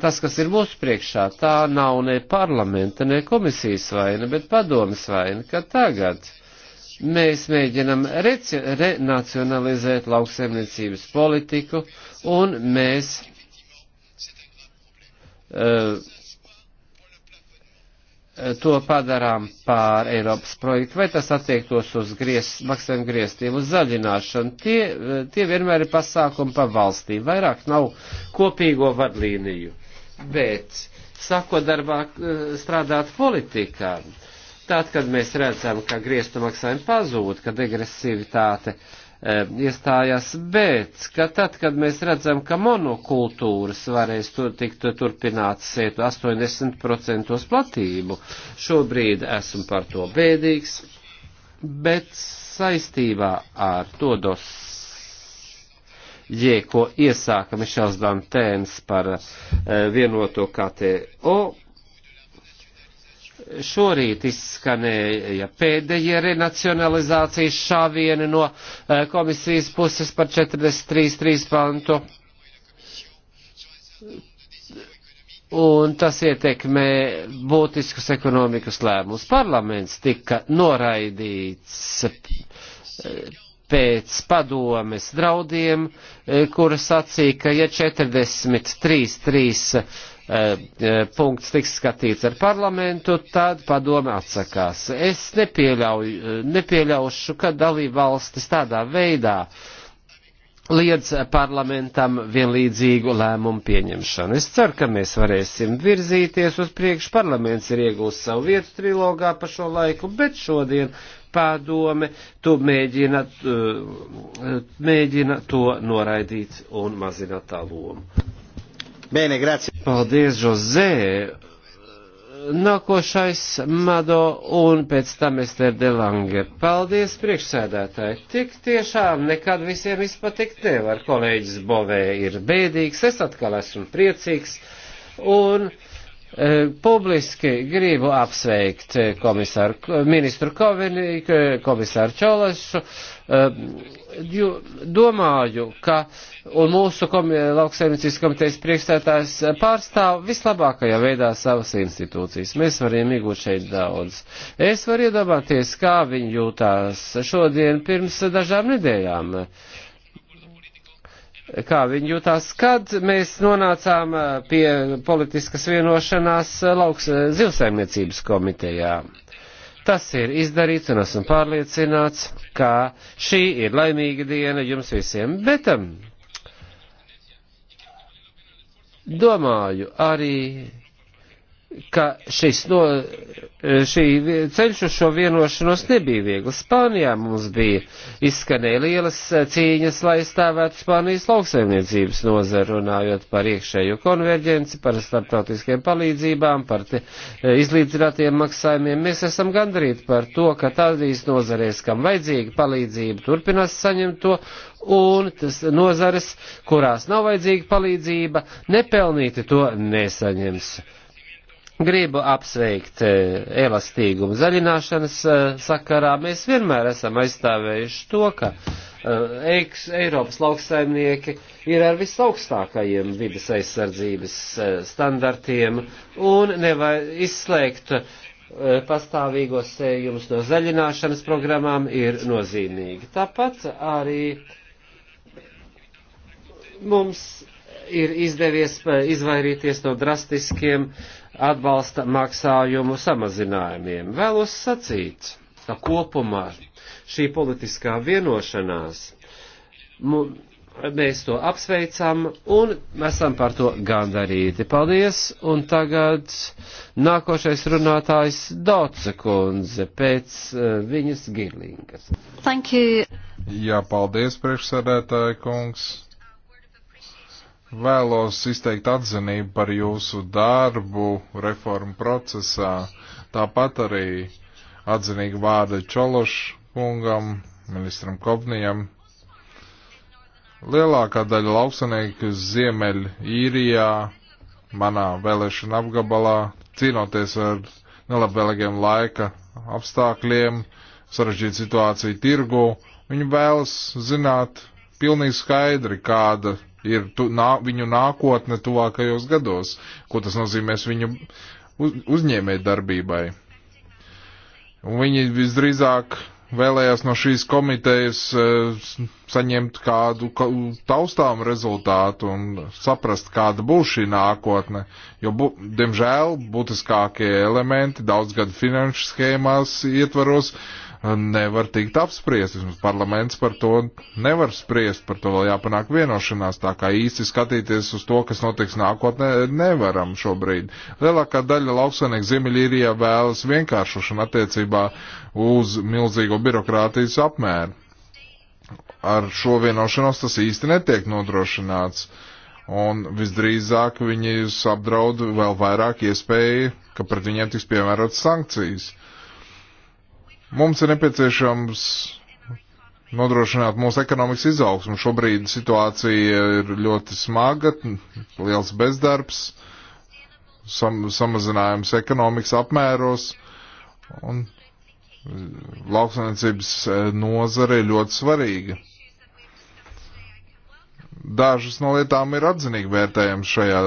tas, kas ir mūsu priekšā, tā nav ne parlamenta, ne komisijas vaina, bet padomas vaina, ka tagad mēs mēģinam renacionalizēt re lauksaimniecības politiku, un mēs uh, to padarām pār Eiropas projektu, vai tas attiektos uz griez, maksājumu grieztiem, uz zaļināšanu. Tie, tie vienmēr ir pasākumi pa valstī, vairāk nav kopīgo vadlīniju. Bet sākot darbā eh, strādāt politikā, tad, kad mēs redzam, ka grieztu maksājumi pazūd, ka degresivitāte uh, E, iestājās, bet, ka tad, kad mēs redzam, ka monokultūras varēs tur, tikt turpināts 80% platību, šobrīd esmu par to bēdīgs, bet saistībā ar to dos jē, ko iesāka Mišels Dantēns par e, vienoto KTO, Šorīt izskanēja pēdējie renacionalizācijas šāvieni no eh, komisijas puses par 43.3 pantu. Un tas ietekmē būtiskus ekonomikas lēmumus. Parlaments tika noraidīts eh, pēc padomes draudiem, eh, kura sacīja, ka ja 43.3 Eh, eh, punkts tiks skatīts ar parlamentu, tad padome atsakās. Es nepieļauju, eh, nepieļaušu, ka dalība valstis tādā veidā liedz parlamentam vienlīdzīgu lēmumu pieņemšanu. Es ceru, ka mēs varēsim virzīties uz priekšu. Parlaments ir iegūst savu vietu trilogā pa šo laiku, bet šodien padome to mēģina, mēģina to noraidīt un mazināt tā lomu. Bene, grazie. Paldies, Jose. Nākošais Mado un pēc tam Ester Delange. Paldies, priekšsēdētāji. Tik tiešām nekad visiem izpatikt nevar. Kolēģis Bovē ir bēdīgs, es atkal esmu priecīgs. Un E, publiski gribu apsveikt e, komisāru, ministru Kovinīku, komisāru Čolašu. E, domāju, ka un mūsu lauksaimniecības komitejas priekšstētājs pārstāv vislabākajā veidā savas institūcijas. Mēs varam iegūt šeit daudz. Es varu iedomāties, kā viņi jūtās šodien pirms dažām nedēļām. Uh, kā viņi jutās, kad mēs nonācām eh, pie politiskas vienošanās eh, lauks eh, zivsaimniecības komitejā. Tas ir izdarīts un esmu pārliecināts, ka šī ir laimīga diena jums visiem, bet ehm, domāju arī ka šis no, šī ceļš uz šo vienošanos nebija viegli. Spānijā mums bija izskanēja lielas cīņas, lai stāvētu Spānijas lauksaimniecības nozaru, runājot par iekšējo konverģenci, par starptautiskajām palīdzībām, par te, izlīdzinātiem maksājumiem. Mēs esam gandarīti par to, ka tādīs nozarēs, kam vajadzīga palīdzība, turpinās saņemt to, un tas nozares, kurās nav vajadzīga palīdzība, nepelnīti to nesaņems. Gribu apsveikt e, elastīgumu zaļināšanas e, sakarā. Mēs vienmēr esam aizstāvējuši to, ka e, Eiks, Eiropas lauksaimnieki ir ar visaugstākajiem vidas aizsardzības standartiem un nevar izslēgt pastāvīgos sējumus no zaļināšanas programmām ir nozīmīgi. Tāpat arī mums ir izdevies eh, izvairīties no drastiskiem atbalsta maksājumu samazinājumiem. Vēlos sacīt, ka kopumā šī politiskā vienošanās, mēs to apsveicam un esam par to gandarīti. Paldies, un tagad nākošais runātājs Dauce kundze pēc eh, viņas girlingas. Thank you. Jā, paldies, priekšsēdētāji kungs. Vēlos izteikt atzinību par jūsu darbu reformu procesā, tāpat arī atzinīgi vārda Čološ kungam, ministram Kopnijam. Lielākā daļa lauksanieku ziemeļ īrijā, manā vēlēšana apgabalā, cīnoties ar nelabvēlīgiem laika apstākļiem, sarežģītu situāciju tirgu, viņi vēlas zināt pilnīgi skaidri, kāda ir tu, nā, viņu nākotne tuvākajos gados, ko tas nozīmēs viņu uz, uzņēmēt darbībai. Un viņi visdrīzāk vēlējās no šīs komitejas uh, saņemt kādu ka, taustām rezultātu un saprast, kāda būs šī nākotne, jo, bu, diemžēl, būtiskākie elementi daudzgadu finanšu schēmās ietvaros uh, nevar tikt apspriest. Vismaz parlaments par to nevar spriest, par to vēl jāpanāk vienošanās. Tā kā īsti skatīties uz to, kas notiks nākotnē, nevaram šobrīd. Lielākā daļa lauksanieku Ziemeļīrijā vēlas vienkāršošanu attiecībā uz milzīgo birokrātijas apmēru. Ar šo vienošanos tas īsti netiek nodrošināts. Un visdrīzāk viņi apdraud vēl vairāk iespēju, ka pret viņiem tiks piemērotas sankcijas. Uh, Mums ir nepieciešams nodrošināt mūsu ekonomikas izaugsmu. Šobrīd situācija ir ļoti smaga, liels bezdarbs, sam samazinājums ekonomikas apmēros un lauksainicības e, nozare ir ļoti svarīga. Dažas no lietām ir atzinīgi vērtējams šajā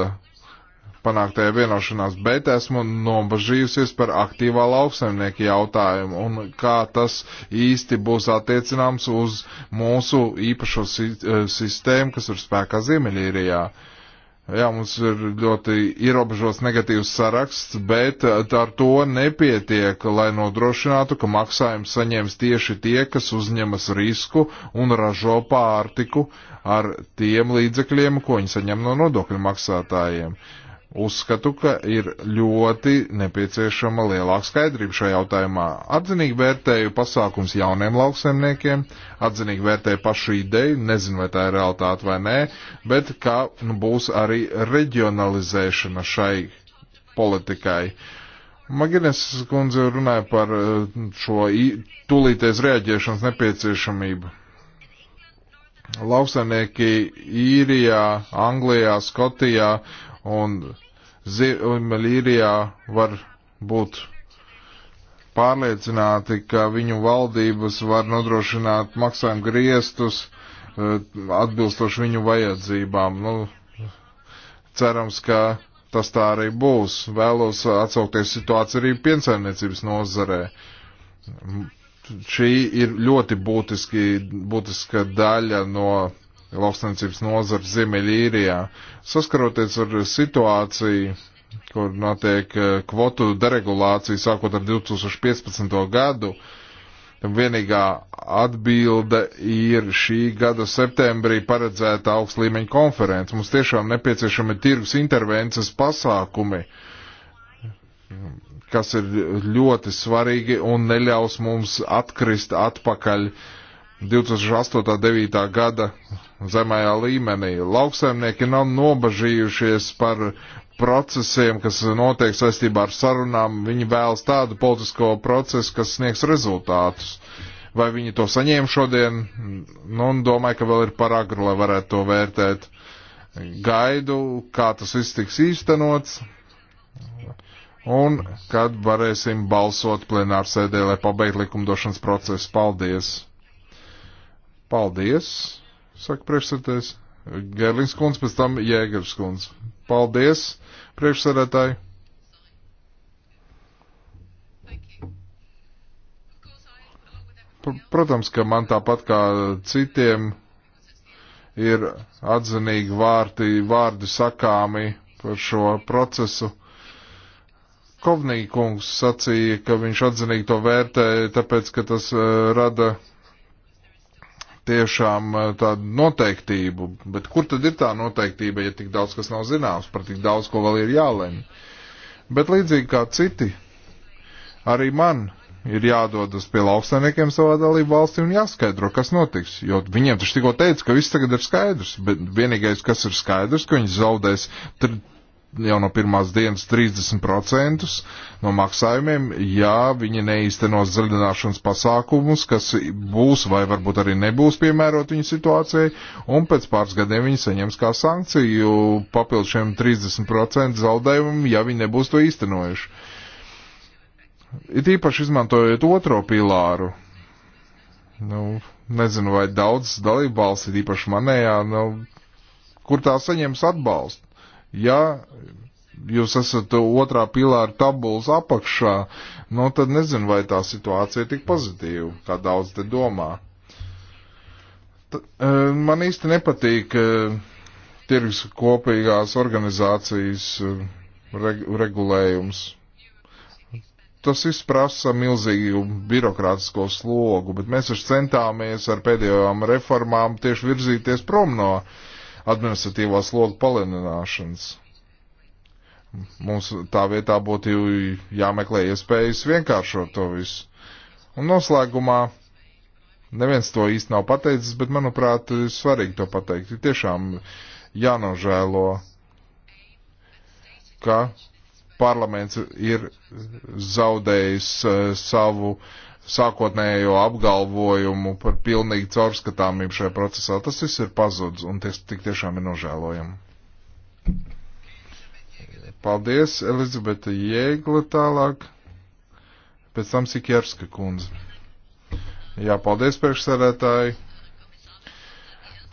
panāktajā vienošanās, bet esmu nobažījusies par aktīvā lauksaimnieka jautājumu un kā tas īsti būs attiecināms uz mūsu īpašo si eh, sistēmu, kas ir spēkā Ziemeļīrijā. Jā, mums ir ļoti ierobežots negatīvs saraksts, bet eh, ar to nepietiek, lai nodrošinātu, ka maksājumu saņems tieši tie, kas uzņemas risku un ražo pārtiku ar tiem līdzekļiem, ko viņi saņem no nodokļu maksātājiem. Uh, Uzskatu, ka ir ļoti nepieciešama lielāka skaidrība šajā jautājumā. Atzinīgi vērtēju pasākums jauniem lauksemniekiem, atzinīgi vērtēju pašu ideju, nezinu, vai tā ir realitāte vai nē, bet kā nu, būs arī reģionalizēšana šai politikai. Magines kundze runāja par eh, šo tūlīties reaģēšanas nepieciešamību lauksaimnieki īrijā, Anglijā, Skotijā un Ziemeļīrijā var būt pārliecināti, ka viņu valdības var nodrošināt maksājumu griestus eh, atbilstoši viņu vajadzībām. Nu, cerams, ka tas tā arī būs. Vēlos atsaukties situāciju arī piensaimniecības nozarē. Šī ir ļoti būtiski, būtiska daļa no lauksainicības nozars Ziemeļīrijā. Saskaroties ar situāciju, kur notiek eh, kvotu deregulācija sākot ar 2015. gadu, vienīgā atbilde ir šī gada septembrī paredzēta augsta līmeņa konference. Mums tiešām nepieciešami tirgus intervences pasākumi, kas ir ļoti svarīgi un neļaus mums atkrist atpakaļ uh, 2008.9. gada zemajā līmenī. Lauksaimnieki nav nobažījušies par procesiem, kas notiek saistībā ar sarunām. Viņi vēlas tādu politisko procesu, kas sniegs rezultātus. Vai viņi to saņēma šodien? Nu, domāju, ka vēl ir par agru, lai varētu to vērtēt. Gaidu, kā tas viss tiks īstenots. Un kad varēsim balsot plenārsēdē, lai pabeigtu likumdošanas procesu. Paldies! Paldies, saka priekšsēdētājs. Gerlings kundze, pēc tam Jēgers kundze. Paldies, priekšsēdētāji. Protams, ka man tāpat kā citiem ir atzinīgi vārti, vārdi sakāmi par šo procesu. Kovnīkungs sacīja, ka viņš atzinīgi to vērtē, tāpēc, ka tas uh, rada tiešām eh, tādu noteiktību, bet kur tad ir tā noteiktība, ja tik daudz kas nav zināms, par tik daudz ko vēl ir jālemj. Bet līdzīgi kā citi, arī man ir jādodas pie lauksainiekiem savā dalību valstī un jāskaidro, kas notiks, jo viņiem taču tikko teica, ka viss tagad ir skaidrs, bet vienīgais, kas ir skaidrs, ka viņi zaudēs jau no pirmās dienas 30% no maksājumiem, ja viņi neīstenos zaļināšanas pasākumus, kas būs vai varbūt arī nebūs piemērot viņu situācijai, un pēc pāris gadiem viņi saņems kā sankciju papildus šiem 30% zaudējumam, ja viņi nebūs to īstenojuši. It īpaši izmantojot otro pilāru. Nu, nezinu, vai daudz dalību valsts, īpaši manējā, nu, kur tā saņems atbalstu. Ja jūs esat otrā pilāra tabulas apakšā, nu tad nezinu, vai tā situācija ir tik pozitīva, kā daudz te domā. T e, man īsti nepatīk e, tirgus kopīgās organizācijas e, reg regulējums. Tas viss prasa milzīgu birokrātisko slogu, bet mēs taču centāmies ar pēdējām reformām tieši virzīties prom no uh, administratīvās logu palenināšanas. Mums tā vietā būtu jāmeklē iespējas vienkāršot to visu. Un noslēgumā neviens to īsti nav pateicis, bet manuprāt, ir svarīgi to pateikt. Ir tiešām jānožēlo, ka parlaments ir zaudējis eh, savu uh, sākotnējo apgalvojumu par pilnīgu caurskatāmību šajā procesā. Tas viss ir pazudis un tas tik tiešām ir nožēlojami. Paldies, Elizabete Jēgle tālāk, pēc tam Sikierska kundze. Jā, paldies priekšsēdētāji.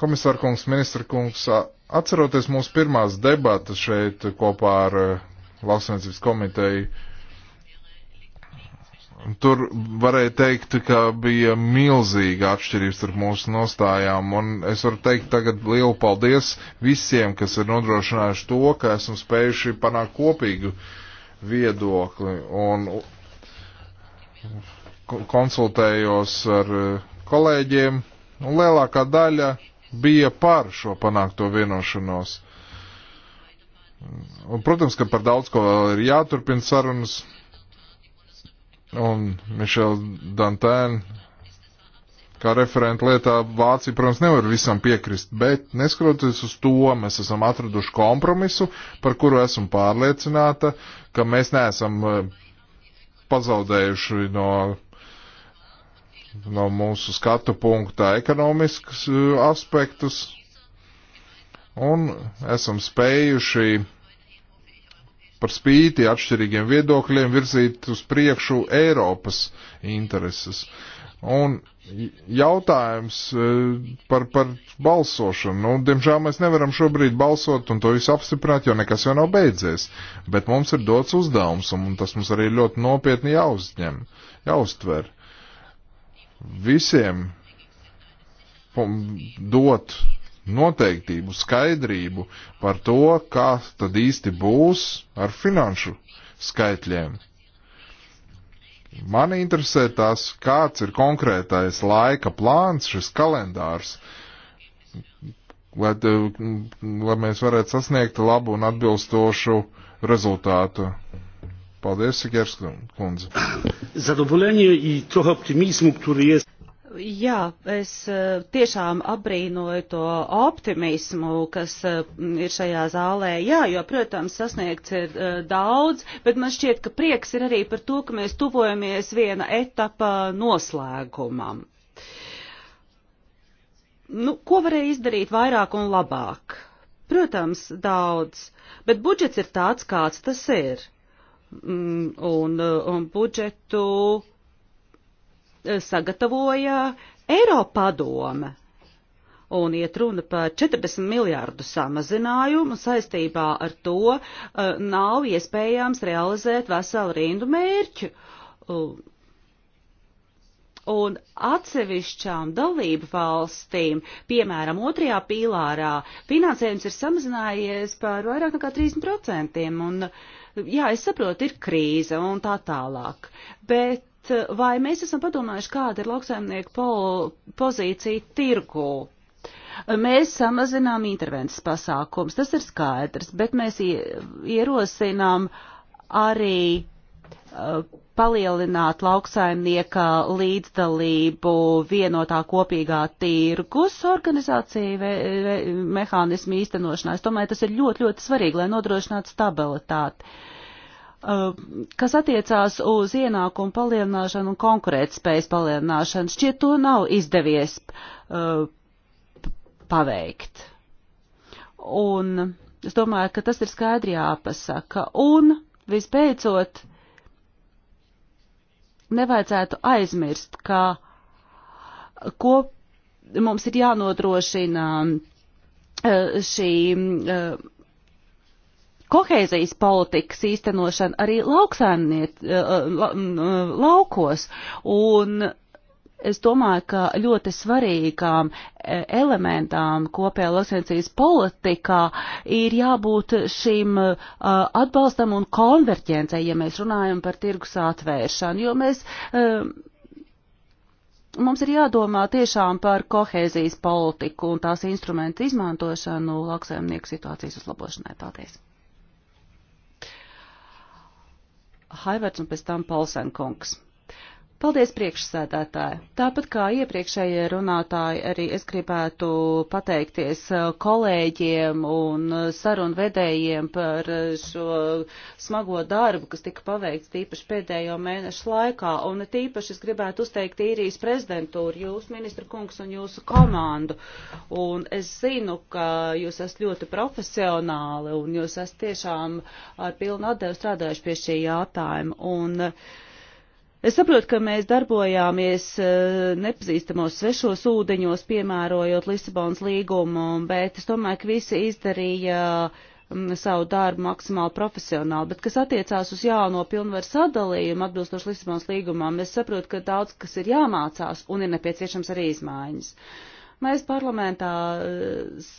Komisārkungs, ministra kungs, atceroties mūsu pirmās debatas šeit kopā ar eh, Lauksaimniecības komiteju, Tur varēja teikt, ka bija milzīga atšķirības starp mūsu nostājām, un es varu teikt tagad lielu paldies visiem, kas ir nodrošinājuši to, ka esam spējuši panākt kopīgu viedokli, un konsultējos ar eh, kolēģiem, un lielākā daļa bija par šo panākto vienošanos. Un, protams, ka par daudz ko vēl ir jāturpina sarunas un Mišels Dantēna kā referenta lietā Vācija, protams, nevar visam piekrist, bet neskatoties uz to, mēs esam atraduši kompromisu, par kuru esmu pārliecināta, ka mēs neesam eh, pazaudējuši no, no mūsu skatu punktā ekonomiskus eh, aspektus un esam spējuši par spīti atšķirīgiem viedokļiem virzīt uz priekšu Eiropas intereses. Un jautājums e, par, par balsošanu. Nu, diemžēl mēs nevaram šobrīd balsot un to visu apstiprināt, jo nekas jau nav beidzies. Bet mums ir dots uzdevums, un tas mums arī ļoti nopietni jāuzņem, jāuztver. Visiem dot noteiktību, skaidrību par to, kā tad īsti būs ar finanšu skaitļiem. Mani interesē tas, kāds ir konkrētais laika plāns, šis kalendārs, lai, lai mēs varētu sasniegt labu un atbilstošu rezultātu. Paldies, Sikers kundze. Zadovolenie i trochę optimizmu, który jest. Jā, es e, tiešām apbrīnoju to optimismu, kas e, ir šajā zālē. Jā, jo, protams, sasniegts ir e, daudz, bet man šķiet, ka prieks ir arī par to, ka mēs tuvojamies viena etapa noslēgumam. Nu, ko varēja izdarīt vairāk un labāk? Protams, daudz, bet budžets ir tāds, kāds tas ir. Mm, un, un budžetu Eh, sagatavoja Eiropadome. Un iet runa par 40 miljārdu samazinājumu saistībā ar to uh, nav iespējams realizēt veselu rindu mērķu. Uh, un atsevišķām dalību valstīm, piemēram, otrajā pīlārā, finansējums ir samazinājies par vairāk nekā 30%. Un, jā, es saprotu, ir krīze un tā tālāk. Bet Eh, vai mēs esam padomājuši, kāda ir lauksaimnieku po pozīcija tirgū? Mēs samazinām intervences pasākums, tas ir skaidrs, bet mēs ierosinām arī uh, palielināt lauksaimnieka līdzdalību vienotā kopīgā tirgus organizācija ve, ve, mehānismu īstenošanā. Es domāju, tas ir ļoti, ļoti svarīgi, lai nodrošinātu stabilitāti. Uh, kas attiecās uz ienākumu palielināšanu un konkurētspējas palielināšanu. Šķiet, to nav izdevies uh, paveikt. Un es domāju, ka tas ir skaidri jāpasaka. Un visbeidzot, nevajadzētu aizmirst, ka ko mums ir jānodrošina uh, šī uh, kohēzijas politikas īstenošana arī lauksaimniet, eh, eh, mm, eh, laukos. Un Es domāju, ka ļoti svarīgām elementām kopējā lauksainicijas politikā ir jābūt šim atbalstam un konverģencei, ja mēs runājam par tirgus atvēršanu, jo mēs mums ir jādomā tiešām par kohēzijas politiku un tās instrumentu izmantošanu lauksaimnieku situācijas uzlabošanai. Paldies! Haiverts un pēc tam Palsenkungs. Paldies, priekšsēdētāji! Tāpat kā iepriekšējie runātāji, arī es gribētu pateikties uh, kolēģiem un uh, sarunvedējiem par uh, šo smago darbu, kas tika paveikts tīpaši pēdējo mēnešu laikā. Un tīpaši es gribētu uzteikt īrijas prezidentūru, jūs, ministra kungs, un jūsu komandu. Un es zinu, ka jūs esat ļoti profesionāli un jūs esat tiešām ar pilnu atdevu strādājuši pie šī jautājuma. Un, uh, Es saprotu, ka mēs darbojāmies eh, nepazīstamos svešos ūdeņos, piemērojot Lisabonas līgumu, bet es domāju, ka visi izdarīja mm, savu darbu maksimāli profesionāli, bet kas attiecās uz jauno pilnvaru sadalījumu atbilstoši Lisabonas līgumam, es saprotu, ka daudz kas ir jāmācās un ir nepieciešams arī izmaiņas. Mēs parlamentā eh,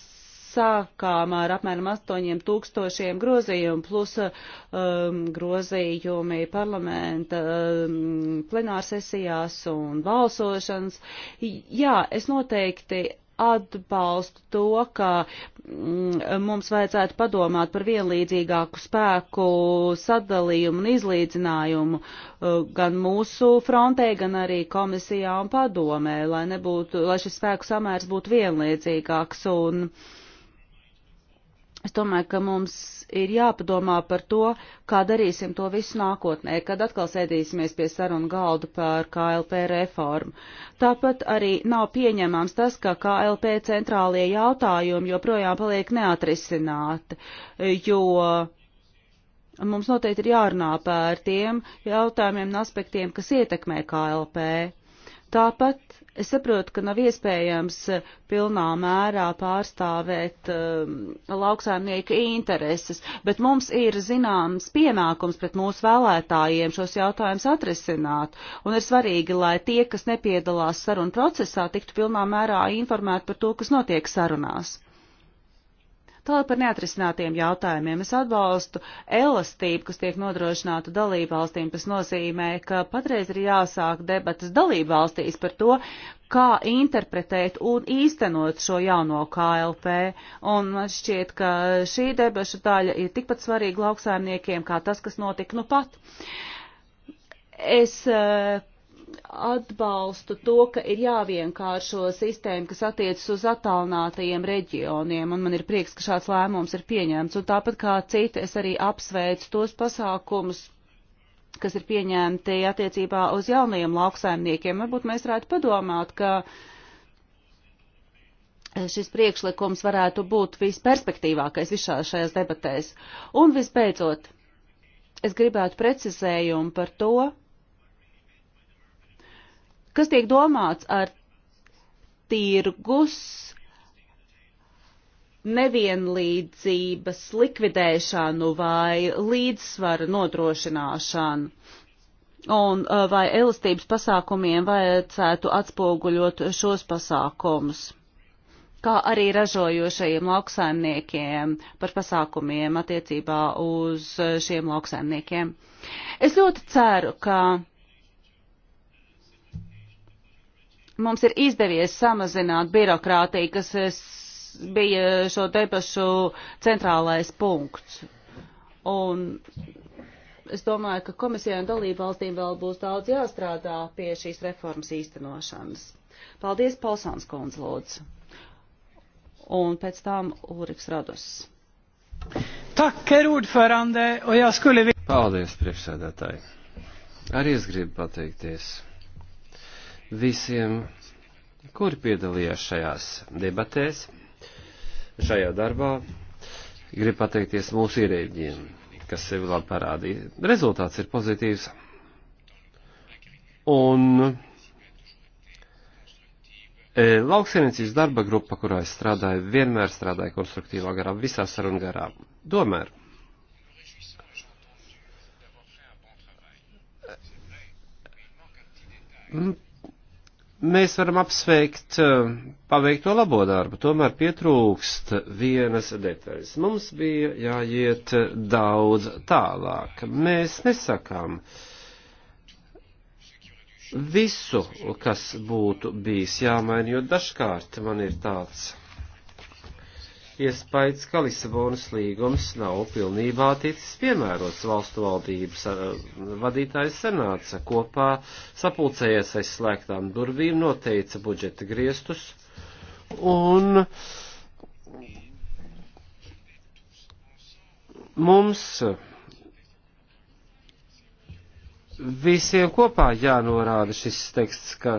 sākām ar apmēram 8000 grozījumu plus um, grozījumi parlamenta um, plenārsesijās un balsošanas. Jā, es noteikti atbalstu to, ka mm, mums vajadzētu padomāt par vienlīdzīgāku spēku sadalījumu un izlīdzinājumu uh, gan mūsu frontē, gan arī komisijā un padomē, lai, nebūtu, lai šis spēku samērs būtu vienlīdzīgāks. Un, uh, Es domāju, ka mums ir jāpadomā par to, kā darīsim to visu nākotnē, kad atkal sēdīsimies pie sarunu galdu par KLP reformu. Tāpat arī nav pieņemams tas, ka KLP centrālie jautājumi joprojām paliek neatrisināti, jo mums noteikti ir jārunā par tiem jautājumiem un aspektiem, kas ietekmē KLP Tāpat es saprotu, ka nav iespējams eh, pilnā mērā pārstāvēt um, ehm, lauksaimnieka intereses, bet mums ir zināms pienākums pret mūsu vēlētājiem šos jautājumus atrisināt, un ir svarīgi, lai tie, kas nepiedalās sarunu procesā, tiktu pilnā mērā informēti par to, kas notiek sarunās. Tālāk par neatrisinātiem jautājumiem. Es atbalstu elastību, kas tiek nodrošināta dalībvalstīm. Tas nozīmē, ka patreiz ir jāsāk debatas dalībvalstīs par to, kā interpretēt un īstenot šo jauno KLP. Un man šķiet, ka šī debašu daļa ir tikpat svarīga lauksaimniekiem, kā tas, kas notika nu pat. Es uh, atbalstu to, ka ir jāvienkāršo sistēma, kas attiecas uz attālinātajiem reģioniem, un man ir prieks, ka šāds lēmums ir pieņemts. Un tāpat kā citi, es arī apsveicu tos pasākumus, kas ir pieņemti attiecībā uz jaunajiem lauksaimniekiem. Varbūt mēs varētu padomāt, ka šis priekšlikums varētu būt visperspektīvākais visā šajās debatēs. Un visbeidzot, es gribētu precizējumu par to, Kas tiek domāts ar tirgus nevienlīdzības likvidēšanu vai līdzsvara nodrošināšanu? un uh, vai elastības pasākumiem vajadzētu atspoguļot šos pasākumus, kā arī ražojošajiem lauksaimniekiem par pasākumiem attiecībā uz uh, šiem lauksaimniekiem. Es ļoti ceru, ka mums ir izdevies samazināt birokrātiju, kas eh, bija šo debašu centrālais punkts. Un es domāju, ka komisijai un dalību valstīm vēl būs daudz jāstrādā pie šīs reformas īstenošanas. Paldies, Palsāns Kondz, lūdzu. Un pēc tam Ulriks Radus. Tak, er ordförande, og jag skulle vilja... Paldies, priekšsēdētāji. Arī es gribu pateikties visiem, kuri piedalījās šajās debatēs, šajā darbā. Gribu pateikties mūsu ierēģiem, kas sevi labi parādīja. Rezultāts ir pozitīvs. Un e, lauksienicības darba grupa, kurā es strādāju, vienmēr strādāja konstruktīvā garā, visā sarunu garā. Domēr. Mm mēs varam apsveikt eh, paveikto labo darbu, tomēr pietrūkst vienas detaļas. Mums bija jāiet eh, daudz tālāk. Mēs nesakām visu, kas būtu bijis jāmaina, jo dažkārt man ir tāds iespējas, ka Lisabonas līgums nav pilnībā ticis piemērots. Valstu valdības eh, vadītājs senāca kopā, sapulcējies aiz slēgtām durvīm, noteica budžeta griestus un mums visiem kopā jānorāda šis teksts, ka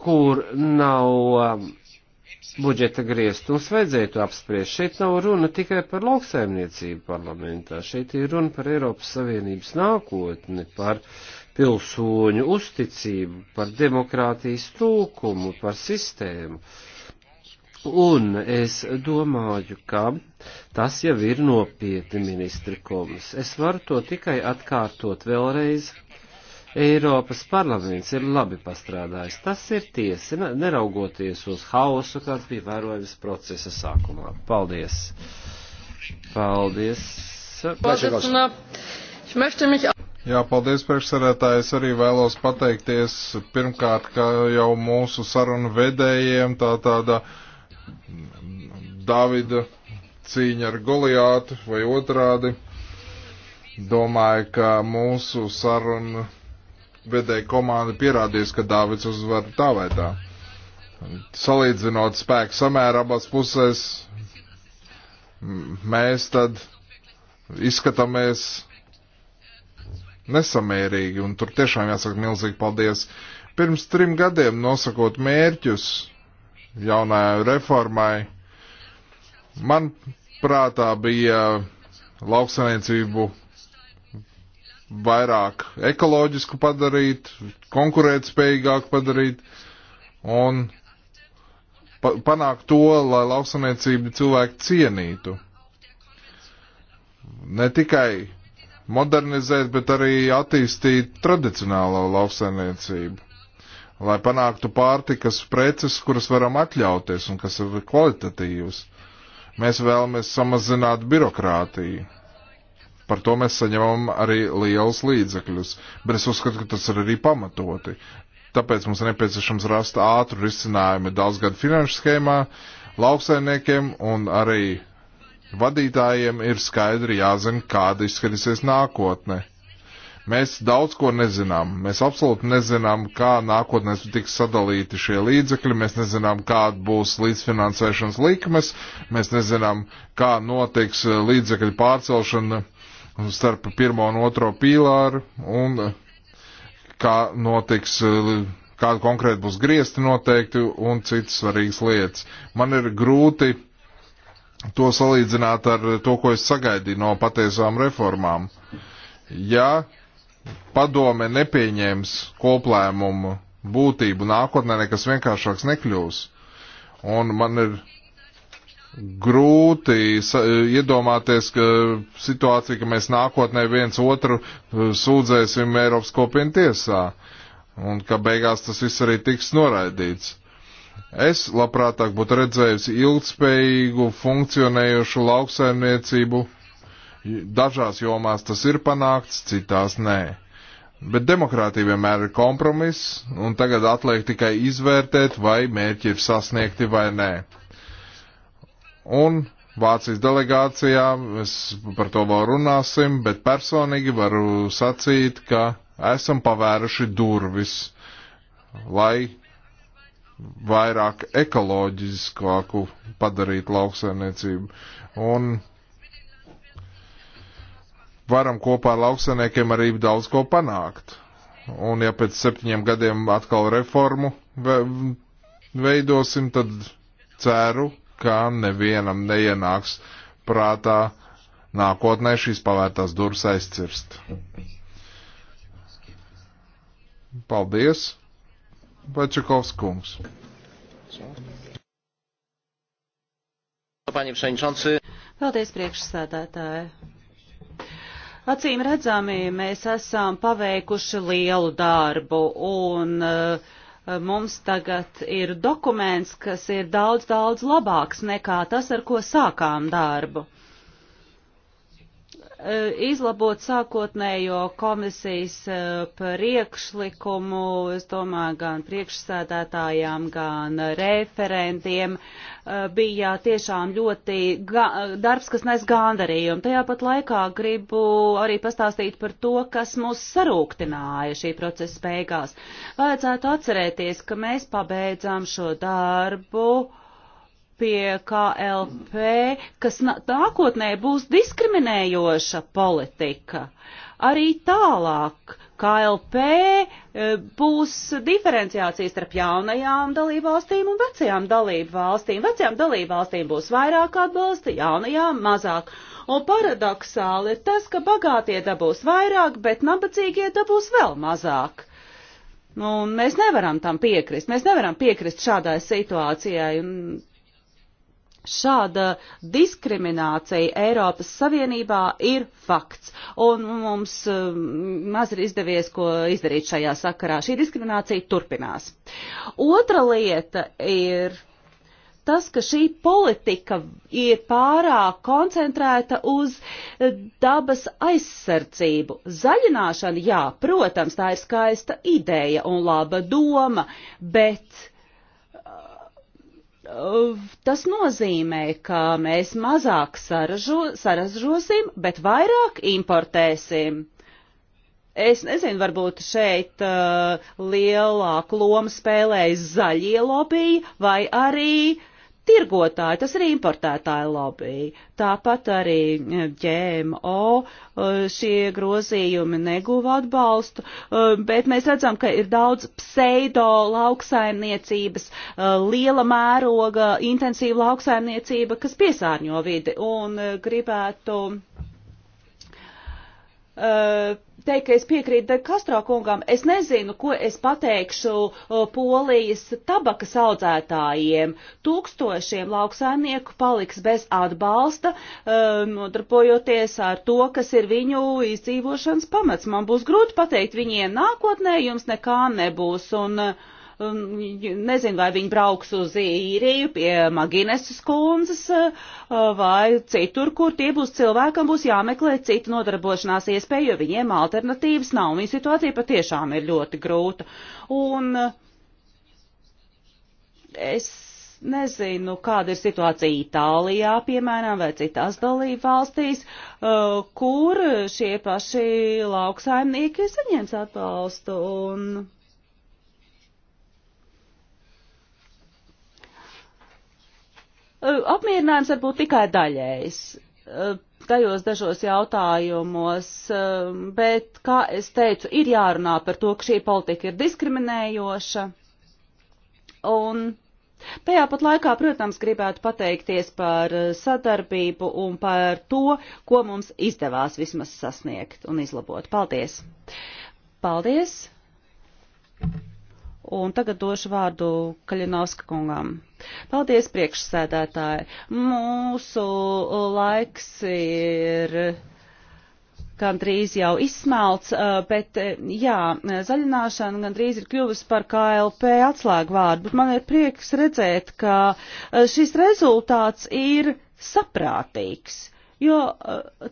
kur nav budžeta griezt. Mums vajadzētu apspriest. Šeit nav runa tikai par lauksaimniecību parlamentā. Šeit ir runa par Eiropas Savienības nākotni, par pilsoņu uzticību, par demokrātijas trūkumu, par sistēmu. Un es domāju, ka tas jau ir nopietni ministri komis. Es varu to tikai atkārtot vēlreiz Eiropas parlaments ir labi pastrādājis. Tas ir tiesa, neraugoties uz hausu, kāds bija vērojams procesa sākumā. Paldies! Paldies! Paldies. Jā, paldies priekšsarētāji. Es arī vēlos pateikties pirmkārt, ka jau mūsu sarunu vedējiem tā tāda Davida cīņa ar Goliātu vai otrādi. Domāju, ka mūsu sarunu vedēja komanda pierādījusi, ka Dāvids uzvar tā vai tā. Salīdzinot spēku samēru abās pusēs, mēs tad izskatāmies nesamērīgi, un tur tiešām jāsaka milzīgi paldies. Pirms trim gadiem nosakot mērķus jaunajai reformai, man prātā bija lauksainiecību vairāk ekoloģisku padarīt, konkurētspējīgāku padarīt un pa panākt to, lai lauksamniecību cilvēki cienītu. Ne tikai modernizēt, bet arī attīstīt tradicionālo lauksaimniecību, lai panāktu pārtikas preces, kuras varam atļauties un kas ir kvalitatīvas. Mēs vēlamies samazināt birokrātiju Par to mēs saņemam arī liels līdzekļus, bet es uzskatu, ka tas ir arī pamatoti. Tāpēc mums ir nepieciešams rast ātru risinājumu daudzgadu finanšu schēmā, lauksaimniekiem un arī vadītājiem ir skaidri jāzina, kāda izskatīsies nākotne. Mēs daudz ko nezinām. Mēs absolūti nezinām, kā nākotnē tiks sadalīti šie līdzekļi. Mēs nezinām, kāda būs līdzfinansēšanas likmes. Mēs nezinām, kā notiks līdzekļu pārcelšana starp pirmo un otro pīlāru un kā notiks, kāda konkrēti būs griezti noteikti un citas svarīgas lietas. Man ir grūti to salīdzināt ar to, ko es sagaidīju no patiesām reformām. Ja padome nepieņēms koplēmumu būtību nākotnē, nekas vienkāršāks nekļūs. Un man ir grūti iedomāties ka situāciju, ka mēs nākotnē viens otru eh, sūdzēsim Eiropas kopienu tiesā un ka beigās tas viss arī tiks noraidīts. Es labprātāk būtu redzējusi ilgspējīgu, funkcionējošu lauksaimniecību. Dažās jomās tas ir panākts, citās nē. Bet demokrātija vienmēr ir kompromiss, un tagad atliek tikai izvērtēt, vai mērķi ir sasniegti vai nē. Un Vācijas delegācijā mēs par to vēl runāsim, bet personīgi varu sacīt, ka esam pavēruši durvis, lai vairāk ekoloģiskāku padarīt lauksainiecību. Un varam kopā ar lauksainiekiem arī daudz ko panākt. Un ja pēc septiņiem gadiem atkal reformu veidosim, tad ceru, ka nevienam neienāks prātā nākotnē šīs pavērtās durvis aizcirst. Paldies, Pačakovs kungs. Paldies, priekšsēdētāji. Acīm redzami, mēs esam paveikuši lielu darbu un uh, mums tagad ir dokuments, kas ir daudz, daudz labāks nekā tas, ar ko sākām darbu. Eh, izlabot sākotnējo komisijas eh, priekšlikumu, es domāju, gan priekšsēdētājām, gan referentiem, eh, bija tiešām ļoti darbs, kas nes gandarījumu. Tajā pat laikā gribu arī pastāstīt par to, kas mūs sarūktināja šī procesa beigās. Vajadzētu atcerēties, ka mēs pabeidzām šo darbu pie KLP, kas nākotnē būs diskriminējoša politika. Arī tālāk KLP e, būs diferenciācija starp jaunajām dalībvalstīm un vecajām dalībvalstīm. Vecajām dalībvalstīm būs vairāk atbalsta, jaunajām mazāk. Un paradoxāli ir tas, ka bagātie dabūs vairāk, bet nabadzīgie dabūs vēl mazāk. Nu, mēs nevaram tam piekrist. Mēs nevaram piekrist šādai situācijai. Un Šāda diskriminācija Eiropas Savienībā ir fakts, un mums um, maz ir izdevies, ko izdarīt šajā sakarā. Šī diskriminācija turpinās. Otra lieta ir tas, ka šī politika ir pārāk koncentrēta uz eh, dabas aizsardzību. Zaļināšana, jā, protams, tā ir skaista ideja un laba doma, bet Tas nozīmē, ka mēs mazāk saražo, saražosim, bet vairāk importēsim. Es nezinu, varbūt šeit uh, lielāku lomu spēlēja zaļie lobby vai arī uh, tirgotāji, tas ir importētāji lobby. Tāpat arī ģēmo eh, eh, šie grozījumi neguva atbalstu, eh, bet mēs redzam, ka ir daudz pseido lauksaimniecības, liela mēroga, intensīva lauksaimniecība, kas piesārņo vidi un gribētu teikt, ka es piekrītu Kastro kungam. Es nezinu, ko es pateikšu polijas tabakas audzētājiem. Tūkstošiem lauksainieku paliks bez atbalsta, nodarbojoties ar to, kas ir viņu izdzīvošanas pamats. Man būs grūti pateikt viņiem nākotnē, jums nekā nebūs. Un, uh, Um, nezinu, vai viņi brauks uz īriju pie Maginesas kundzes uh, vai citur, kur tie būs cilvēkam būs jāmeklē cita nodarbošanās iespēja, jo viņiem alternatīvas nav. Viņa situācija patiešām ir ļoti grūta. Un uh, es nezinu, kāda ir situācija Itālijā, piemēram, vai citās dalību valstīs, uh, kur šie paši lauksaimnieki saņems atbalstu. Un Apmierinājums var būt tikai daļējs tajos dažos jautājumos, bet, kā es teicu, ir jārunā par to, ka šī politika ir diskriminējoša. Un tajā pat laikā, protams, gribētu pateikties par sadarbību un par to, ko mums izdevās vismaz sasniegt un izlabot. Paldies! Paldies! Un tagad došu vārdu Kaļinovska kungam. Paldies, priekšsēdētāji. Mūsu laiks ir gandrīz jau izsmelts, eh, bet eh, jā, zaļināšana gandrīz ir kļuvusi par KLP atslēgu vārdu, bet man ir prieks redzēt, ka eh, šis rezultāts ir saprātīgs. Jo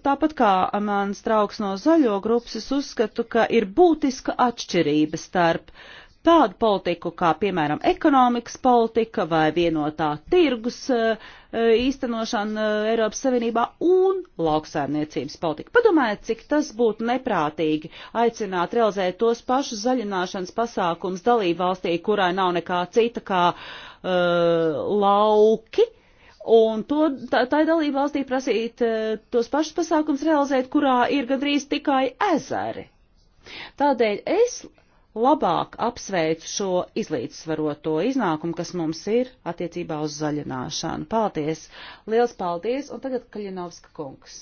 tāpat kā mans draugs no zaļo grupas, es uzskatu, ka ir būtiska atšķirība starp uh, tādu politiku kā, piemēram, ekonomikas politika vai vienotā tirgus e, e, īstenošana e, Eiropas Savienībā un lauksaimniecības politika. Padomājiet, cik tas būtu neprātīgi aicināt realizēt tos pašus zaļināšanas pasākums dalību valstī, kurai nav nekā cita kā uh, lauki. Un to, tā, tā dalība valstī prasīt uh, tos pašus pasākums realizēt, kurā ir gandrīz tikai ezeri. Tādēļ es labāk apsveicu šo izlīdzsvaroto iznākumu, kas mums ir attiecībā uz zaļināšanu. Paldies! Liels paldies! Un tagad Kaļinovska kungs.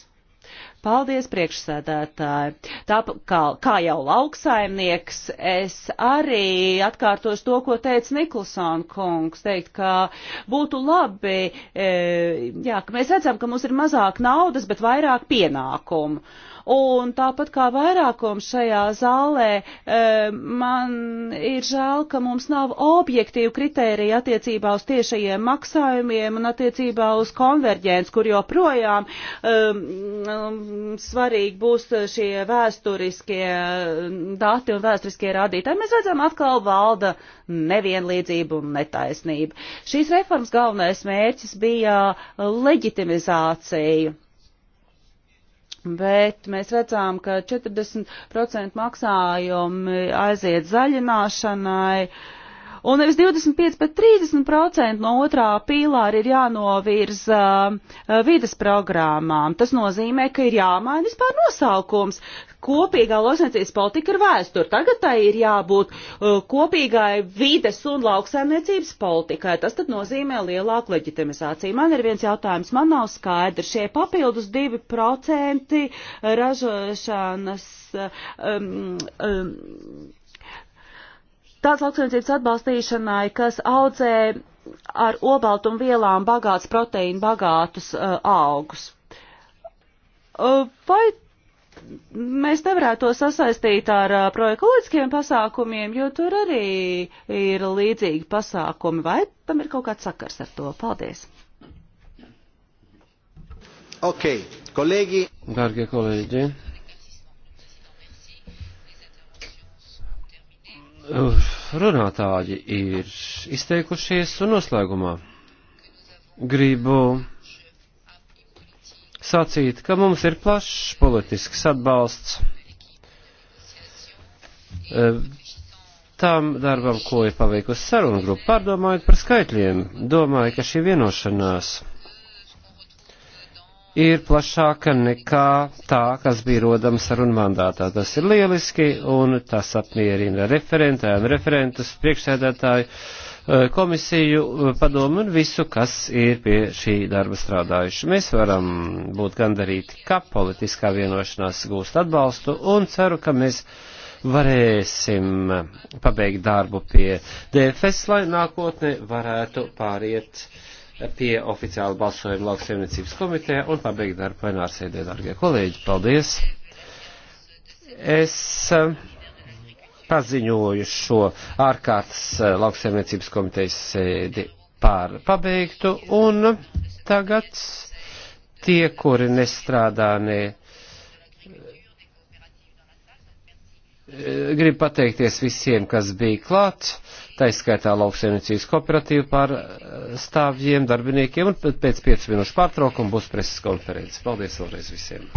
Paldies, priekšsēdētāji. Tā kā, kā jau lauksaimnieks, es arī atkārtos to, ko teica Niklsona kungs, teikt, ka būtu labi, e, jā, ka mēs redzam, ka mums ir mazāk naudas, bet vairāk pienākumu. Un tāpat kā vairākums šajā zālē, e, man ir žēl, ka mums nav objektīvu kritēriju attiecībā uz tiešajiem maksājumiem un attiecībā uz konverģents, kur joprojām um, Mm, svarīgi būs eh, šie vēsturiskie mm, dati un vēsturiskie rādītāji. Mēs redzam, atkal valda nevienlīdzība un netaisnība. Šīs reformas galvenais mērķis bija leģitimizācija. Bet mēs redzām, ka 40% maksājumi aiziet zaļināšanai. Uh, Un nevis 25, bet 30% no otrā pīlāra ir jānovirza uh, eh, vidas programmām. Tas nozīmē, ka ir jāmaina vispār nosaukums. Kopīgā lauksaimniecības politika ir vēsture. Tagad tai ir jābūt uh, kopīgai vides un lauksaimniecības politikai. Tas tad nozīmē lielāku leģitimizāciju. Man ir viens jautājums, man nav skaidrs. Šie papildus 2% ražošanas. Eh, um, um, tāds lauksaimniecības atbalstīšanai, kas audzē ar obaltumvielām bagāts proteīnu bagātus uh, augus. Uh, vai mēs nevarētu to sasaistīt ar uh, proekoloģiskiem pasākumiem, jo tur arī ir līdzīgi pasākumi, vai tam ir kaut kāds sakars ar to? Paldies! Ok, kolēģi! Dargie kolēģi! runātāji ir izteikušies un noslēgumā gribu sacīt, ka mums ir plašs politisks atbalsts eh, tām darbam, ko ir paveikusi saruna grupa. Pārdomājot par skaitļiem, domāju, ka šī vienošanās ir plašāka nekā tā, kas bija rodama sarunu mandātā. Tas ir lieliski un tas apmierina referentēm, referentus, priekšsēdētāju, eh, komisiju, eh, padomu un visu, kas ir pie šī darba strādājuši. Mēs varam būt gandarīti, ka politiskā vienošanās gūst atbalstu un ceru, ka mēs varēsim pabeigt darbu pie DFS, lai nākotnē varētu pāriet uh, pie oficiāla balsojuma lauksaimniecības komitē un pabeigt darbu plenārsēdē, darbie kolēģi. Paldies! Es eh, paziņoju šo ārkārtas eh, lauksaimniecības komitejas sēdi pār pabeigtu un tagad tie, kuri nestrādā ne. Eh, Gribu pateikties visiem, kas bija klāt taiskaitā lauksainicijas kooperatīvu pārstāvjiem, eh, darbiniekiem, un pēc 5 minūšu pārtraukuma būs preses konferences. Paldies vēlreiz visiem!